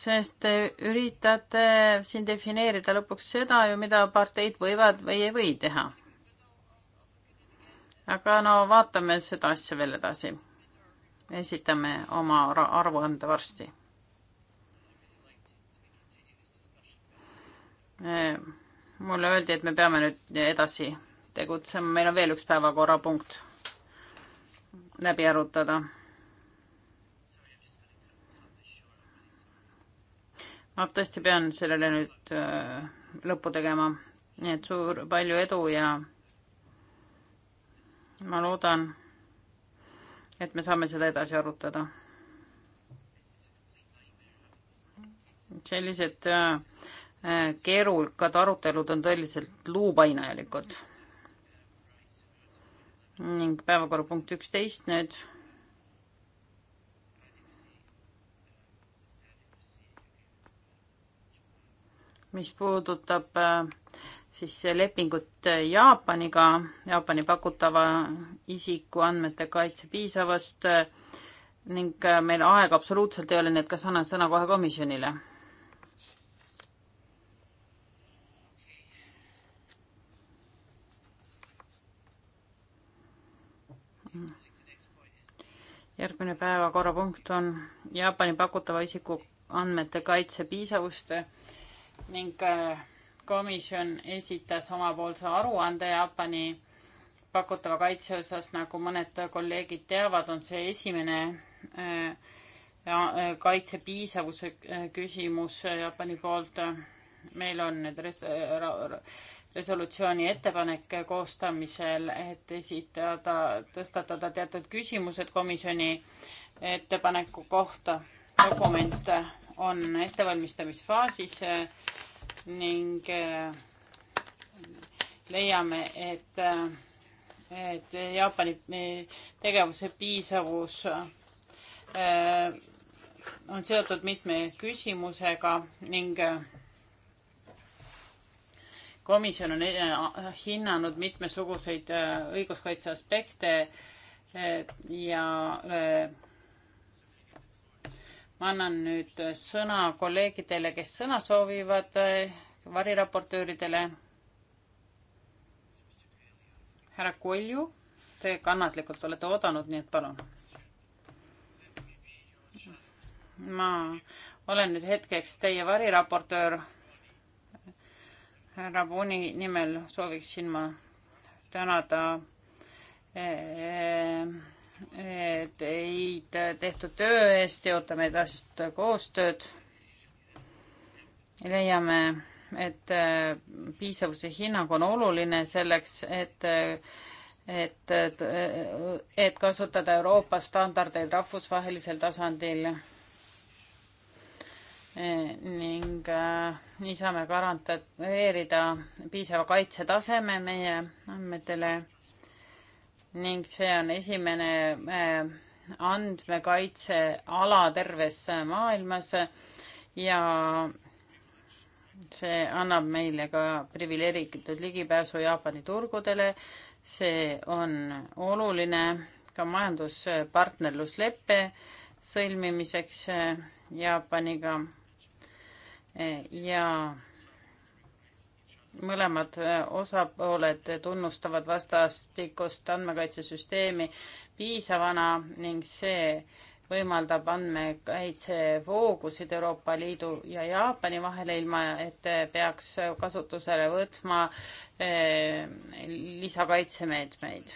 sest te üritate siin defineerida lõpuks seda ju, mida parteid võivad või ei või teha. aga no vaatame seda asja veel edasi. esitame oma aruande varsti. E, mulle öeldi, et me peame nüüd edasi tegutsema, meil on veel üks päevakorrapunkt läbi arutada ma tõesti pean sellele nüüd äh, lõppu tegema, nii et suur, palju edu ja ma loodan, et me saame seda edasi arutada. sellised äh, äh, keerukad arutelud on tõeliselt luupainajalikud. ning päevakorrapunkt üksteist nüüd mis puudutab äh, siis lepingut äh, Jaapaniga, Jaapani pakutava isikuandmete kaitse piisavast äh, ning meil aega absoluutselt ei ole, nii et kas annan sõna kohe komisjonile? järgmine päevakorrapunkt on Jaapani pakutava isiku andmete kaitse piisavuste äh, ning äh, komisjon esitas omapoolse aruande Jaapani pakutava kaitse osas, nagu mõned kolleegid teavad, on see esimene äh, äh, kaitse piisavuse küsimus Jaapani poolt. meil on nüüd res-, resolutsiooni ettepanek koostamisel, et esitada, tõstatada teatud küsimused komisjoni ettepaneku kohta. dokument on ettevalmistamisfaasis eh, ning eh, leiame, et, eh, et Jaapani tegevuse piisavus on seotud mitme küsimusega ning komisjon on hinnanud mitmesuguseid õiguskaitse aspekte ja ma annan nüüd sõna kolleegidele, kes sõna soovivad, eh, variraportööridele. härra Kolju, te kannatlikult olete oodanud, nii et palun. ma olen nüüd hetkeks teie variraportöör. härra Puni nimel sooviksin ma tänada eh, eh, teid tehtud töö eest ja ootame edasist koostööd. leiame, et äh, piisavuse hinnang on oluline selleks, et, et, et kasutada Euroopa standardeid rahvusvahelisel tasandil. ning nii äh, saame garanteerida piisava kaitsetaseme meie andmetele ning see on esimene äh, andmekaitseala terves äh, maailmas ja see annab meile ka priviligeeritud ligipääsu Jaapani turgudele. see on oluline ka majanduspartnerlusleppe sõlmimiseks äh, Jaapaniga ja mõlemad äh, osapooled tunnustavad vastastikust andmekaitsesüsteemi piisavana ning see võimaldab andmekaitsevoogusid Euroopa Liidu ja Jaapani vahele, ilma et peaks kasutusele võtma äh, lisakaitsemeetmeid.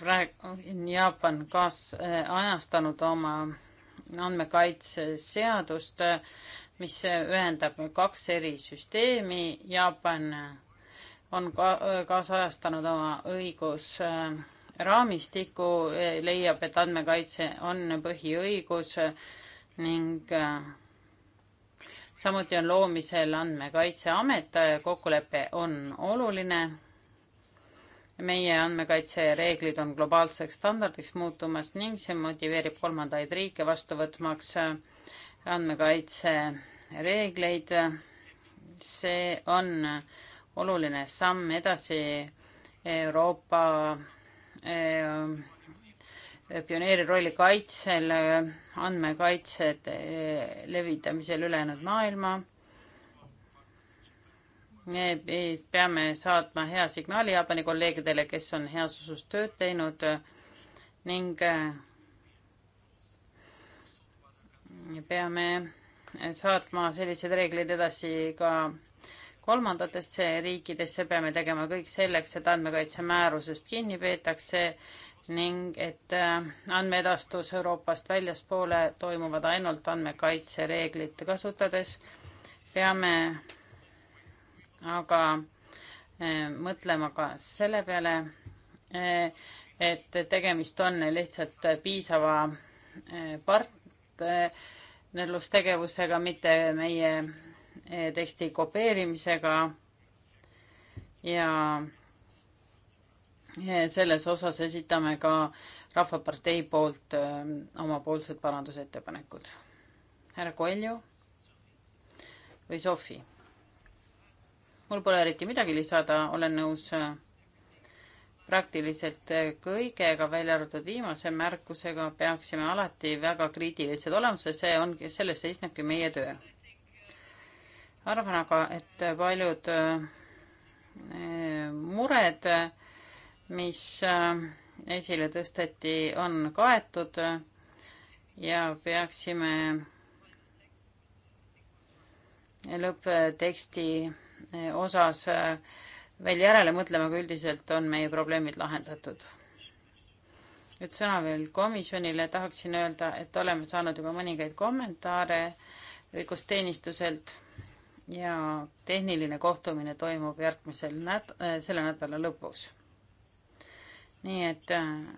praegu on Jaapan kaasajastanud äh, oma andmekaitseseadust, mis ühendab kaks eri süsteemi. Jaapan on ka kaasajastanud oma õigusraamistiku, leiab, et andmekaitse on põhiõigus ning samuti on loomisel andmekaitseamet, kokkulepe on oluline meie andmekaitsereeglid on globaalseks standardiks muutumas ning see motiveerib kolmandaid riike vastu võtmaks äh, andmekaitsereegleid. see on oluline samm edasi Euroopa äh, pioneeri rolli kaitsel, andmekaitse äh, levitamisel ülejäänud maailma me peame saatma hea signaali Jaapani kolleegidele, kes on heas usus tööd teinud ning äh, peame saatma sellised reeglid edasi ka kolmandatesse riikidesse, peame tegema kõik selleks, et andmekaitse määrusest kinni peetakse ning et äh, andmeedastus Euroopast väljaspoole toimuvad ainult andmekaitsereeglit kasutades. peame aga eh, mõtlema ka selle peale, eh, et tegemist on lihtsalt piisava eh, partnerlustegevusega, mitte meie teksti kopeerimisega. ja selles osas esitame ka Rahvapartei poolt omapoolsed parandusettepanekud. härra Koelju või Sofi? mul pole eriti midagi lisada, olen nõus äh, praktiliselt äh, kõigega, välja arvatud viimase märkusega, peaksime alati väga kriitilised olema, sest see ongi, selles seisnebki meie töö. arvan aga, et paljud äh, mured, mis esile tõsteti, on kaetud ja peaksime lõppteksti osas äh, veel järele mõtlema, aga üldiselt on meie probleemid lahendatud. nüüd sõna veel komisjonile, tahaksin öelda, et oleme saanud juba mõningaid kommentaare õigusteenistuselt ja tehniline kohtumine toimub järgmisel nät-, äh, selle nädala lõpus. nii et äh,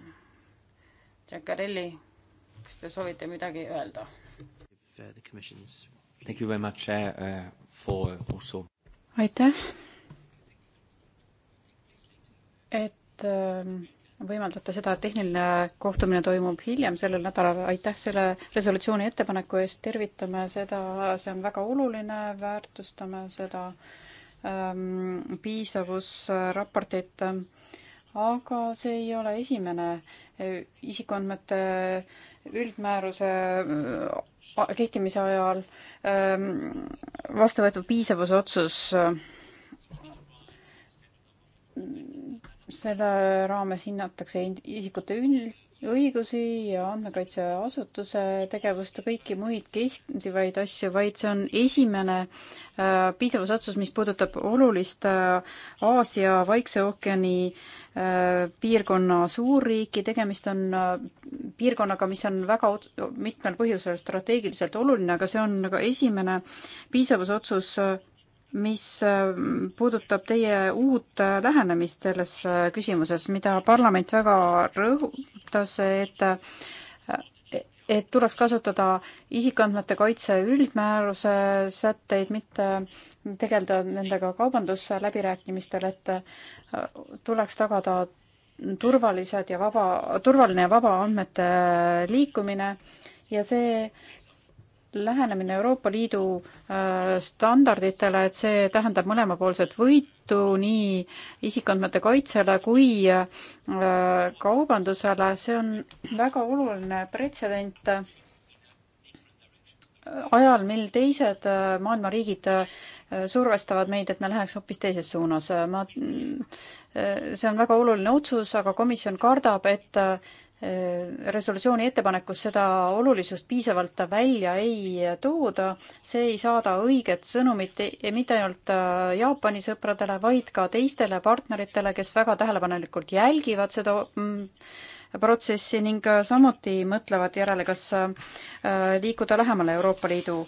Giacarelli, kas te soovite midagi öelda? Thank you very much uh, for also aitäh, et ähm, võimaldate seda, et tehniline kohtumine toimub hiljem sellel nädalal. aitäh selle resolutsiooni ettepaneku eest, tervitame seda, see on väga oluline, väärtustame seda ähm, piisavusraportit äh, aga see ei ole esimene äh, isikuandmete üldmääruse kehtimise ajal ähm, vastu võetud piisavusotsus äh, selle raames hinnatakse isikute üld-, õigusi ja andmekaitseasutuse tegevust ja kõiki muid kehtivaid asju, vaid see on esimene äh, piisavus otsus, mis puudutab olulist äh, Aasia Vaikse ookeani äh, piirkonna suurriiki, tegemist on äh, piirkonnaga, mis on väga mitmel põhjusel strateegiliselt oluline, aga see on ka esimene piisavusotsus äh, mis äh, puudutab teie uut äh, lähenemist selles äh, küsimuses, mida parlament väga rõhutas, et et tuleks kasutada isikuandmete kaitse üldmääruse sätteid, mitte tegeleda nendega kaubandusläbirääkimistel, et tuleks tagada turvalised ja vaba, turvaline ja vaba andmete liikumine ja see äh, lähenemine Euroopa Liidu äh, standarditele, et see tähendab mõlemapoolset võitu nii isikuandmete kaitsele kui äh, kaubandusele, see on väga oluline pretsedent äh, ajal, mil teised maailma riigid survestavad meid, et me läheks hoopis teises suunas. ma, mm, see on väga oluline otsus, aga komisjon kardab, et Äh, resolutsiooni ettepanekus seda olulisust piisavalt välja ei tooda, see ei saada õiget sõnumit mitte ainult äh, Jaapani sõpradele, vaid ka teistele partneritele, kes väga tähelepanelikult jälgivad seda mm, protsessi ning äh, samuti mõtlevad järele, kas liikuda lähemale Euroopa Liidu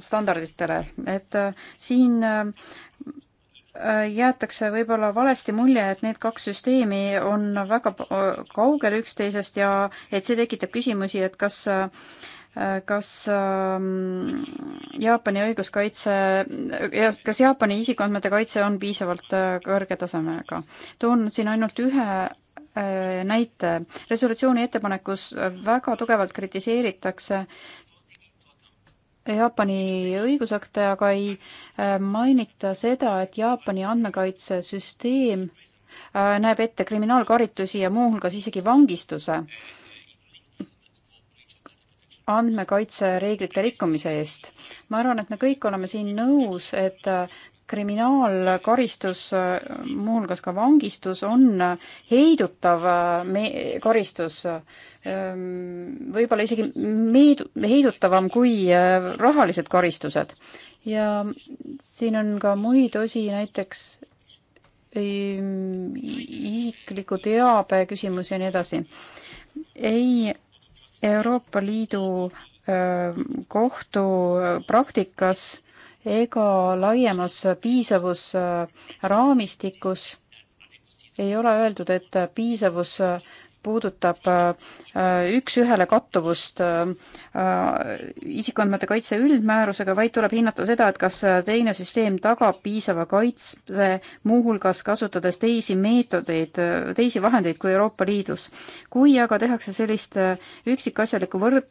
standarditele, et siin jäetakse võib-olla valesti mulje, et need kaks süsteemi on väga kaugel üksteisest ja et see tekitab küsimusi, et kas kas ähm, Jaapani õiguskaitse, kas Jaapani isikuandmete kaitse on piisavalt äh, kõrge tasemega? toon siin ainult ühe äh, näite. resolutsiooni ettepanekus väga tugevalt kritiseeritakse Jaapani õigusakte, aga ei äh, mainita seda, et Jaapani andmekaitsesüsteem äh, näeb ette kriminaalkaritusi ja muuhulgas isegi vangistuse andmekaitsereeglite rikkumise eest. ma arvan, et me kõik oleme siin nõus, et äh, kriminaalkaristus, muuhulgas ka vangistus, on heidutav me-, karistus. Ehm, võib-olla isegi meedu-, heidutavam kui eh, rahalised karistused. ja siin on ka muid osi, näiteks ehm, isikliku teabe küsimus ja nii edasi. ei, Euroopa Liidu ehm, kohtu praktikas ega laiemas piisavusraamistikus äh, ei ole öeldud, et piisavus äh, puudutab äh, üks-ühele kattuvust äh, isikuandmete kaitse üldmäärusega, vaid tuleb hinnata seda, et kas teine süsteem tagab piisava kaitse, muuhulgas kasutades teisi meetodeid, teisi vahendeid kui Euroopa Liidus. kui aga tehakse sellist äh, üksikasjalikku võrd-,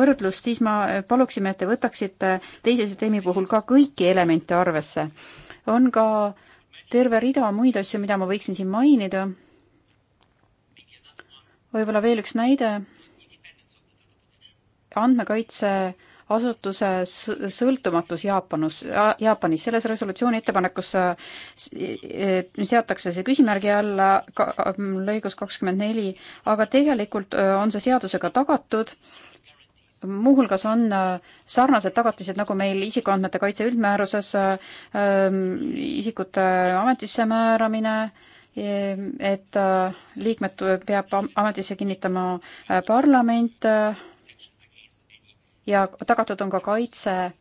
võrdlust, siis ma paluksime, et te võtaksite teise süsteemi puhul ka kõiki elemente arvesse. on ka terve rida muid asju, mida ma võiksin siin mainida võib-olla veel üks näide, andmekaitseasutuse sõltumatus Jaapanus, Jaapanis, selles resolutsiooni ettepanekus äh, äh, seatakse see küsimärgi alla ka, ähm, lõigus kakskümmend neli, aga tegelikult äh, on see seadusega tagatud muuhulgas on sarnased tagatised, nagu meil isikuandmete kaitse üldmääruses, ähm, isikute ametisse määramine, et äh, liikmed peab ametisse kinnitama äh, parlament äh, ja tagatud on ka kaitse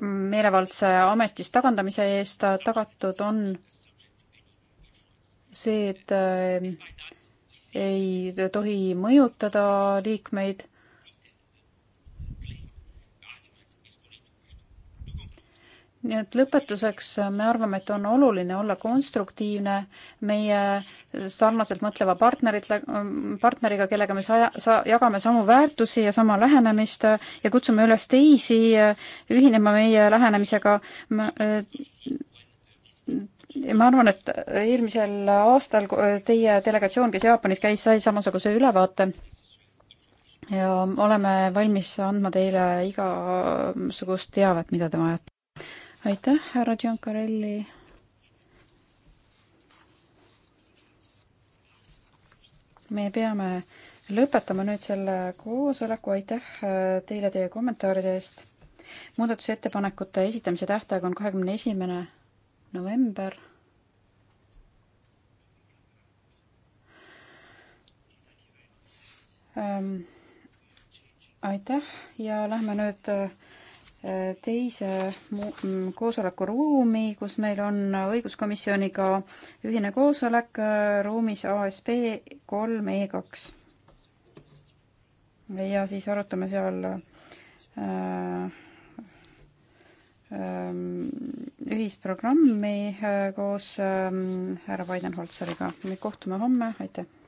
meelevaldse ametist tagandamise eest, tagatud on see, et ei tohi mõjutada liikmeid nii et lõpetuseks äh, me arvame, et on oluline olla konstruktiivne meie äh, sarnaselt mõtleva partnerit, äh, partneriga, kellega me saja, sa-, jagame samu väärtusi ja sama lähenemist ja kutsume üles teisi ühinema meie lähenemisega. ma arvan, et eelmisel aastal teie delegatsioon, kes Jaapanis käis, sai samasuguse ülevaate ja oleme valmis andma teile igasugust teavet, mida te vajate aitäh, härra Giancarelli. me peame lõpetama nüüd selle koosoleku, aitäh äh, teile teie kommentaaride eest. muudatusettepanekute esitamise tähtaeg on kahekümne esimene november. Ähm, aitäh ja lähme nüüd äh, teise mm, koosoleku ruumi, kus meil on õiguskomisjoniga ühine koosolek äh, ruumis ASP kolm E kaks. ja siis arutame seal äh, ähm, ühisprogrammi äh, koos ähm, härra Weidenholzeriga. me kohtume homme, aitäh!